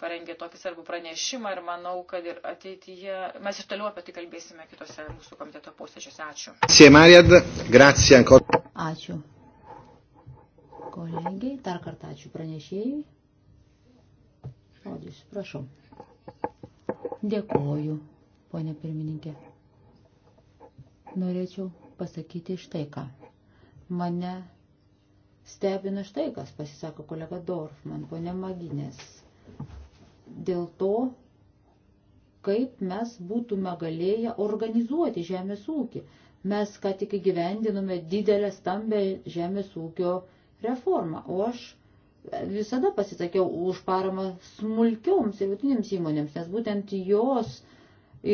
parengė tokį svarbų pranešimą ir manau, kad ir ateityje mes ir toliau apie tai kalbėsime kitose mūsų komiteto posėdžiuose. Ačiū. Ačiū. Kolegiai, dar kartą ačiū pranešėjai. Rodys, prašau. Dėkuoju, ponė pirmininkė. Norėčiau pasakyti štai ką. Mane stebina štai kas, pasisako kolega Dorfman, ponė Maginės dėl to, kaip mes būtume galėję organizuoti žemės ūkį. Mes ką tik įgyvendinome didelę stambę žemės ūkio reformą, o aš visada pasisakiau už paramą smulkioms ir vidutinėms įmonėms, nes būtent jos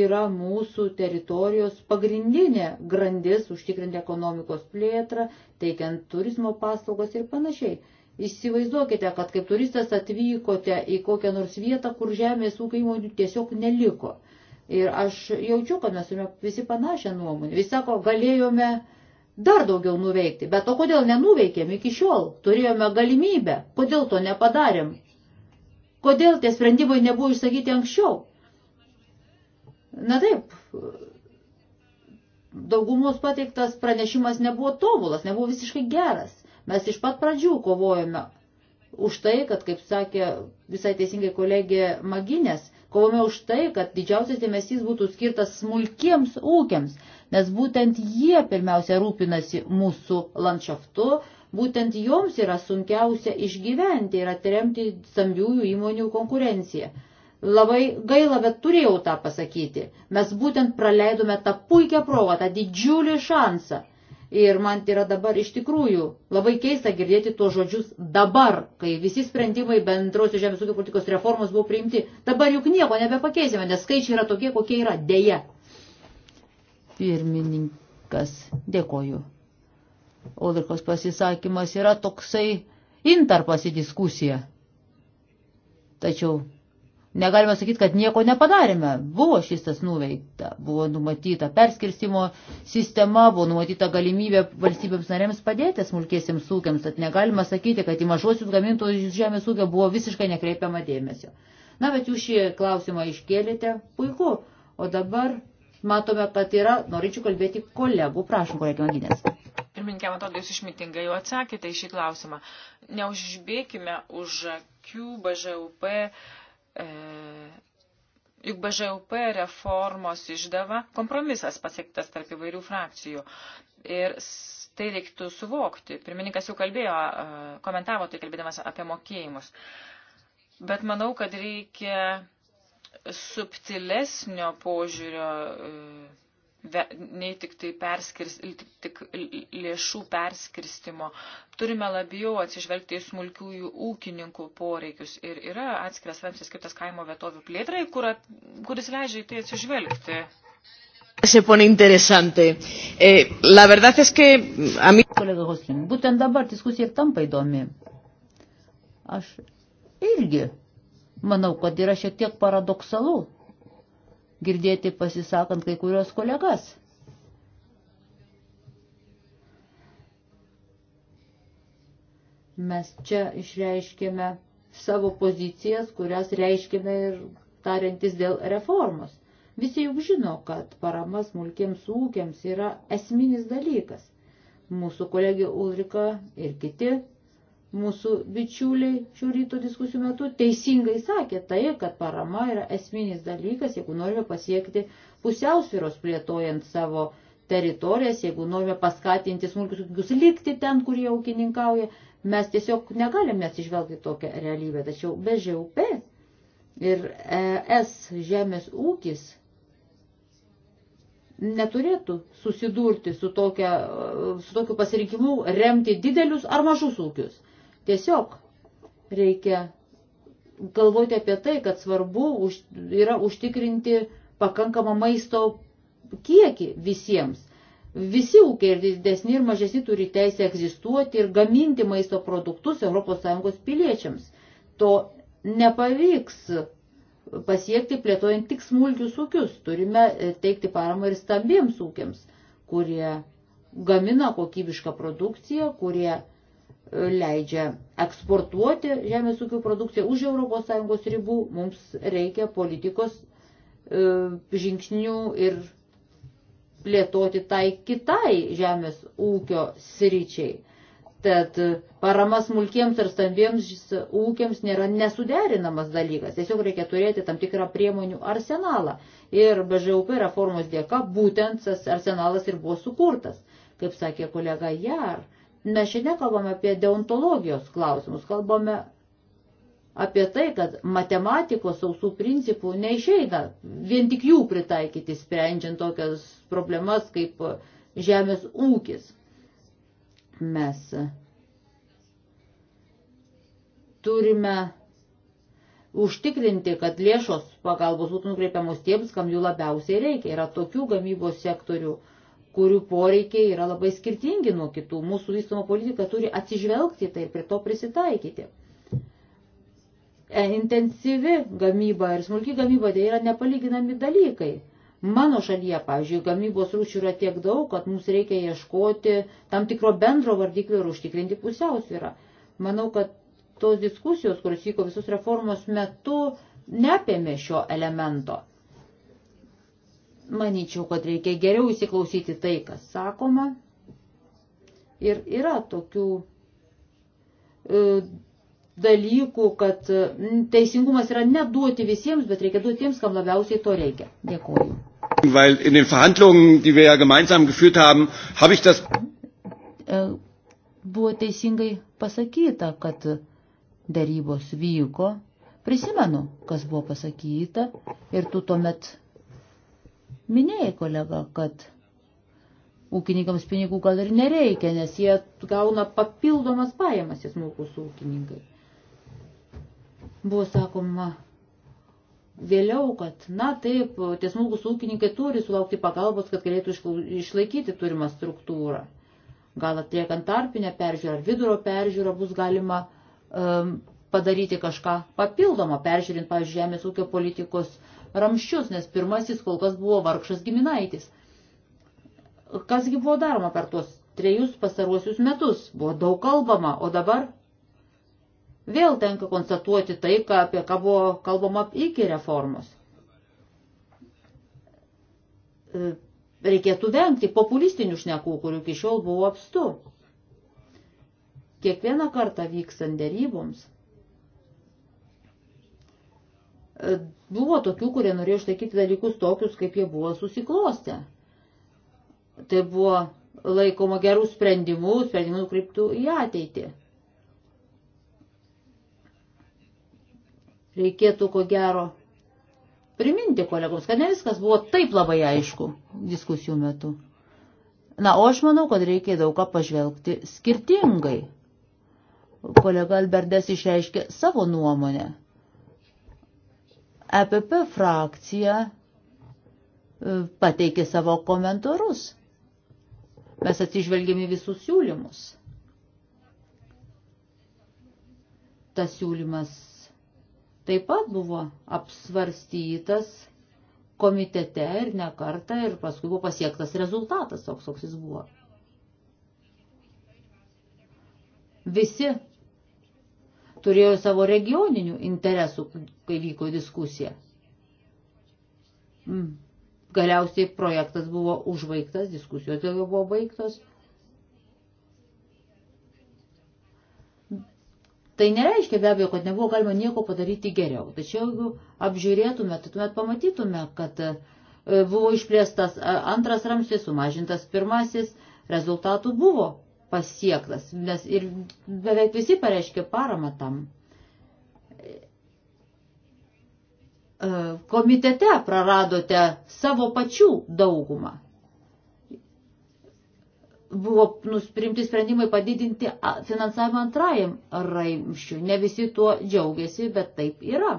yra mūsų teritorijos pagrindinė grandis užtikrinti ekonomikos plėtrą, teikiant turizmo paslaugas ir panašiai. Įsivaizduokite, kad kaip turistas atvykote į kokią nors vietą, kur žemės ūkio įmonių tiesiog neliko. Ir aš jaučiu, kad mes turime visi panašią nuomonę. Visi sako, galėjome dar daugiau nuveikti. Bet o kodėl nenuveikėm iki šiol? Turėjome galimybę. Kodėl to nepadarėm? Kodėl tie sprendimai nebuvo išsakyti anksčiau? Na taip, daugumos pateiktas pranešimas nebuvo tobulas, nebuvo visiškai geras. Mes iš pat pradžių kovojame už tai, kad, kaip sakė visai teisingai kolegė Maginės, kovome už tai, kad didžiausias dėmesys būtų skirtas smulkiems ūkiams, nes būtent jie pirmiausia rūpinasi mūsų landšaftu, būtent joms yra sunkiausia išgyventi ir atremti stambiųjų įmonių konkurenciją. Labai gaila, bet turėjau tą pasakyti. Mes būtent praleidome tą puikią progą, tą didžiulį šansą Ir man yra dabar iš tikrųjų labai keista girdėti tuos žodžius dabar, kai visi sprendimai bendrosios žemės ūkio politikos reformos buvo priimti. Dabar juk nieko nebepakeisime, nes skaičiai yra tokie, kokie yra dėja. Pirmininkas, dėkoju. Olirkos pasisakymas yra toksai intarpas į diskusiją. Tačiau negalima sakyti, kad nieko nepadarėme. Buvo šis tas nuveikta, buvo numatyta perskirstimo sistema, buvo numatyta galimybė valstybėms narėms padėti smulkėsiams ūkiams, tad negalima sakyti, kad į mažosius gamintojus žemės ūkio buvo visiškai nekreipiama dėmesio. Na, bet jūs šį klausimą iškėlėte, puiku. O dabar matome, kad yra, norėčiau kalbėti kolegų, prašom, kolegė Maginės. Pirmininkė, man atrodo, jūs išmintingai jau atsakėte į šį klausimą. Neužbėkime už akių BŽUP E, juk BŽUP reformos išdava kompromisas pasiektas tarp įvairių frakcijų. Ir tai reiktų suvokti. Pirmininkas jau kalbėjo, e, komentavo tai kalbėdamas apie mokėjimus. Bet manau, kad reikia subtilesnio požiūrio e, nei tik, tai perskirs, tik lėšų perskirstimo. Turime labiau atsižvelgti į smulkiųjų ūkininkų poreikius. Ir yra atskiras ramsis skirtas kaimo vietovių plėtrai, kur, kuris leidžia į tai atsižvelgti. Se pone interesante. Eh, la verdad es que a mí... Kolega Hoslin, būtent dabar diskusija tampa įdomi. Aš irgi manau, kad yra šiek tiek paradoksalu girdėti pasisakant kai kurios kolegas. Mes čia išreiškėme savo pozicijas, kurias reiškime ir tariantis dėl reformos. Visi juk žino, kad parama smulkiems ūkiams yra esminis dalykas. Mūsų kolegė Ulrika ir kiti Mūsų bičiuliai šių ryto diskusijų metu teisingai sakė tai, kad parama yra esminis dalykas, jeigu norime pasiekti pusiausvyros plėtojant savo teritorijas, jeigu norime paskatinti smulkius ūkius likti ten, kur jie ūkininkauja, mes tiesiog negalime atsižvelgti tokią realybę. Tačiau be ŽUP ir ES žemės ūkis neturėtų susidurti su, tokia, su tokiu pasirinkimu remti didelius ar mažus ūkius. Tiesiog reikia galvoti apie tai, kad svarbu už, yra užtikrinti pakankamą maisto kiekį visiems. Visi ūkiai ir didesni ir mažesni turi teisę egzistuoti ir gaminti maisto produktus ES piliečiams. To nepavyks pasiekti plėtojant tik smulkius ūkius. Turime e, teikti paramą ir stambiems ūkiams, kurie gamina kokybišką produkciją, kurie leidžia eksportuoti žemės ūkio produkciją už Europos Sąjungos ribų, mums reikia politikos e, žingsnių ir plėtoti tai kitai žemės ūkio sričiai. Tad paramas smulkiems ir stambiems ūkiams nėra nesuderinamas dalykas. Tiesiog reikia turėti tam tikrą priemonių arsenalą. Ir BŽUP reformos dėka būtent tas arsenalas ir buvo sukurtas. Kaip sakė kolega Jar, mes šiandien nekalbame apie deontologijos klausimus, kalbame apie tai, kad matematikos sausų principų neišeina vien tik jų pritaikyti, sprendžiant tokias problemas kaip žemės ūkis. Mes turime užtikrinti, kad lėšos pagalbos būtų nukreipiamos tiems, kam jų labiausiai reikia. Yra tokių gamybos sektorių, kurių poreikiai yra labai skirtingi nuo kitų. Mūsų vystumo politika turi atsižvelgti tai ir prie to prisitaikyti. E, intensyvi gamyba ir smulki gamyba tai yra nepalyginami dalykai. Mano šalyje, pavyzdžiui, gamybos rūšių yra tiek daug, kad mums reikia ieškoti tam tikro bendro vardiklio ir užtikrinti pusiausvyrą. Manau, kad tos diskusijos, kurios vyko visus reformos metu, neapėmė šio elemento manyčiau, kad reikia geriau įsiklausyti tai, kas sakoma. Ir yra tokių e, dalykų, kad teisingumas yra ne duoti visiems, bet reikia duoti tiems, kam labiausiai to reikia. Dėkuoju. Weil in den Verhandlungen, die wir ja gemeinsam geführt haben, habe ich das. E, buvo teisingai pasakyta, kad darybos vyko. Prisimenu, kas buvo pasakyta ir tu tuomet Minėjai, e kolega, kad ūkininkams pinigų gal ir nereikia, nes jie gauna papildomas pajamas, jie smulkus ūkininkai. Buvo sakoma, vėliau, kad, na taip, tie smulkus ūkininkai turi sulaukti pagalbos, kad galėtų išlaikyti turimą struktūrą. Gal atliekant tarpinę peržiūrą ar vidurio peržiūrą bus galima um, padaryti kažką papildomą, peržiūrint, pavyzdžiui, žemės ūkio politikos ramščius, nes pirmasis kol kas buvo vargšas giminaitis. Kasgi buvo daroma per tuos trejus pasaruosius metus? Buvo daug kalbama, o dabar vėl tenka konstatuoti tai, ką, apie ką buvo kalbama iki reformos. E, reikėtų vengti populistinių šnekų, kurių iki šiol buvo apstu. Kiekvieną kartą vykstant deryboms Buvo tokių, kurie norėjo išlaikyti dalykus tokius, kaip jie buvo susiklostę. Tai buvo laikoma gerų sprendimų, sprendimų kryptų į ateitį. Reikėtų ko gero priminti kolegoms, kad ne viskas buvo taip labai aišku diskusijų metu. Na, o aš manau, kad reikia daug ką pažvelgti skirtingai. Kolega Albertas išreiškė savo nuomonę. EPP frakcija e, pateikė savo komentarus. Mes atsižvelgėme į visus siūlymus. Tas siūlymas taip pat buvo apsvarstytas komitete ir ne kartą ir paskui buvo pasiektas rezultatas, toks koks jis buvo. Visi turėjo savo regioninių interesų, kai vyko diskusija. Mm. Galiausiai projektas buvo užbaigtas, diskusijos dėl jo buvo baigtos. Tai nereiškia be abejo, kad nebuvo galima nieko padaryti geriau. Tačiau jeigu apžiūrėtume, tai tuomet pamatytume, kad e, buvo išplėstas antras ramstis, sumažintas pirmasis, rezultatų buvo pasiektas, nes ir beveik visi pareiškė paramą tam. E, komitete praradote savo pačių daugumą. Buvo nusprimti sprendimai padidinti finansavimą antrajam raimščiui. Ne visi tuo džiaugiasi, bet taip yra.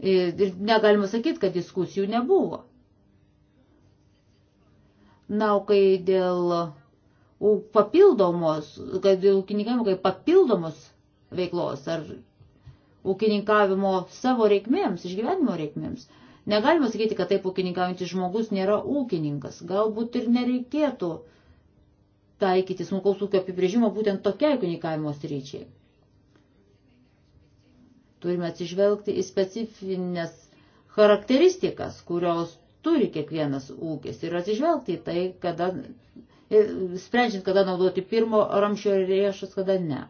Ir negalima sakyti, kad diskusijų nebuvo. Na, o kai dėl papildomos, kad ūkininkavimo kaip papildomos veiklos ar ūkininkavimo savo reikmėms, išgyvenimo reikmėms. Negalima sakyti, kad taip ūkininkaujantis žmogus nėra ūkininkas. Galbūt ir nereikėtų taikyti smulkaus ūkio apibrėžimo būtent tokiai ūkininkavimo sryčiai. Turime atsižvelgti į specifines charakteristikas, kurios turi kiekvienas ūkis ir atsižvelgti į tai, kada sprendžiant, kada naudoti pirmo ramščio lėšas, kada ne.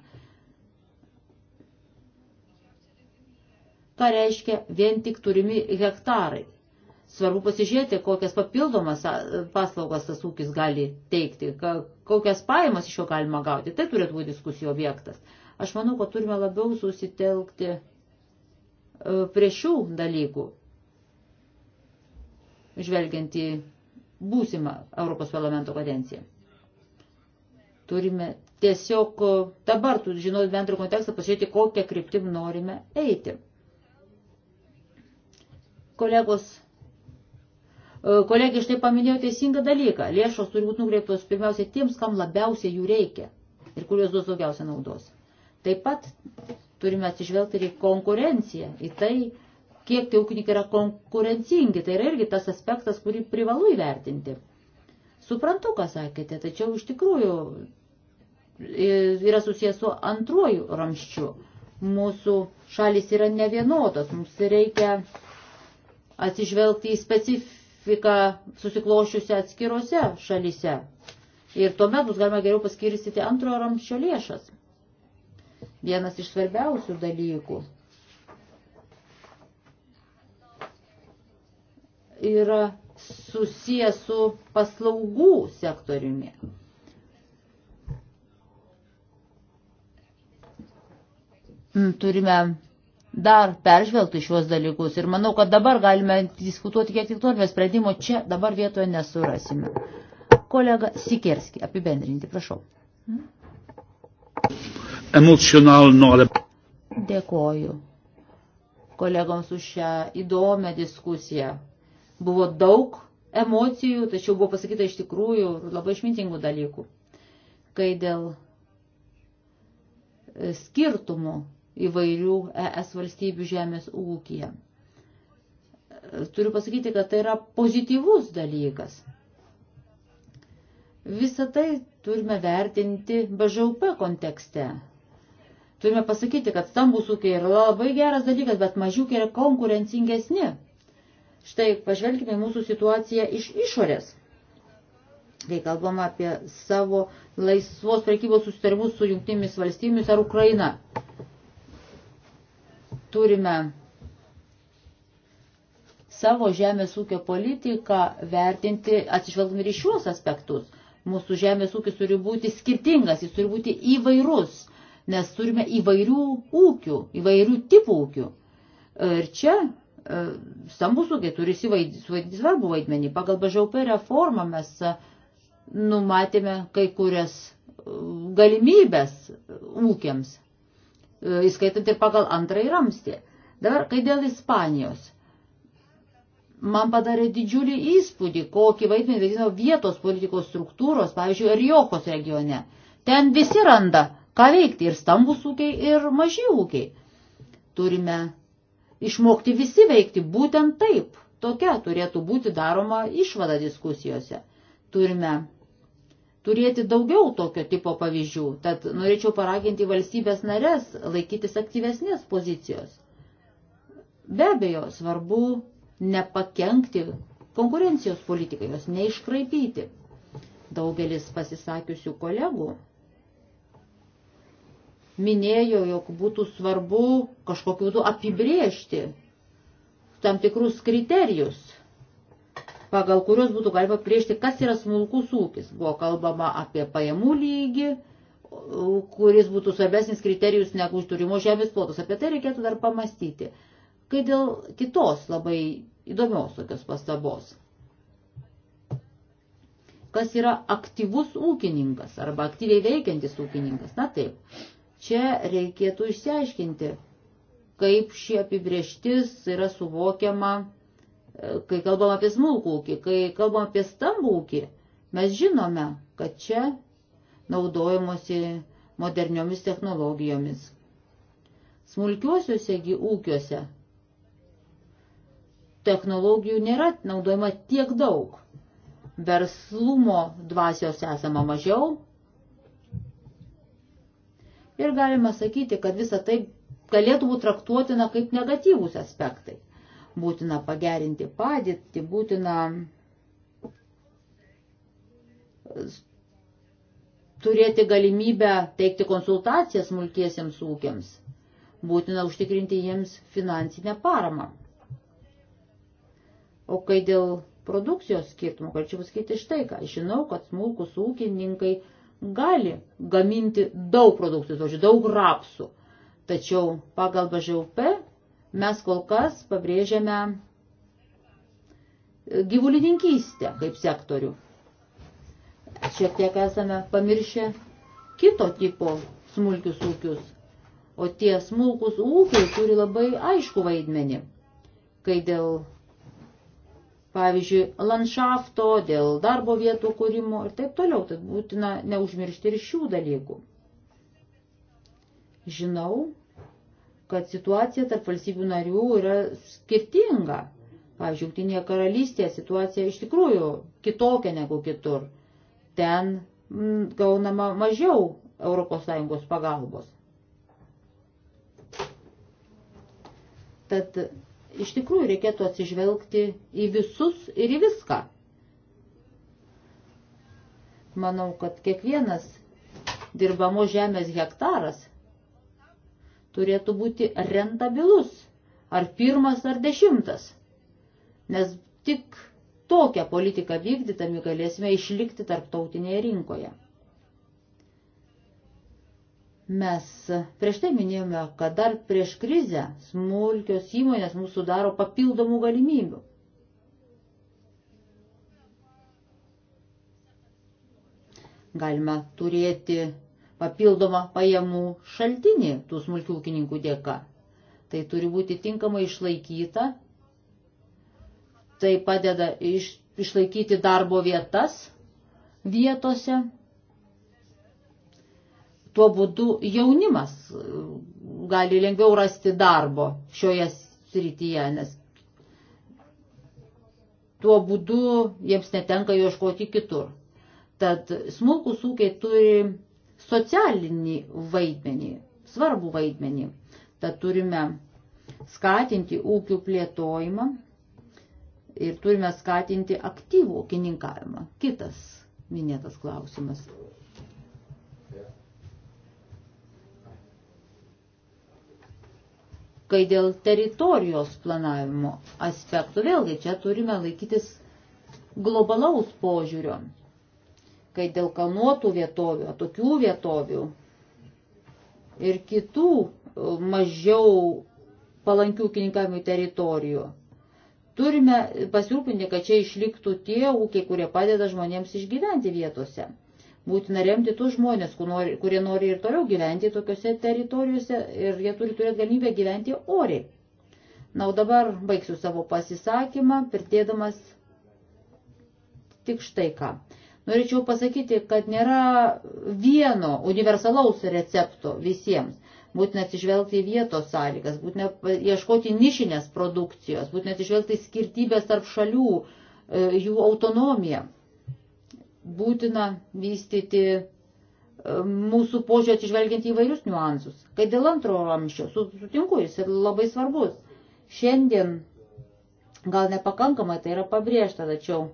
Ką reiškia vien tik turimi hektarai? Svarbu pasižiūrėti, kokias papildomas paslaugas tas ūkis gali teikti, kokias pajamas iš jo galima gauti. Tai turėtų būti diskusijų objektas. Aš manau, kad turime labiau susitelkti e, prie šių dalykų, žvelgiant į būsimą Europos parlamento kadenciją. Turime tiesiog dabar, tu žinot bendrą kontekstą, pažiūrėti, kokią kryptim norime eiti. Kolegos, kolegė štai paminėjo teisingą dalyką. Lėšos turi būti nukreiptos pirmiausia tiems, kam labiausiai jų reikia ir kurios duos daugiausia naudos. Taip pat turime atsižvelgti ir į konkurenciją, į tai, kiek tie ūkininkai yra konkurencingi. Tai yra irgi tas aspektas, kurį privalu įvertinti. Suprantu, ką sakėte, tačiau iš tikrųjų yra susijęs su antruoju ramščiu. Mūsų šalis yra nevienodos, mums reikia atsižvelgti į specifiką susiklošiusią atskirose šalise. Ir tuomet bus galima geriau paskirstyti antrojo ramščio lėšas. Vienas iš svarbiausių dalykų yra susiję su paslaugų sektoriumi. Mm, turime dar peržvelgti šiuos dalykus ir manau, kad dabar galime diskutuoti kiek tik to, norime, sprendimo čia dabar vietoje nesurasime. Kolega Sikerski, apibendrinti, prašau. Emocionalno, ale... Dėkoju kolegoms už šią įdomią diskusiją. Buvo daug emocijų, tačiau buvo pasakyta iš tikrųjų labai išmintingų dalykų. Kai dėl e, skirtumų įvairių ES valstybių žemės ūkija. E, turiu pasakyti, kad tai yra pozityvus dalykas. Visą tai turime vertinti BŽUP kontekste. Turime pasakyti, kad stambus ūkiai yra labai geras dalykas, bet mažiukiai yra konkurencingesni. Štai pažvelgime mūsų situaciją iš išorės. Kai kalbam apie savo laisvos prekybos susitarimus su jungtimis valstybėmis ar Ukraina. Turime savo žemės ūkio politiką vertinti atsižvelgdami ir šiuos aspektus. Mūsų žemės ūkis turi būti skirtingas, jis turi būti įvairus, nes turime įvairių ūkių, įvairių tipų ūkių. Ir čia E, stambus ūkiai turi suvaidinti svarbu vaidmenį. Pagal BŽP reformą mes e, numatėme kai kurias e, galimybės ūkiams, įskaitant ir pagal antrąjį ramstį. Dabar, kai dėl Ispanijos, man padarė didžiulį įspūdį, kokį vaidmenį vaidino vietos politikos struktūros, pavyzdžiui, Rijokos regione. Ten visi randa, ką veikti, ir stambus ūkiai, ir maži ūkiai. Turime išmokti visi veikti būtent taip. Tokia turėtų būti daroma išvada diskusijose. Turime turėti daugiau tokio tipo pavyzdžių, tad norėčiau paraginti valstybės narės laikytis aktyvesnės pozicijos. Be abejo, svarbu nepakenkti konkurencijos politikai, jos neiškraipyti. Daugelis pasisakiusių kolegų minėjo, jog būtų svarbu kažkokiu būdu apibriežti tam tikrus kriterijus, pagal kurios būtų galima priešti, kas yra smulkus ūkis. Buvo kalbama apie pajamų lygį, kuris būtų svarbesnis kriterijus negu turimo žemės plotus. Apie tai reikėtų dar pamastyti. Kai dėl kitos labai įdomios tokios pastabos. Kas yra aktyvus ūkininkas arba aktyviai veikiantis ūkininkas? Na taip, Čia reikėtų išsiaiškinti, kaip šie apibrieštis yra suvokiama, e, kai kalbam apie smulkų ūkį, kai kalbam apie stambų ūkį, mes žinome, kad čia naudojimuosi moderniomis technologijomis. Smulkiuosiuose ūkiuose technologijų nėra naudojama tiek daug. Verslumo dvasios esama mažiau, ir galima sakyti, kad visa tai galėtų būti traktuotina kaip negatyvus aspektai. Būtina pagerinti padėtį, būtina turėti galimybę teikti konsultacijas smulkiesiems ūkiams, būtina užtikrinti jiems finansinę paramą. O kai dėl produkcijos skirtumų, galčiau pasakyti štai ką, žinau, kad smulkus ūkininkai gali gaminti daug produktų, žodžiu, daug rapsų. Tačiau pagal BŽUP mes kol kas pabrėžiame e, gyvulininkystę kaip sektorių. Šiek tiek esame pamiršę kito tipo smulkius ūkius, o tie smulkus ūkiai turi labai aišku vaidmenį, kai dėl pavyzdžiui, landšafto, dėl darbo vietų kūrimo ir taip toliau. Tad būtina neužmiršti ir šių dalykų. Žinau, kad situacija tarp valstybių narių yra skirtinga. Pavyzdžiui, Junktinėje karalystėje situacija iš tikrųjų kitokia negu kitur. Ten mm, gaunama mažiau ES pagalbos. Tad iš tikrųjų reikėtų atsižvelgti į visus ir į viską. Manau, kad kiekvienas dirbamo žemės hektaras turėtų būti rentabilus, ar pirmas, ar dešimtas. Nes tik tokią politiką vykdytami galėsime išlikti tarptautinėje rinkoje. Mes prieš tai minėjome, kad dar prieš krizę smulkios įmonės mūsų daro papildomų galimybių. Galime turėti papildomą pajamų šaltinį tų smulkių ūkininkų dėka. Tai turi būti tinkamai išlaikyta. Tai padeda iš, išlaikyti darbo vietas vietose Tuo būdu jaunimas e, gali lengviau rasti darbo šioje srityje, nes tuo būdu jiems netenka ieškoti kitur. Tad smulkus ūkiai turi socialinį vaidmenį, svarbų vaidmenį. Tad turime skatinti ūkių plėtojimą ir turime skatinti aktyvų ūkininkavimą. Kitas minėtas klausimas. Kai dėl teritorijos planavimo aspektų, vėlgi čia turime laikytis globalaus požiūrio. Kai dėl kalnuotų vietovių, tokių vietovių ir kitų e, mažiau palankių ūkininkavimui teritorijų. Turime pasirūpinti, kad čia išliktų tie ūkiai, kurie padeda žmonėms išgyventi vietose būtina remti tus žmonės, kur nori, kurie nori ir toliau gyventi tokiuose teritorijose ir jie turi turėti galimybę gyventi oriai. Na, o dabar baigsiu savo pasisakymą, pridėdamas tik štai ką. Norėčiau pasakyti, kad nėra vieno universalaus recepto visiems. Būtina atsižvelgti į vietos sąlygas, būtina ieškoti nišinės produkcijos, būtina atsižvelgti į skirtybės tarp šalių, e, jų autonomiją būtina vystyti e, mūsų požiūrį atsižvelgiant į vairius niuansus. Kai dėl antro ramščio, sutinku, jis yra labai svarbus. Šiandien gal nepakankamai tai yra pabrėžta, tačiau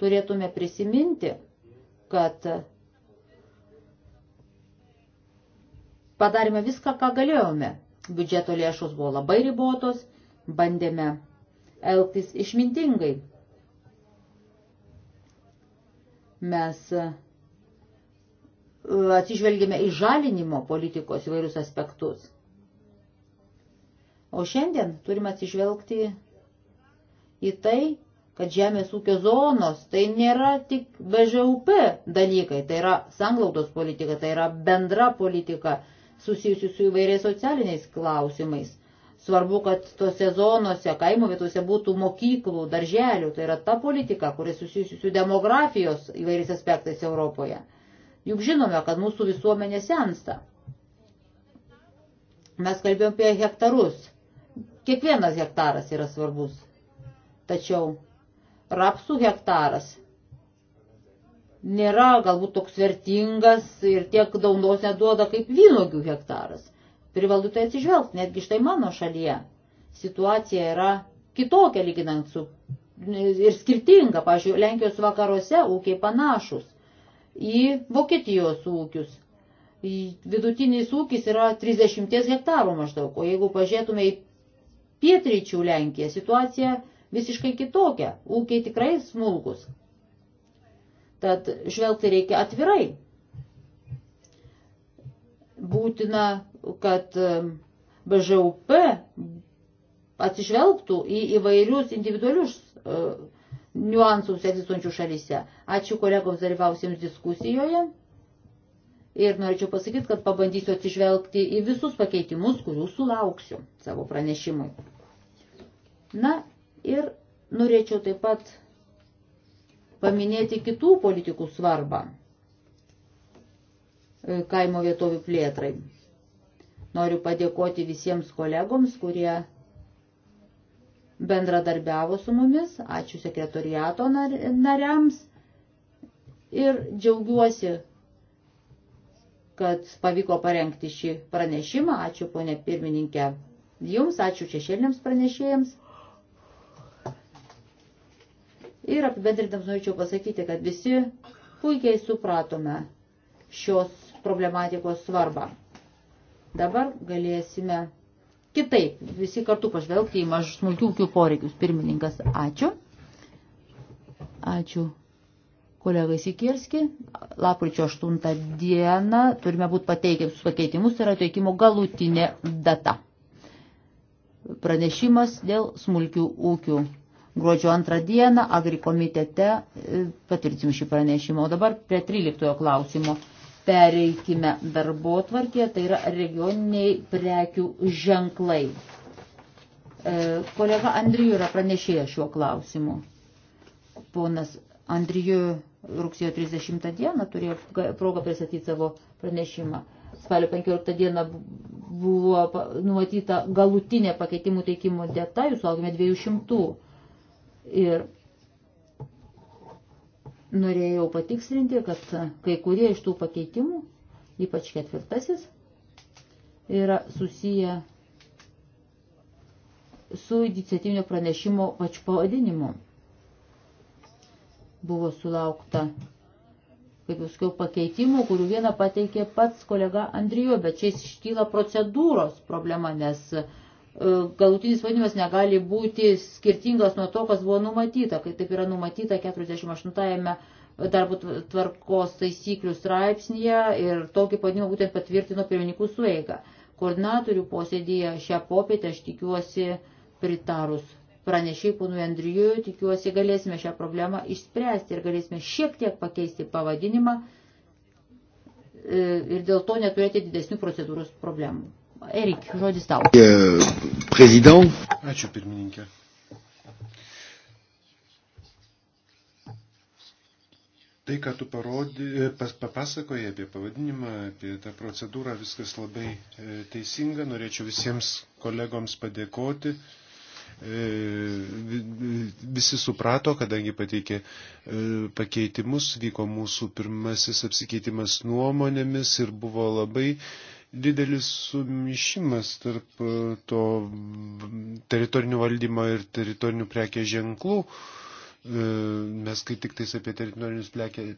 turėtume prisiminti, kad padarėme viską, ką galėjome. Biudžeto lėšos buvo labai ribotos, bandėme elgtis išmintingai Mes e, atsižvelgėme į žalinimo politikos įvairius aspektus. O šiandien turime atsižvelgti į tai, kad žemės ūkio zonos tai nėra tik BŽUP dalykai, tai yra sanglaudos politika, tai yra bendra politika susijusi su įvairiais socialiniais klausimais. Svarbu, kad tose zonose, kaimo vietose būtų mokyklų, darželių. Tai yra ta politika, kuris susijusi su demografijos įvairiais aspektais Europoje. Juk žinome, kad mūsų visuomenė sensta. Mes kalbėjom apie hektarus. Kiekvienas hektaras yra svarbus. Tačiau rapsų hektaras nėra galbūt toks vertingas ir tiek daunos neduoda kaip vynogių hektaras privaldu tai atsižvelgti. Netgi štai mano šalyje situacija yra kitokia lyginant su ir skirtinga. pažiūrėjau, Lenkijos vakaruose ūkiai panašus į Vokietijos ūkius. Vidutinis ūkis yra 30 hektarų maždaug, o jeigu pažiūrėtume į pietryčių Lenkiją, situacija visiškai kitokia, ūkiai tikrai smulkus. Tad žvelgti reikia atvirai. Būtina kad BŽUP atsižvelgtų į įvairius individualius e, niuansus egzistuojančių šalyse. Ačiū kolegoms dalyvausiems diskusijoje. Ir norėčiau pasakyti, kad pabandysiu atsižvelgti į visus pakeitimus, kurių sulauksiu savo pranešimui. Na ir norėčiau taip pat paminėti kitų politikų svarbą e, kaimo vietovių plėtrai. Noriu padėkoti visiems kolegoms, kurie bendradarbiavo su mumis. Ačiū sekretoriato nariams ir džiaugiuosi, kad pavyko parengti šį pranešimą. Ačiū ponė pirmininkė jums, ačiū šešėliniams pranešėjams. Ir apibendrintams norėčiau pasakyti, kad visi puikiai supratome šios problematikos svarbą. Dabar galėsime kitaip visi kartu pažvelgti į mažus smulkių ūkių poreikius. Pirmininkas, ačiū. Ačiū kolegai Sikirski. Lapkričio 8 dieną turime būti su pakeitimus ir ateikimo galutinė data. Pranešimas dėl smulkių ūkių. Gruodžio 2 dieną agrikomitete patvirtim šį pranešimą. O dabar prie 13 klausimo. Pereikime darbo tvarkė, tai yra regioniniai prekių ženklai. E, kolega Andriju yra pranešėjęs šiuo klausimu. Ponas Andriju rugsėjo 30 dieną turėjo progą pristatyti savo pranešimą. Spalio 15 dieną buvo numatyta galutinė pakeitimų teikimo dėta, jūs laukime 200. Ir norėjau patikslinti, kad kai kurie iš tų pakeitimų, ypač ketvirtasis, yra susiję su iniciatyvinio pranešimo pačiu pavadinimu. Buvo sulaukta, kaip jūs kiau, pakeitimų, kurių vieną pateikė pats kolega Andrijo, bet čia iškyla procedūros problema, nes uh, E, galutinis vadinimas negali būti skirtingas nuo to, kas buvo numatyta, kai taip yra numatyta 48-ame darbų tvarkos taisyklių straipsnėje ir tokį pavadinimą būtent patvirtino pirmininkų sueiga. Koordinatorių posėdėje šią popietę aš tikiuosi pritarus pranešiai ponu Andriju, tikiuosi galėsime šią problemą išspręsti ir galėsime šiek tiek pakeisti pavadinimą e, ir dėl to neturėti didesnių procedūros problemų. Erik, žodis tau. Prezident. Ačiū pirmininkė. Tai, ką tu parodė, e, pas, papasakoji apie pavadinimą, apie tą procedūrą, viskas labai e, teisinga. Norėčiau visiems kolegoms padėkoti. E, visi suprato, kadangi pateikė e, pakeitimus, vyko mūsų pirmasis apsikeitimas nuomonėmis ir buvo labai didelis sumišimas tarp e, to teritorinio valdymo ir teritorinių prekės ženklų. E, mes kai tik tais apie teritorinius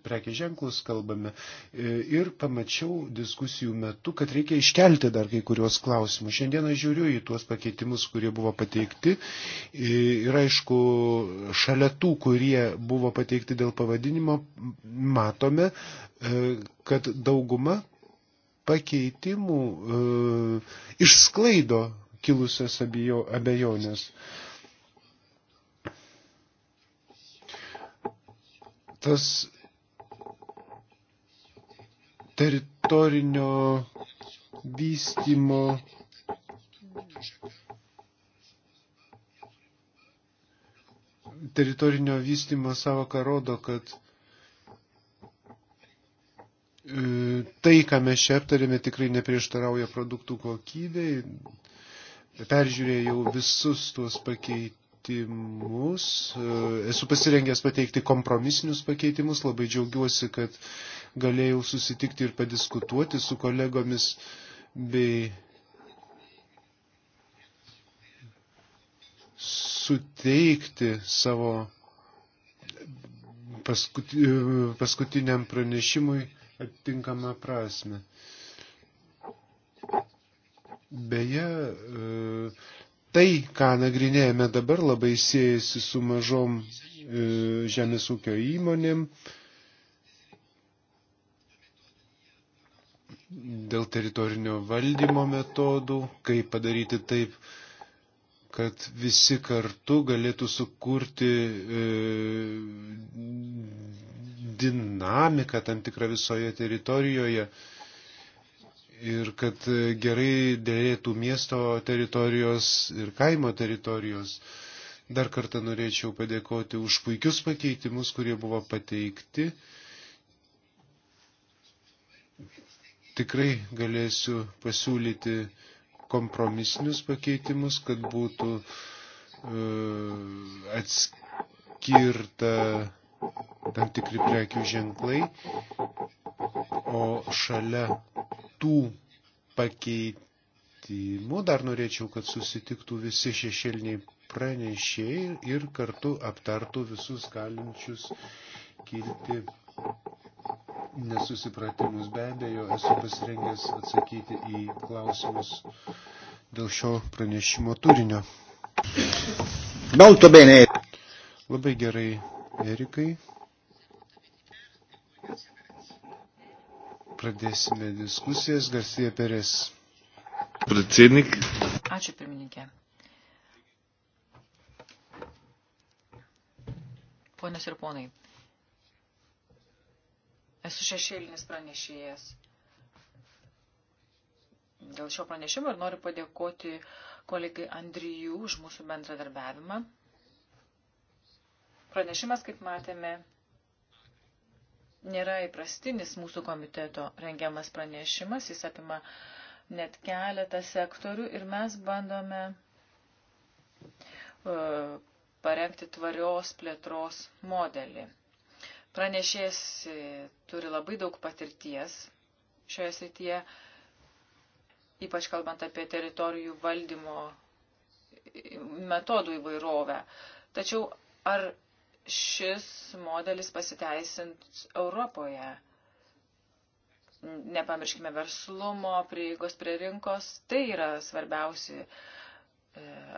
prekės ženklus kalbame e, ir pamačiau diskusijų metu, kad reikia iškelti dar kai kurios klausimus. Šiandieną žiūriu į tuos pakeitimus, kurie buvo pateikti ir aišku, šalia tų, kurie buvo pateikti dėl pavadinimo, matome, kad dauguma pakeitimų e, išsklaido kilusias abejo, abejonės. Tas teritorinio vystimo teritorinio vystimo savoka rodo, kad tai, ką mes čia aptarėme, tikrai neprieštarauja produktų kokybei. Peržiūrėjau visus tuos pakeitimus. Esu pasirengęs pateikti kompromisinius pakeitimus. Labai džiaugiuosi, kad galėjau susitikti ir padiskutuoti su kolegomis bei suteikti savo paskutiniam pranešimui atitinkamą prasme. Beje, e, tai, ką nagrinėjame dabar, labai siejasi su mažom e, žemės ūkio įmonėm. Dėl teritorinio valdymo metodų, kaip padaryti taip, kad visi kartu galėtų sukurti e, dinamiką tam tikrą visoje teritorijoje ir kad gerai dėlėtų miesto teritorijos ir kaimo teritorijos. Dar kartą norėčiau padėkoti už puikius pakeitimus, kurie buvo pateikti. Tikrai galėsiu pasiūlyti kompromisinius pakeitimus, kad būtų uh, atskirta tam tikri prekių ženklai, o šalia tų pakeitimų dar norėčiau, kad susitiktų visi šešėliniai pranešėjai ir kartu aptartų visus galinčius kilti nesusipratimus. Be abejo, esu pasirengęs atsakyti į klausimus dėl šio pranešimo turinio. Labai gerai Erikai. Pradėsime diskusijas. Garcija Perės. Predsednik. Ačiū pirmininkė. Ponios ir ponai, esu šešėlinis pranešėjas dėl šio pranešimo ir noriu padėkoti kolegai Andrijų už mūsų bendradarbiavimą. Pranešimas, kaip matėme, nėra įprastinis mūsų komiteto rengiamas pranešimas, jis apima net keletą sektorių ir mes bandome e, parengti tvarios plėtros modelį. Pranešės e, turi labai daug patirties šioje srityje, ypač kalbant apie teritorijų valdymo metodų įvairovę. Tačiau ar šis modelis pasiteisint Europoje. Nepamirškime verslumo, prieigos prie rinkos. Tai yra svarbiausi e,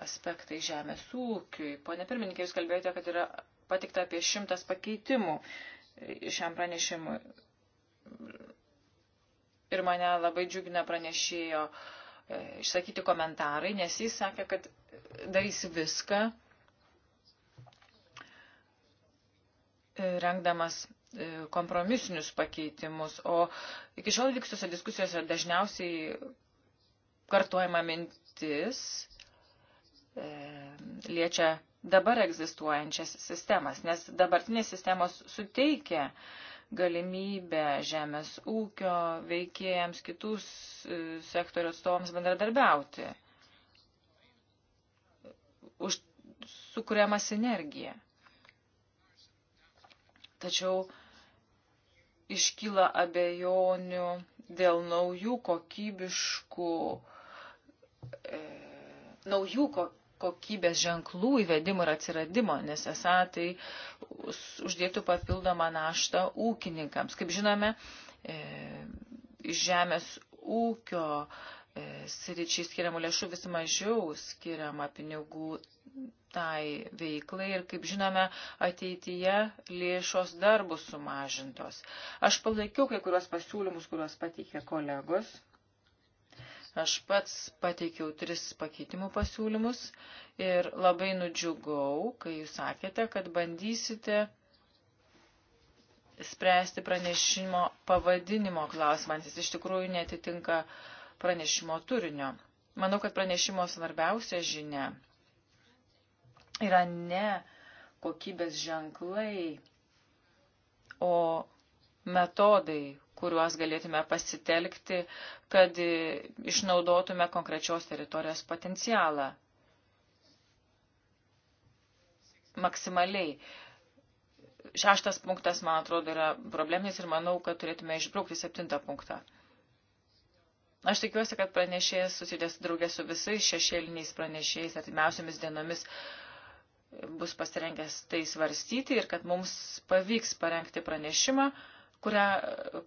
aspektai žemės ūkiui. Pone pirmininkė, jūs kalbėjote, kad yra patikta apie šimtas pakeitimų šiam pranešimui. Ir mane labai džiugina pranešėjo e, išsakyti komentarai, nes jis sakė, kad darys viską, E, rengdamas e, kompromisinius pakeitimus, o iki šiol vykstose diskusijose dažniausiai kartuojama mintis e, liečia dabar egzistuojančias sistemas, nes dabartinės sistemos suteikia galimybę žemės ūkio veikėjams, kitus sektorių atstovams bendradarbiauti. Už sukuriamą sinergiją tačiau iškyla abejonių dėl naujų kokybiškų, e, naujų kokybės ženklų įvedimo ir atsiradimo, nes esą tai uždėtų papildomą naštą ūkininkams. Kaip žinome, e, žemės ūkio e, sričiai skiriamų lėšų vis mažiau skiriama pinigų tai veiklai ir, kaip žinome, ateityje lėšos dar bus sumažintos. Aš palaikiau kai kurios pasiūlymus, kuriuos pateikė kolegos. Aš pats pateikiau tris pakeitimų pasiūlymus ir labai nudžiugau, kai jūs sakėte, kad bandysite spręsti pranešimo pavadinimo klausimą, nes jis iš tikrųjų netitinka uh, pranešimo turinio. Manau, kad pranešimo svarbiausia žinia yra ne kokybės ženklai, o metodai, kuriuos galėtume pasitelkti, kad išnaudotume konkrečios teritorijos potencialą maksimaliai. Šeštas punktas, man atrodo, yra probleminis ir manau, kad turėtume išbraukti septintą punktą. Aš tikiuosi, kad pranešėjas susidės draugė su visais šešėliniais pranešėjais artimiausiamis dienomis bus pasirengęs tai svarstyti ir kad mums pavyks parengti pranešimą, kurią,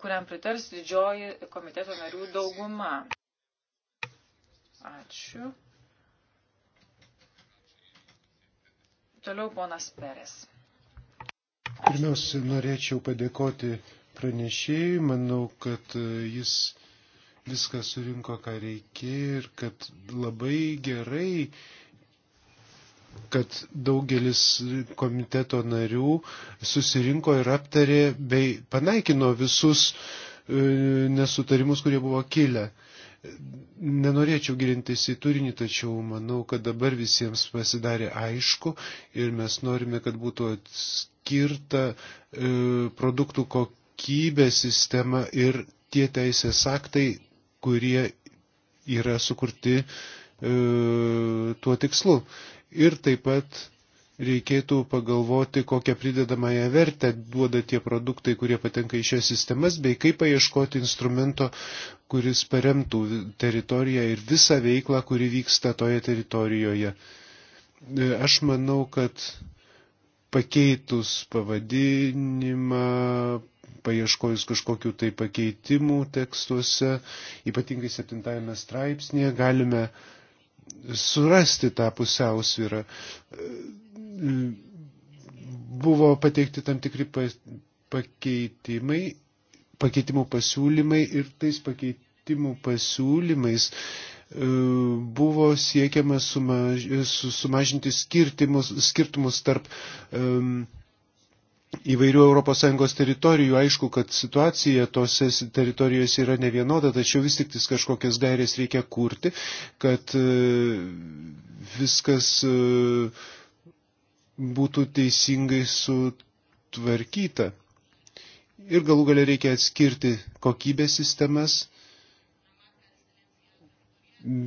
kuriam pritars didžioji komiteto narių dauguma. Ačiū. Toliau ponas Peres. Pirmiausia, norėčiau padėkoti pranešėjai. Manau, kad e, jis viską surinko, ką reikia ir kad labai gerai, kad daugelis komiteto narių susirinko ir aptarė bei panaikino visus e, nesutarimus, kurie buvo kilę. Nenorėčiau gilintis į turinį, tačiau manau, kad dabar visiems pasidarė aišku ir mes norime, kad būtų atskirta e, produktų kokybė sistema ir tie teisės aktai kurie yra sukurti e, tuo tikslu. Ir taip pat reikėtų pagalvoti, kokią pridedamąją vertę duoda tie produktai, kurie patenka į šias sistemas, bei kaip paieškoti instrumento, kuris paremtų teritoriją ir visą veiklą, kuri vyksta toje teritorijoje. E, aš manau, kad pakeitus pavadinimą, paieškojus kažkokiu tai pakeitimu tekstuose, ypatingai septintajame straipsnėje, galime surasti tą pusiausvyrą. Buvo pateikti tam tikri pakeitimai, pakeitimų pasiūlymai ir tais pakeitimų pasiūlymais e, buvo siekiama sumaž, sumažinti skirtimus, skirtumus tarp um, įvairių ES teritorijų. Aišku, kad situacija tose teritorijose yra ne vienoda, tačiau vis tik kažkokias gairės reikia kurti, kad e, viskas e, būtų teisingai sutvarkyta. Ir galų galia reikia atskirti kokybės sistemas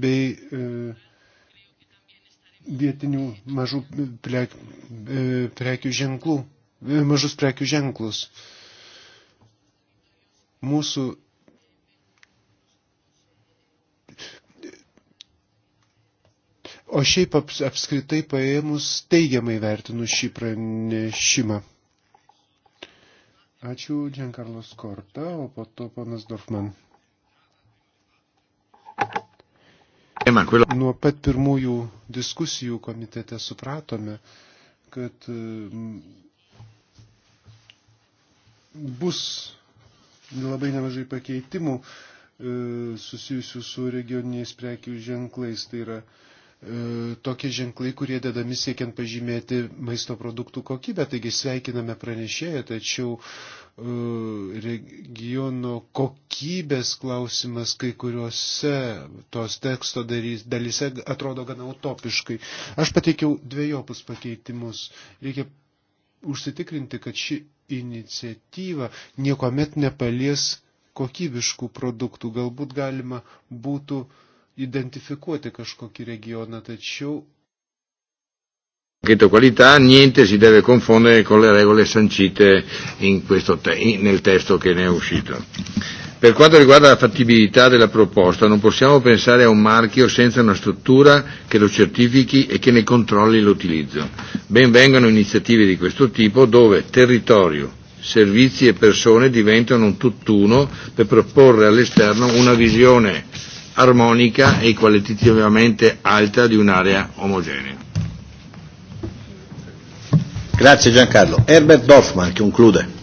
bei e, vietinių mažų prekių ženklų mažus prekių ženklus. Mūsų O šiaip apskritai paėmus teigiamai vertinu šį pranešimą. Ačiū, Giancarlos Korta, o po to panas Dorfman. Nuo pat pirmųjų diskusijų komitete supratome, kad mm, bus labai nemažai pakeitimų e, susijusių su regioniniais prekių ženklais. Tai yra e, tokie ženklai, kurie dedami siekiant pažymėti maisto produktų kokybę. Taigi sveikiname pranešėją, tačiau e, regiono kokybės klausimas kai kuriuose tos teksto dalyse atrodo gana utopiškai. Aš pateikiau dviejopus pakeitimus. Reikia užsitikrinti, kad ši iniciatyva niekuomet nepalies kokybiškų produktų. Galbūt galima būtų identifikuoti kažkokį regioną, tačiau. Questa qualità niente si deve confondere con le regole sancite in questo te- nel testo che ne è uscito. Per quanto riguarda la fattibilità della proposta, non possiamo pensare a un marchio senza una struttura che lo certifichi e che ne controlli l'utilizzo. Ben vengano iniziative di questo tipo dove territorio, servizi e persone diventano un tutt'uno per proporre all'esterno una visione armonica e qualitativamente alta di un'area omogenea. Grazie Giancarlo. Herbert Dorfman conclude.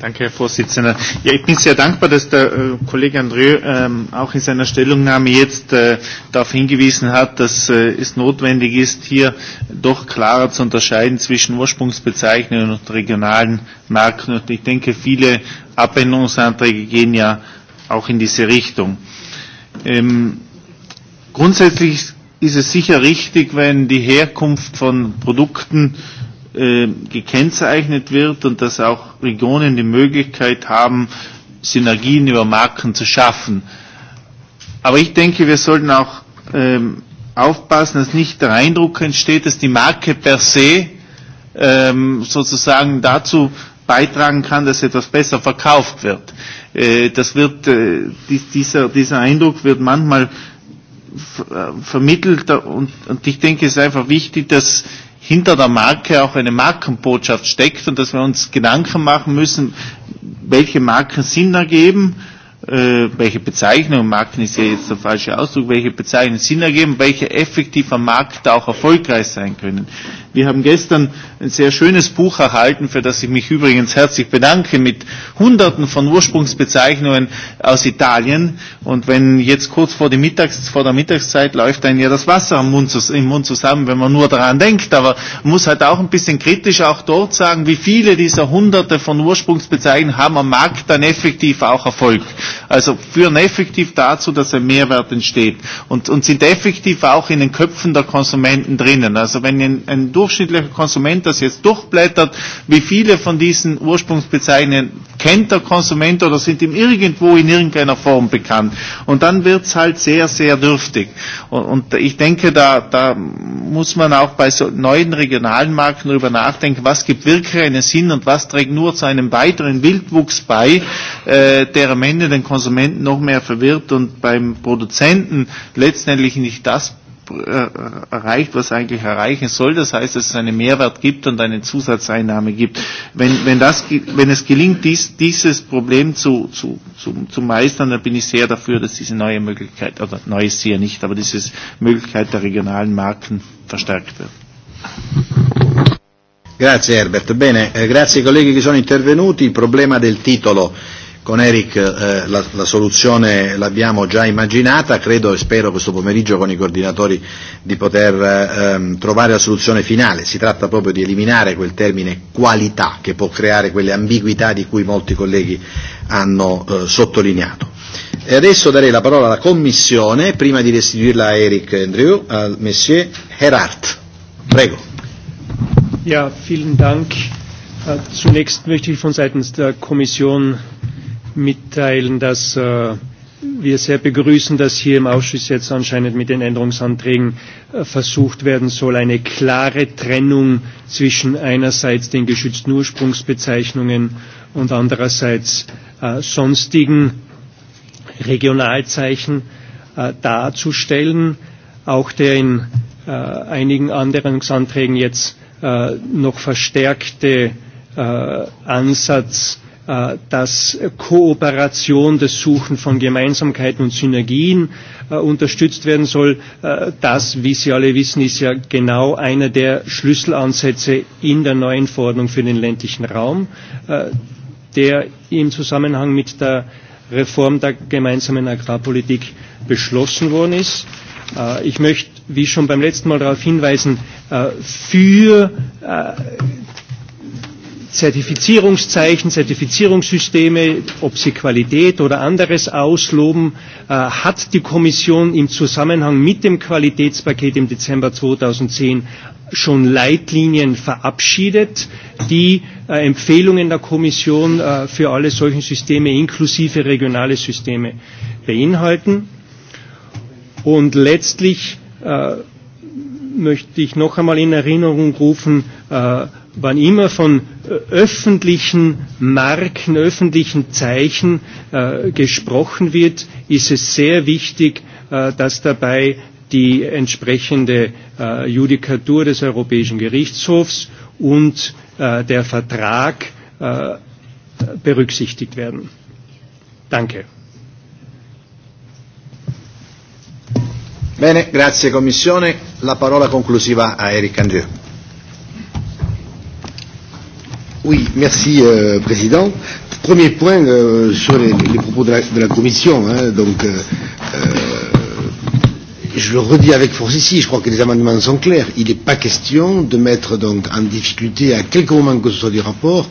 Danke, Herr Vorsitzender. Ja, ich bin sehr dankbar, dass der äh, Kollege André ähm, auch in seiner Stellungnahme jetzt äh, darauf hingewiesen hat, dass äh, es notwendig ist, hier doch klarer zu unterscheiden zwischen Ursprungsbezeichnungen und regionalen Marken. Und ich denke, viele Abänderungsanträge gehen ja auch in diese Richtung. Ähm, grundsätzlich ist es sicher richtig, wenn die Herkunft von Produkten äh, Ähm, gekennzeichnet wird und dass auch Regionen die Möglichkeit haben, Synergien über Marken zu schaffen. Aber ich denke, wir sollten auch ähm, aufpassen, dass nicht der Eindruck entsteht, dass die Marke per se ähm, sozusagen dazu beitragen kann, dass etwas besser verkauft wird. Äh, das wird äh, dies, dieser, dieser Eindruck wird manchmal äh, vermittelt und, und ich denke, es ist einfach wichtig, dass hinter der Marke auch eine Markenbotschaft steckt und dass wir uns Gedanken machen müssen, welche Marken Sinn ergeben, äh, welche Bezeichnung, Marken ist ja jetzt der falsche Ausdruck, welche Bezeichnung Sinn ergeben, welche effektiv am Markt auch erfolgreich sein können. Wir haben gestern ein sehr schönes Buch erhalten, für das ich mich übrigens herzlich bedanke, mit Hunderten von Ursprungsbezeichnungen aus Italien. Und wenn jetzt kurz vor, die Mittags-, vor der Mittagszeit läuft einem ja das Wasser im Mund, im Mund zusammen, wenn man nur daran denkt. Aber man muss halt auch ein bisschen kritisch auch dort sagen, wie viele dieser Hunderte von Ursprungsbezeichnungen haben am Markt dann effektiv auch Erfolg. Also führen effektiv dazu, dass ein Mehrwert entsteht und, und sind effektiv auch in den Köpfen der Konsumenten drinnen. Also wenn ein, ein durchschnittliche Konsument das jetzt durchblättert, wie viele von diesen Ursprungsbezeichnungen kennt der Konsument oder sind ihm irgendwo in irgendeiner Form bekannt. Und dann wird es halt sehr, sehr dürftig. Und, und ich denke, da, da muss man auch bei so neuen regionalen Marken darüber nachdenken, was gibt wirklich einen Sinn und was trägt nur zu einem weiteren Wildwuchs bei, äh, der am Ende den Konsumenten noch mehr verwirrt und beim Produzenten letztendlich nicht das Äh, erreicht, was er eigentlich erreichen soll. Das heißt, dass es einen Mehrwert gibt und eine Zusatzeinnahme gibt. Wenn, wenn, das, wenn es gelingt, dies, dieses Problem zu, zu, zu, zu meistern, dann bin ich sehr dafür, dass diese neue Möglichkeit, oder neu ist sie ja nicht, aber diese Möglichkeit der regionalen Marken verstärkt wird. Grazie Herbert. Bene, eh, grazie ai colleghi che sono intervenuti. Il problema del titolo con Eric eh, la, la soluzione l'abbiamo già immaginata, credo e spero questo pomeriggio con i coordinatori di poter ehm, trovare la soluzione finale. Si tratta proprio di eliminare quel termine qualità che può creare quelle ambiguità di cui molti colleghi hanno eh, sottolineato. E adesso darei la parola alla Commissione, prima di restituirla a Eric Andrew, al Monsieur Herart. Prego. Ja, vielen Dank. Äh, zunächst möchte ich von seitens der Kommission mitteilen, dass äh, wir sehr begrüßen, dass hier im Ausschuss jetzt anscheinend mit den Änderungsanträgen äh, versucht werden soll, eine klare Trennung zwischen einerseits den geschützten Ursprungsbezeichnungen und andererseits äh, sonstigen Regionalzeichen äh, darzustellen. Auch der in äh, einigen Änderungsanträgen jetzt äh, noch verstärkte äh, Ansatz Äh, dass Kooperation, das Suchen von Gemeinsamkeiten und Synergien äh, unterstützt werden soll. Äh, das, wie Sie alle wissen, ist ja genau einer der Schlüsselansätze in der neuen Verordnung für den ländlichen Raum, der im Zusammenhang mit der Reform der gemeinsamen Agrarpolitik beschlossen worden ist. Ich möchte, wie schon beim letzten Mal darauf hinweisen, für Zertifizierungszeichen, Zertifizierungssysteme, ob sie Qualität oder anderes ausloben, äh, hat die Kommission im Zusammenhang mit dem Qualitätspaket im Dezember 2010 schon Leitlinien verabschiedet, die äh, Empfehlungen der Kommission äh, für alle solchen Systeme inklusive regionale Systeme beinhalten. Und letztlich äh, möchte ich noch einmal in Erinnerung rufen, äh, wann immer von öffentlichen Marken, öffentlichen Zeichen äh, gesprochen wird, ist es sehr wichtig, äh, dass dabei die entsprechende äh, Judikatur des Europäischen Gerichtshofs und äh, der Vertrag äh, berücksichtigt werden. Danke. Bene, grazie Commissione. La parola conclusiva a Eric Andrieu. Oui, merci euh, Président. Premier point euh, sur les, les propos de la, de la Commission. Hein, donc, euh, euh, je le redis avec force ici, je crois que les amendements sont clairs. Il n'est pas question de mettre donc en difficulté à quelque moment que ce soit du rapport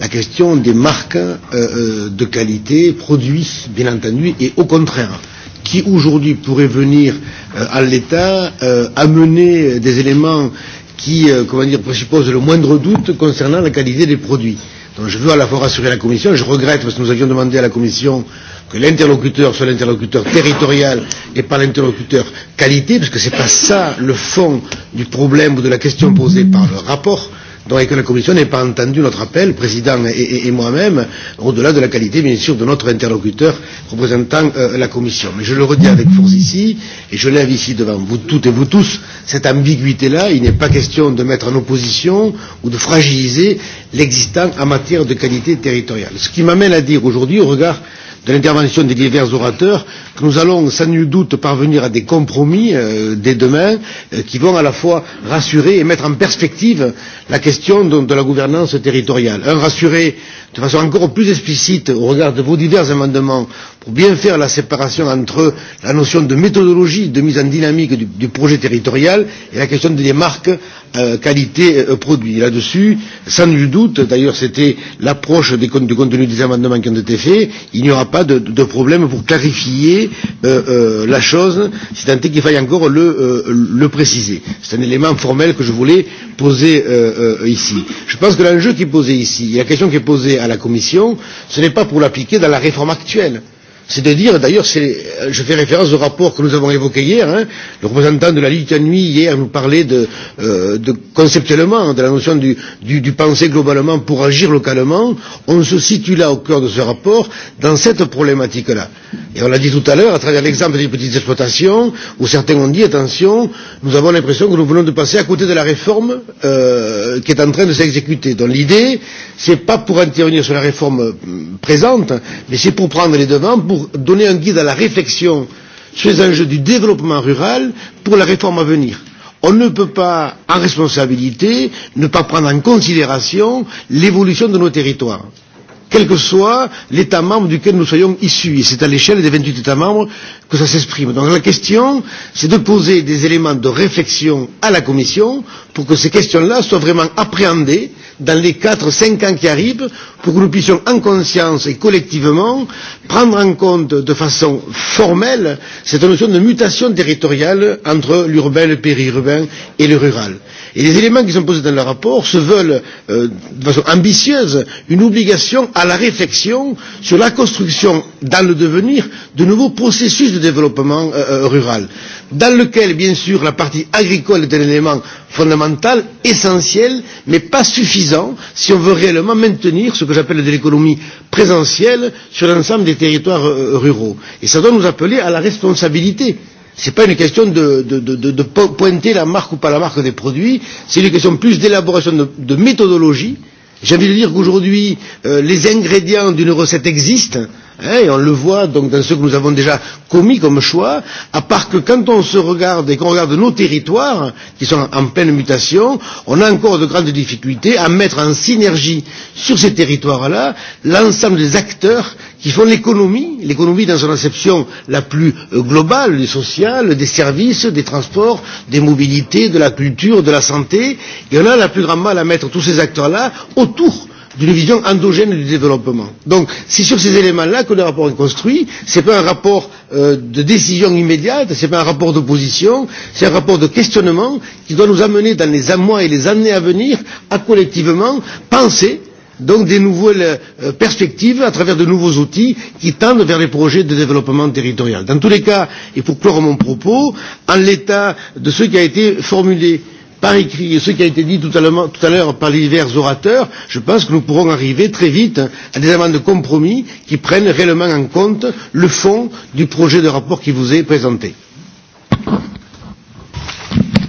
la question des marques euh, euh, de qualité, produits bien entendu, et au contraire qui aujourd'hui pourrait venir euh, à l'État euh, amener des éléments euh, qui euh, comment dire, présuppose le moindre doute concernant la qualité des produits. Donc je veux à la fois rassurer la Commission, je regrette parce que nous avions demandé à la Commission que l'interlocuteur soit l'interlocuteur territorial et pas l'interlocuteur qualité, parce que ce n'est pas ça le fond du problème ou de la question posée par le rapport. Euh, Donc, avec la Commission n'ait pas entendu notre appel, président et, et, et moi-même, au-delà de la qualité, bien sûr, de notre interlocuteur représentant euh, la Commission. Mais je le redis avec force ici, et je lève ici devant vous toutes et vous tous cette ambiguïté-là. Il n'est pas question de mettre en opposition ou de fragiliser l'existant en matière de qualité territoriale. Ce qui m'amène à dire aujourd'hui, au regard euh, de l'intervention des divers orateurs que nous allons sans nul doute parvenir à des compromis euh, dès demain euh, qui vont à la fois rassurer et mettre en perspective la question de, de la gouvernance territoriale. Un, rassurer de façon encore plus explicite au regard de vos divers amendements pour bien faire la séparation entre la notion de méthodologie de mise en dynamique du, du projet territorial et la question des marques euh, qualité-produit. euh, Là-dessus, sans nul doute, d'ailleurs c'était l'approche du contenu des amendements qui ont été faits, il n'y aura pas pas de, de problème pour clarifier euh, euh, la chose, si tant est qu'il faille encore le, euh, le préciser. C'est un élément formel que je voulais poser euh, euh, ici. Je pense que l'enjeu qui est posé ici, et la question qui est posée à la Commission, ce n'est pas pour l'appliquer dans la réforme actuelle. C'est-à-dire, d'ailleurs, je fais référence au rapport que nous avons évoqué hier. Hein, le représentant de la Lituanie hier nous parlait de, euh, de conceptuellement de la notion du, du, du penser globalement pour agir localement. On se situe là au cœur de ce rapport dans cette problématique-là. Et on l'a dit tout à l'heure à travers l'exemple des petites exploitations où certains ont dit attention, nous avons l'impression que nous venons de passer à côté de la réforme euh, qui est en train de s'exécuter. Donc l'idée, c'est pas pour intervenir sur la réforme euh, présente, mais c'est pour prendre les devants pour pour donner un guide à la réflexion sur les enjeux du développement rural pour la réforme à venir. On ne peut pas, en responsabilité, ne pas prendre en considération l'évolution de nos territoires quel que soit l'État membre duquel nous soyons issus. Et c'est à l'échelle des 28 États membres que ça s'exprime. Donc la question, c'est de poser des éléments de réflexion à la Commission pour que ces questions-là soient vraiment appréhendées dans les 4-5 ans qui arrivent, pour que nous puissions en conscience et collectivement prendre en compte de façon formelle cette notion de mutation territoriale entre l'urbain, le périurbain et le rural. Et les éléments qui sont posés dans le rapport se veulent, euh, de façon ambitieuse, une obligation à la réflexion sur la construction, dans le devenir, de nouveaux processus de développement euh, euh, rural, dans lequel, bien sûr, la partie agricole est un élément fondamental, essentiel, mais pas suffisant si on veut réellement maintenir ce que j'appelle de l'économie présentielle sur l'ensemble des territoires euh, euh ruraux. Et ça doit nous appeler à la responsabilité n'est pas une question de, de, de, de, de pointer la marque ou pas la marque des produits, c'est une question plus d'élaboration de, de méthodologie J'ai envie de dire qu'aujourd'hui, euh, les ingrédients d'une recette existent, Hein, et on le voit donc dans ce que nous avons déjà commis comme choix, à part que quand on se regarde et qu'on regarde nos territoires, qui sont en pleine mutation, on a encore de grandes difficultés à mettre en synergie sur ces territoires-là l'ensemble des acteurs qui font l'économie, l'économie dans son acception la plus euh, globale, sociale, des services, des transports, des mobilités, de la culture, de la santé, et on a la plus grande mal à mettre tous ces acteurs-là autour d'une vision endogène du développement. Donc c'est sur ces éléments-là que le rapport est construit, ce n'est pas un rapport euh, de décision immédiate, ce n'est pas un rapport d'opposition, c'est un rapport de questionnement qui doit nous amener dans les mois et les années à venir à collectivement penser donc des nouvelles euh, perspectives à travers de nouveaux outils qui tendent vers les projets de développement territorial. Dans tous les cas, et pour clore mon propos, en l'état de ce qui a été formulé euh, par écrit et ce qui a été dit tout à l'heure par les divers orateurs, je pense que nous pourrons arriver très vite à des amendes de compromis qui prennent réellement en compte le fond du projet de rapport qui vous est présenté.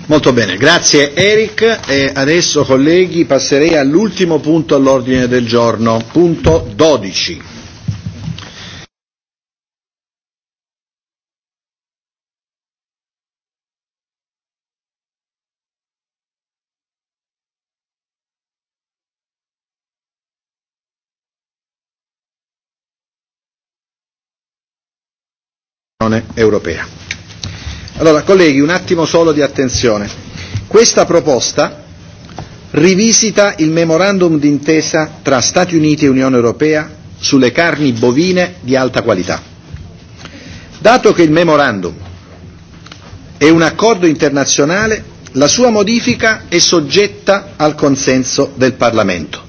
Molto bene, grazie Eric e adesso colleghi passerei all'ultimo punto all'ordine del giorno, punto 12. dell'Unione Europea. Allora, colleghi, un attimo solo di attenzione. Questa proposta rivisita il memorandum d'intesa tra Stati Uniti e Unione Europea sulle carni bovine di alta qualità. Dato che il memorandum è un accordo internazionale, la sua modifica è soggetta al consenso del Parlamento.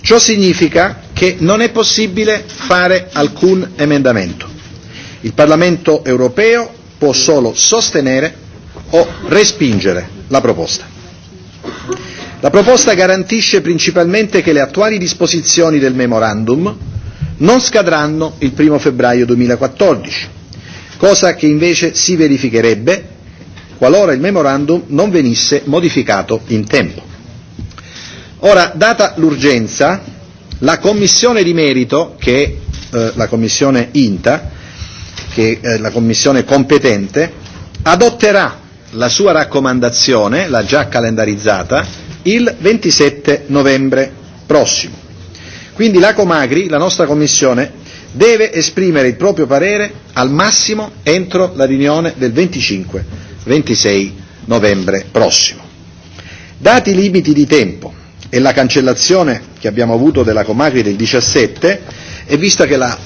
Ciò significa che non è possibile fare alcun emendamento. Il Parlamento europeo può solo sostenere o respingere la proposta. La proposta garantisce principalmente che le attuali disposizioni del memorandum non scadranno il 1 febbraio 2014, cosa che invece si verificherebbe qualora il memorandum non venisse modificato in tempo. Ora, data l'urgenza, la Commissione di merito, che è eh, la Commissione INTA, che eh, la Commissione competente adotterà la sua raccomandazione, l'ha già calendarizzata, il 27 novembre prossimo. Quindi la Comagri, la nostra Commissione, deve esprimere il proprio parere al massimo entro la riunione del 25-26 novembre prossimo. Dati i limiti di tempo e la cancellazione che abbiamo avuto della Comagri del 17 e vista che la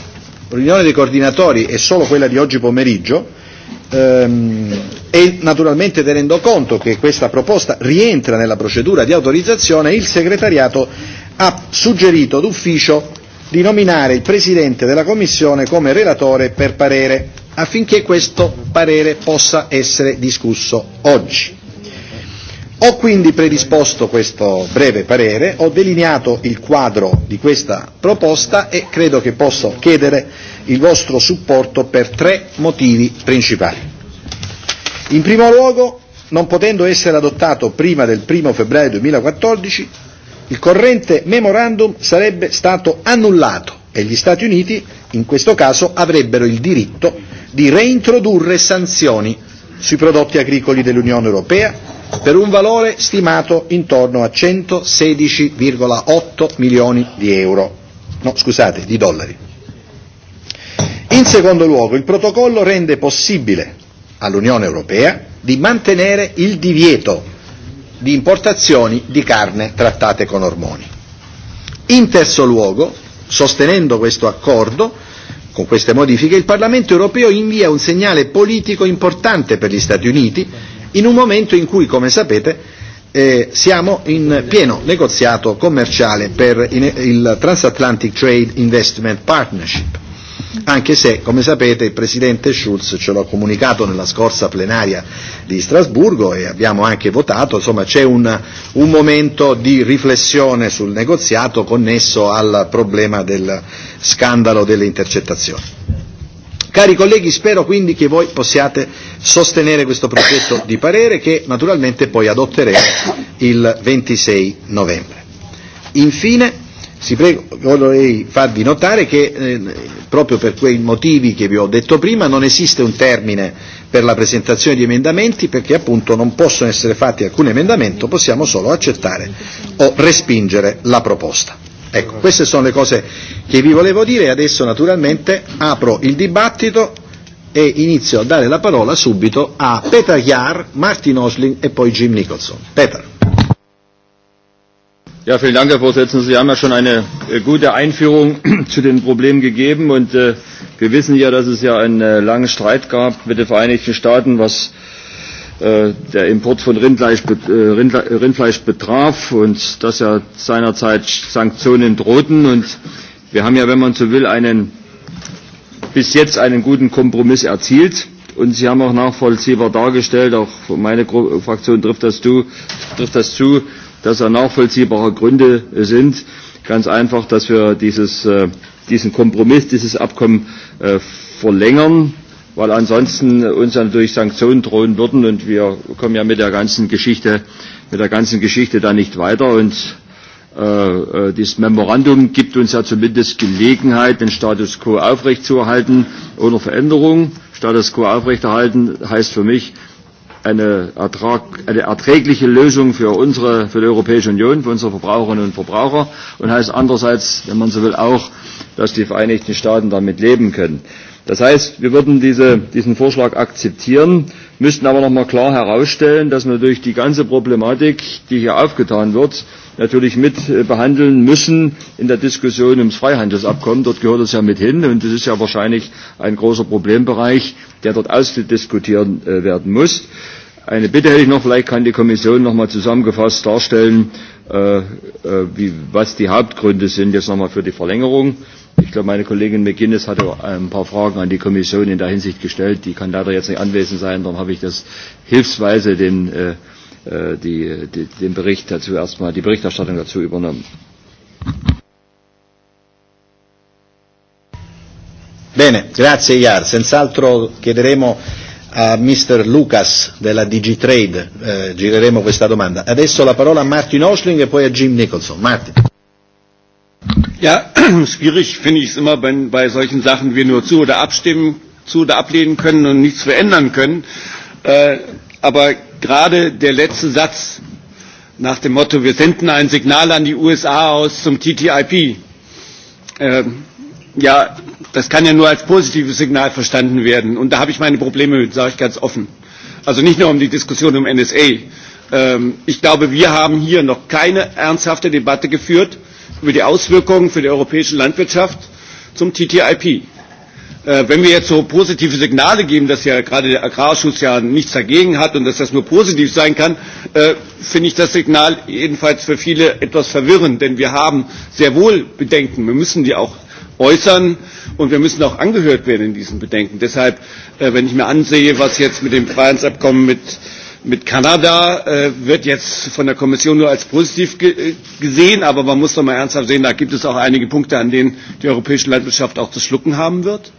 riunione dei coordinatori è e solo quella di oggi pomeriggio ehm, e naturalmente tenendo conto che questa proposta rientra nella procedura di autorizzazione, il segretariato ha suggerito d'ufficio di nominare il Presidente della Commissione come relatore per parere affinché questo parere possa essere discusso oggi. Ho quindi predisposto questo breve parere, ho delineato il quadro di questa proposta e credo che posso chiedere il vostro supporto per tre motivi principali. In primo luogo, non potendo essere adottato prima del 1 febbraio 2014, il corrente memorandum sarebbe stato annullato e gli Stati Uniti in questo caso avrebbero il diritto di reintrodurre sanzioni sui prodotti agricoli dell'Unione Europea per un valore stimato intorno a 116,8 milioni di euro, no scusate, di dollari. In secondo luogo, il protocollo rende possibile all'Unione Europea di mantenere il divieto di importazioni di carne trattate con ormoni. In terzo luogo, sostenendo questo accordo, Con queste modifiche il Parlamento europeo invia un segnale politico importante per gli Stati Uniti in un momento in cui, come sapete, eh, siamo in pieno negoziato commerciale per il Transatlantic Trade Investment Partnership, anche se, come sapete, il Presidente Schulz ce l'ha comunicato nella scorsa plenaria di Strasburgo e abbiamo anche votato, insomma c'è un, un momento di riflessione sul negoziato connesso al problema del scandalo delle intercettazioni. Cari colleghi, spero quindi che voi possiate sostenere questo progetto di parere che naturalmente poi adotteremo il 26 novembre. Infine, si prego, vorrei farvi notare che eh, proprio per quei motivi che vi ho detto prima non esiste un termine per la presentazione di emendamenti perché appunto non possono essere fatti alcun emendamento, possiamo solo accettare o respingere la proposta. Ecco, queste sono le cose che vi volevo dire e adesso naturalmente apro il dibattito e inizio a dare la parola subito a Peter Jahr, Martin Osling e poi Jim Nicholson. Peter. Ja, vielen Dank, Herr Vorsitzender. Sie haben ja schon eine äh, gute Einführung zu den Problemen gegeben und äh, wir wissen ja, dass es ja einen äh, langen Streit gab mit den Vereinigten Staaten, was äh, Äh, der Import von Rindfleisch, äh, äh, Rindfleisch betraf und dass ja seinerzeit Sanktionen drohten. Und wir haben ja, wenn man so will, einen, bis jetzt einen guten Kompromiss erzielt. Und Sie haben auch nachvollziehbar dargestellt, auch meine Fraktion trifft das, zu, trifft das zu, dass da nachvollziehbare Gründe sind. Ganz einfach, dass wir dieses, diesen Kompromiss, dieses Abkommen verlängern weil ansonsten uns ja natürlich Sanktionen drohen würden und wir kommen ja mit der ganzen Geschichte, mit der ganzen Geschichte da nicht weiter und äh, äh, dieses Memorandum gibt uns ja zumindest Gelegenheit, den Status quo aufrechtzuerhalten ohne Veränderung. Status quo aufrechterhalten heißt für mich, eine, Ertrag, eine erträgliche Lösung für unsere, für die Europäische Union, für unsere Verbraucherinnen und Verbraucher und heißt andererseits, wenn man so will, auch, dass die Vereinigten Staaten damit leben können. Das heißt, wir würden diese, diesen Vorschlag akzeptieren, müssten aber nochmal klar herausstellen, dass wir durch die ganze Problematik, die hier aufgetan wird, natürlich mit äh, behandeln müssen in der Diskussion ums Freihandelsabkommen. Dort gehört es ja mit hin und es ist ja wahrscheinlich ein großer Problembereich, der dort auszudiskutieren äh, werden muss. Eine Bitte hätte ich noch, vielleicht kann die Kommission noch zusammengefasst darstellen, äh, äh, wie, was die Hauptgründe sind jetzt noch für die Verlängerung. Ich glaube, meine Kollegin McGuinness hatte ein paar Fragen an die Kommission in der Hinsicht gestellt. Die kann leider jetzt nicht anwesend sein. Darum habe ich das hilfsweise den, äh, äh die, die, den Bericht dazu erstmal, die Berichterstattung dazu übernommen. Bene, grazie Iar. Senz'altro chiederemo a Mr. Lucas della Digitrade, eh, gireremo questa domanda. Adesso la parola a Martin Osling e poi a Jim Nicholson. Martin. Ja, schwierig finde ich es immer, wenn bei solchen Sachen wir nur zu oder abstimmen, zu oder ablehnen können und nichts verändern können. Äh, aber gerade der letzte Satz nach dem Motto, wir senden ein Signal an die USA aus zum TTIP, äh, ja, das kann ja nur als positives Signal verstanden werden. Und da habe ich meine Probleme mit, sage ich ganz offen. Also nicht nur um die Diskussion um NSA. Ähm, ich glaube, wir haben hier noch keine ernsthafte Debatte geführt über die Auswirkungen für die europäische Landwirtschaft zum TTIP. Äh, wenn wir jetzt so positive Signale geben, dass ja gerade der Agrarausschuss ja nichts dagegen hat und dass das nur positiv sein kann, äh, finde ich das Signal jedenfalls für viele etwas verwirrend, denn wir haben sehr wohl Bedenken. Wir müssen die auch äußern und wir müssen auch angehört werden in diesen Bedenken. Deshalb, äh, wenn ich mir ansehe, was jetzt mit dem Freihandelsabkommen mit Mit Kanada äh, wird jetzt von der Kommission nur als positiv äh, gesehen, aber man muss doch mal ernsthaft sehen, da gibt es auch einige Punkte, an denen die europäische Landwirtschaft auch zu schlucken haben wird.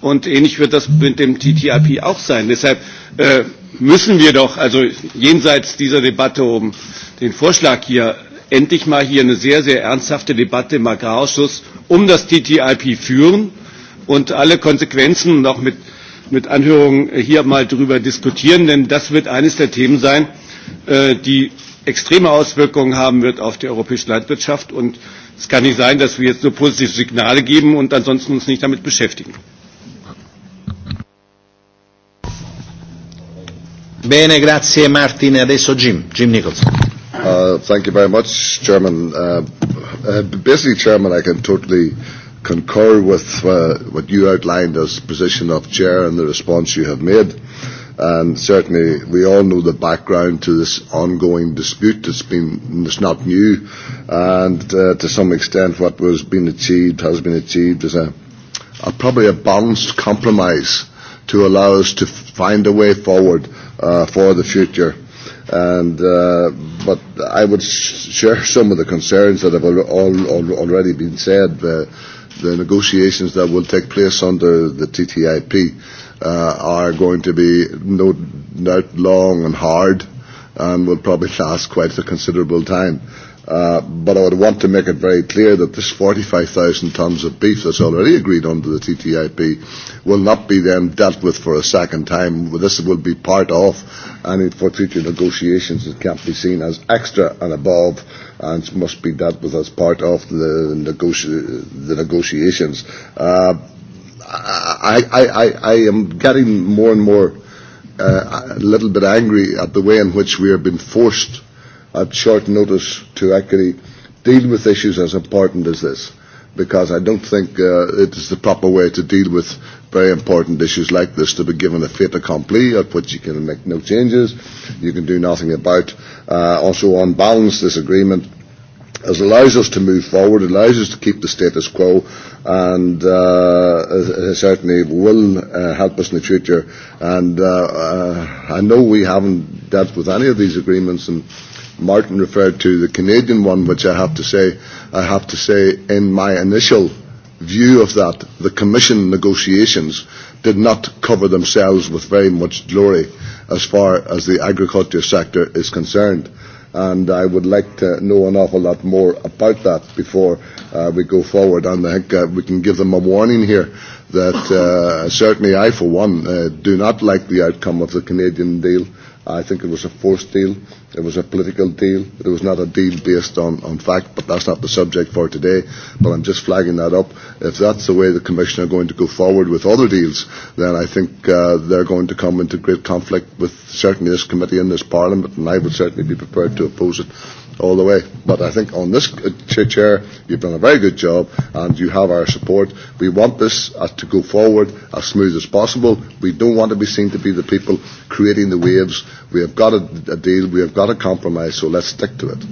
Und ähnlich wird das mit dem TTIP auch sein. Deshalb äh, müssen wir doch, also jenseits dieser Debatte um den Vorschlag hier, endlich mal hier eine sehr, sehr ernsthafte Debatte im Agrarausschuss um das TTIP führen und alle Konsequenzen noch mit mit Anhörung hier mal darüber diskutieren, denn das wird eines der Themen sein, äh, die extreme Auswirkungen haben wird auf die europäische Landwirtschaft. Und es kann nicht sein, dass wir jetzt nur positive Signale geben und ansonsten uns nicht damit beschäftigen. Bene, grazie Martin. Adesso Jim, Jim Nicholson. Uh, thank you very much, Chairman. Uh, uh, Chairman, I can totally uh, concur with uh, what you outlined as position of chair and the response you have made. And certainly, we all know the background to this ongoing dispute. It's been it's not new, and uh, to some extent, what was being achieved has been achieved as a, a probably a balanced compromise to allow us to find a way forward uh, for the future. And uh, but I would share some of the concerns that have al- al- already been said. Uh, the negotiations that will take place under the TTIP uh, are going to be no doubt long and hard and will probably last quite a considerable time. Uh, but I would want to make it very clear that this 45,000 tonnes of beef that's already agreed under the TTIP will not be then dealt with for a second time. This will be part of, and for future negotiations, it can't be seen as extra and above and must be dealt with as part of the, negoti- the negotiations. Uh, I, I, I, I am getting more and more uh, a little bit angry at the way in which we have been forced at short notice to actually deal with issues as important as this because I don't think uh, it is the proper way to deal with very important issues like this to be given a fait accompli at which you can make no changes, you can do nothing about. Uh, also, on balance, this agreement as allows us to move forward, allows us to keep the status quo, and uh, certainly will uh, help us in the future. And uh, uh, I know we haven't dealt with any of these agreements and Martin referred to the Canadian one, which I have to say, I have to say, in my initial view of that, the Commission negotiations did not cover themselves with very much glory as far as the agriculture sector is concerned. And I would like to know an awful lot more about that before uh, we go forward. And I think uh, we can give them a warning here that uh, certainly I, for one, uh, do not like the outcome of the Canadian deal. Uh, i think it was a forced deal. It was a political deal. It was not a deal based on, on fact, but that's not the subject for today. But I'm just flagging that up. If that's the way the Commission are going to go forward with other deals, then I think uh, they're going to come into great conflict with certainly this committee and this Parliament, and I would certainly be prepared to oppose it all the way. But I think on this uh, chair, you've done a very good job, and you have our support. We want this uh, to go forward as smooth as possible. We don't want to be seen to be the people creating the waves. We have got a, a deal. We have got a compromise. So let's stick to it.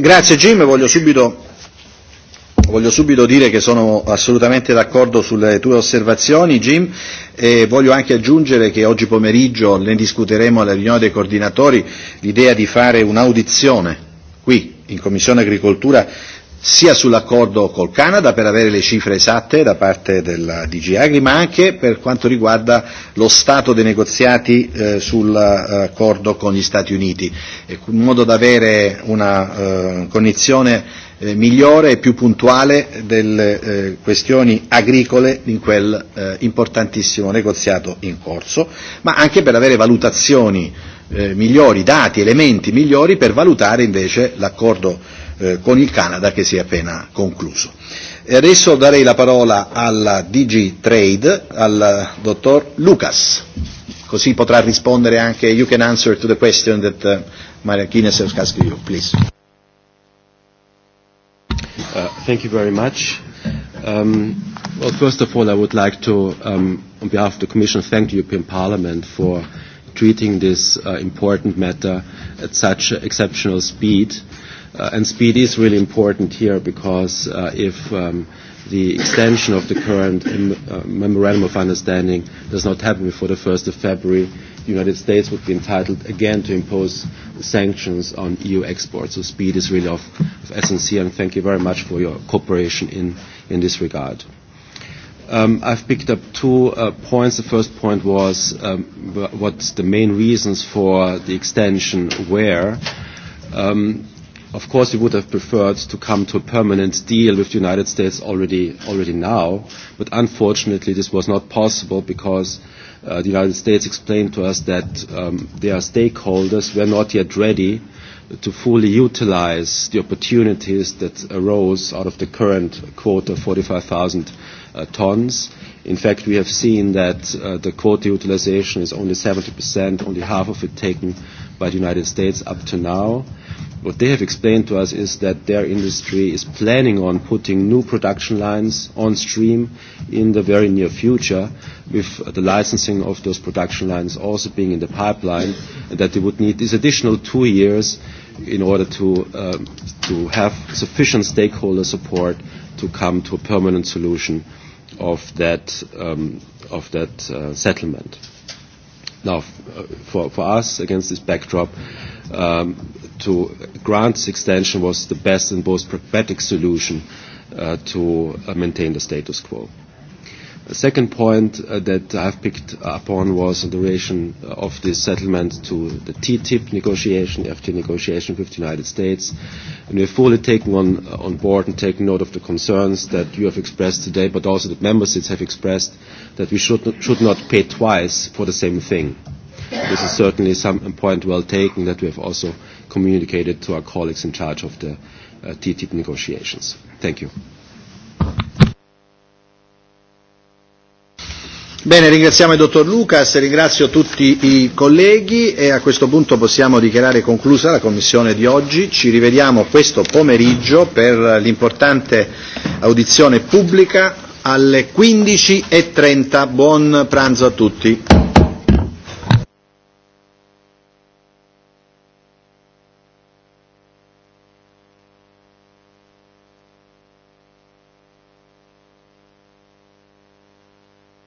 Grazie Jim, voglio subito voglio subito dire che sono assolutamente d'accordo sulle tue osservazioni, Jim, e voglio anche aggiungere che oggi pomeriggio ne discuteremo alla riunione dei coordinatori l'idea di fare un'audizione qui in Commissione Agricoltura sia sull'accordo col Canada per avere le cifre esatte da parte della DG Agri, ma anche per quanto riguarda lo stato dei negoziati eh, sull'accordo con gli Stati Uniti, e in modo da avere una eh, connessione eh, migliore e più puntuale delle eh, questioni agricole in quel eh, importantissimo negoziato in corso, ma anche per avere valutazioni eh, migliori, dati, elementi migliori per valutare invece l'accordo eh, con il Canada che si è appena concluso. E adesso darei la parola alla DG Trade, al dottor Lucas, così potrà rispondere anche, you can answer to the question that uh, Maria Kines has asked you, please. Uh, thank you very much. Um, well, first of all, I would like to, um, on behalf of the Commission, thank the European Parliament for treating this uh, important matter at such exceptional speed. Uh, and speed is really important here because uh, if um, the extension of the current uh, memorandum of understanding does not happen before the 1st of February, the United States would be entitled again to impose sanctions on EU exports. So speed is really of, of essence here, and thank you very much for your cooperation in, in this regard. Um, I've picked up two uh, points. The first point was um, what the main reasons for the extension were. Um, of course, we would have preferred to come to a permanent deal with the United States already, already now, but unfortunately, this was not possible because Uh, the United States explained to us that um, their stakeholders were not yet ready to fully utilize the opportunities that arose out of the current quota, of 45,000 uh, tons. In fact, we have seen that uh, the quota utilization is only 70%, only half of it taken by the United States up to now. Uh, What they have explained to us is that their industry is planning on putting new production lines on stream in the very near future, with the licensing of those production lines also being in the pipeline, and that they would need these additional two years in order to, uh, to have sufficient stakeholder support to come to a permanent solution of that, um, of that uh, settlement. Now, uh, for, for us, against this backdrop, um, to grant extension was the best and most pragmatic solution uh, to uh, maintain the status quo. The second point uh, that have picked upon was the relation uh, of this settlement to the TTIP negotiation, FTA negotiation with the United States. And we have fully taken on, uh, on board and taken note of the concerns that you have expressed today, but also that member states have expressed that we should not, should not pay twice for the same thing. This is certainly some point well taken that we have also communicated to our colleagues in charge of the uh, TTIP negotiations. Thank you. Bene, ringraziamo il dottor Lucas, ringrazio tutti i colleghi e a questo punto possiamo dichiarare conclusa la commissione di oggi. Ci rivediamo questo pomeriggio per l'importante audizione pubblica alle 15.30. E Buon pranzo a tutti.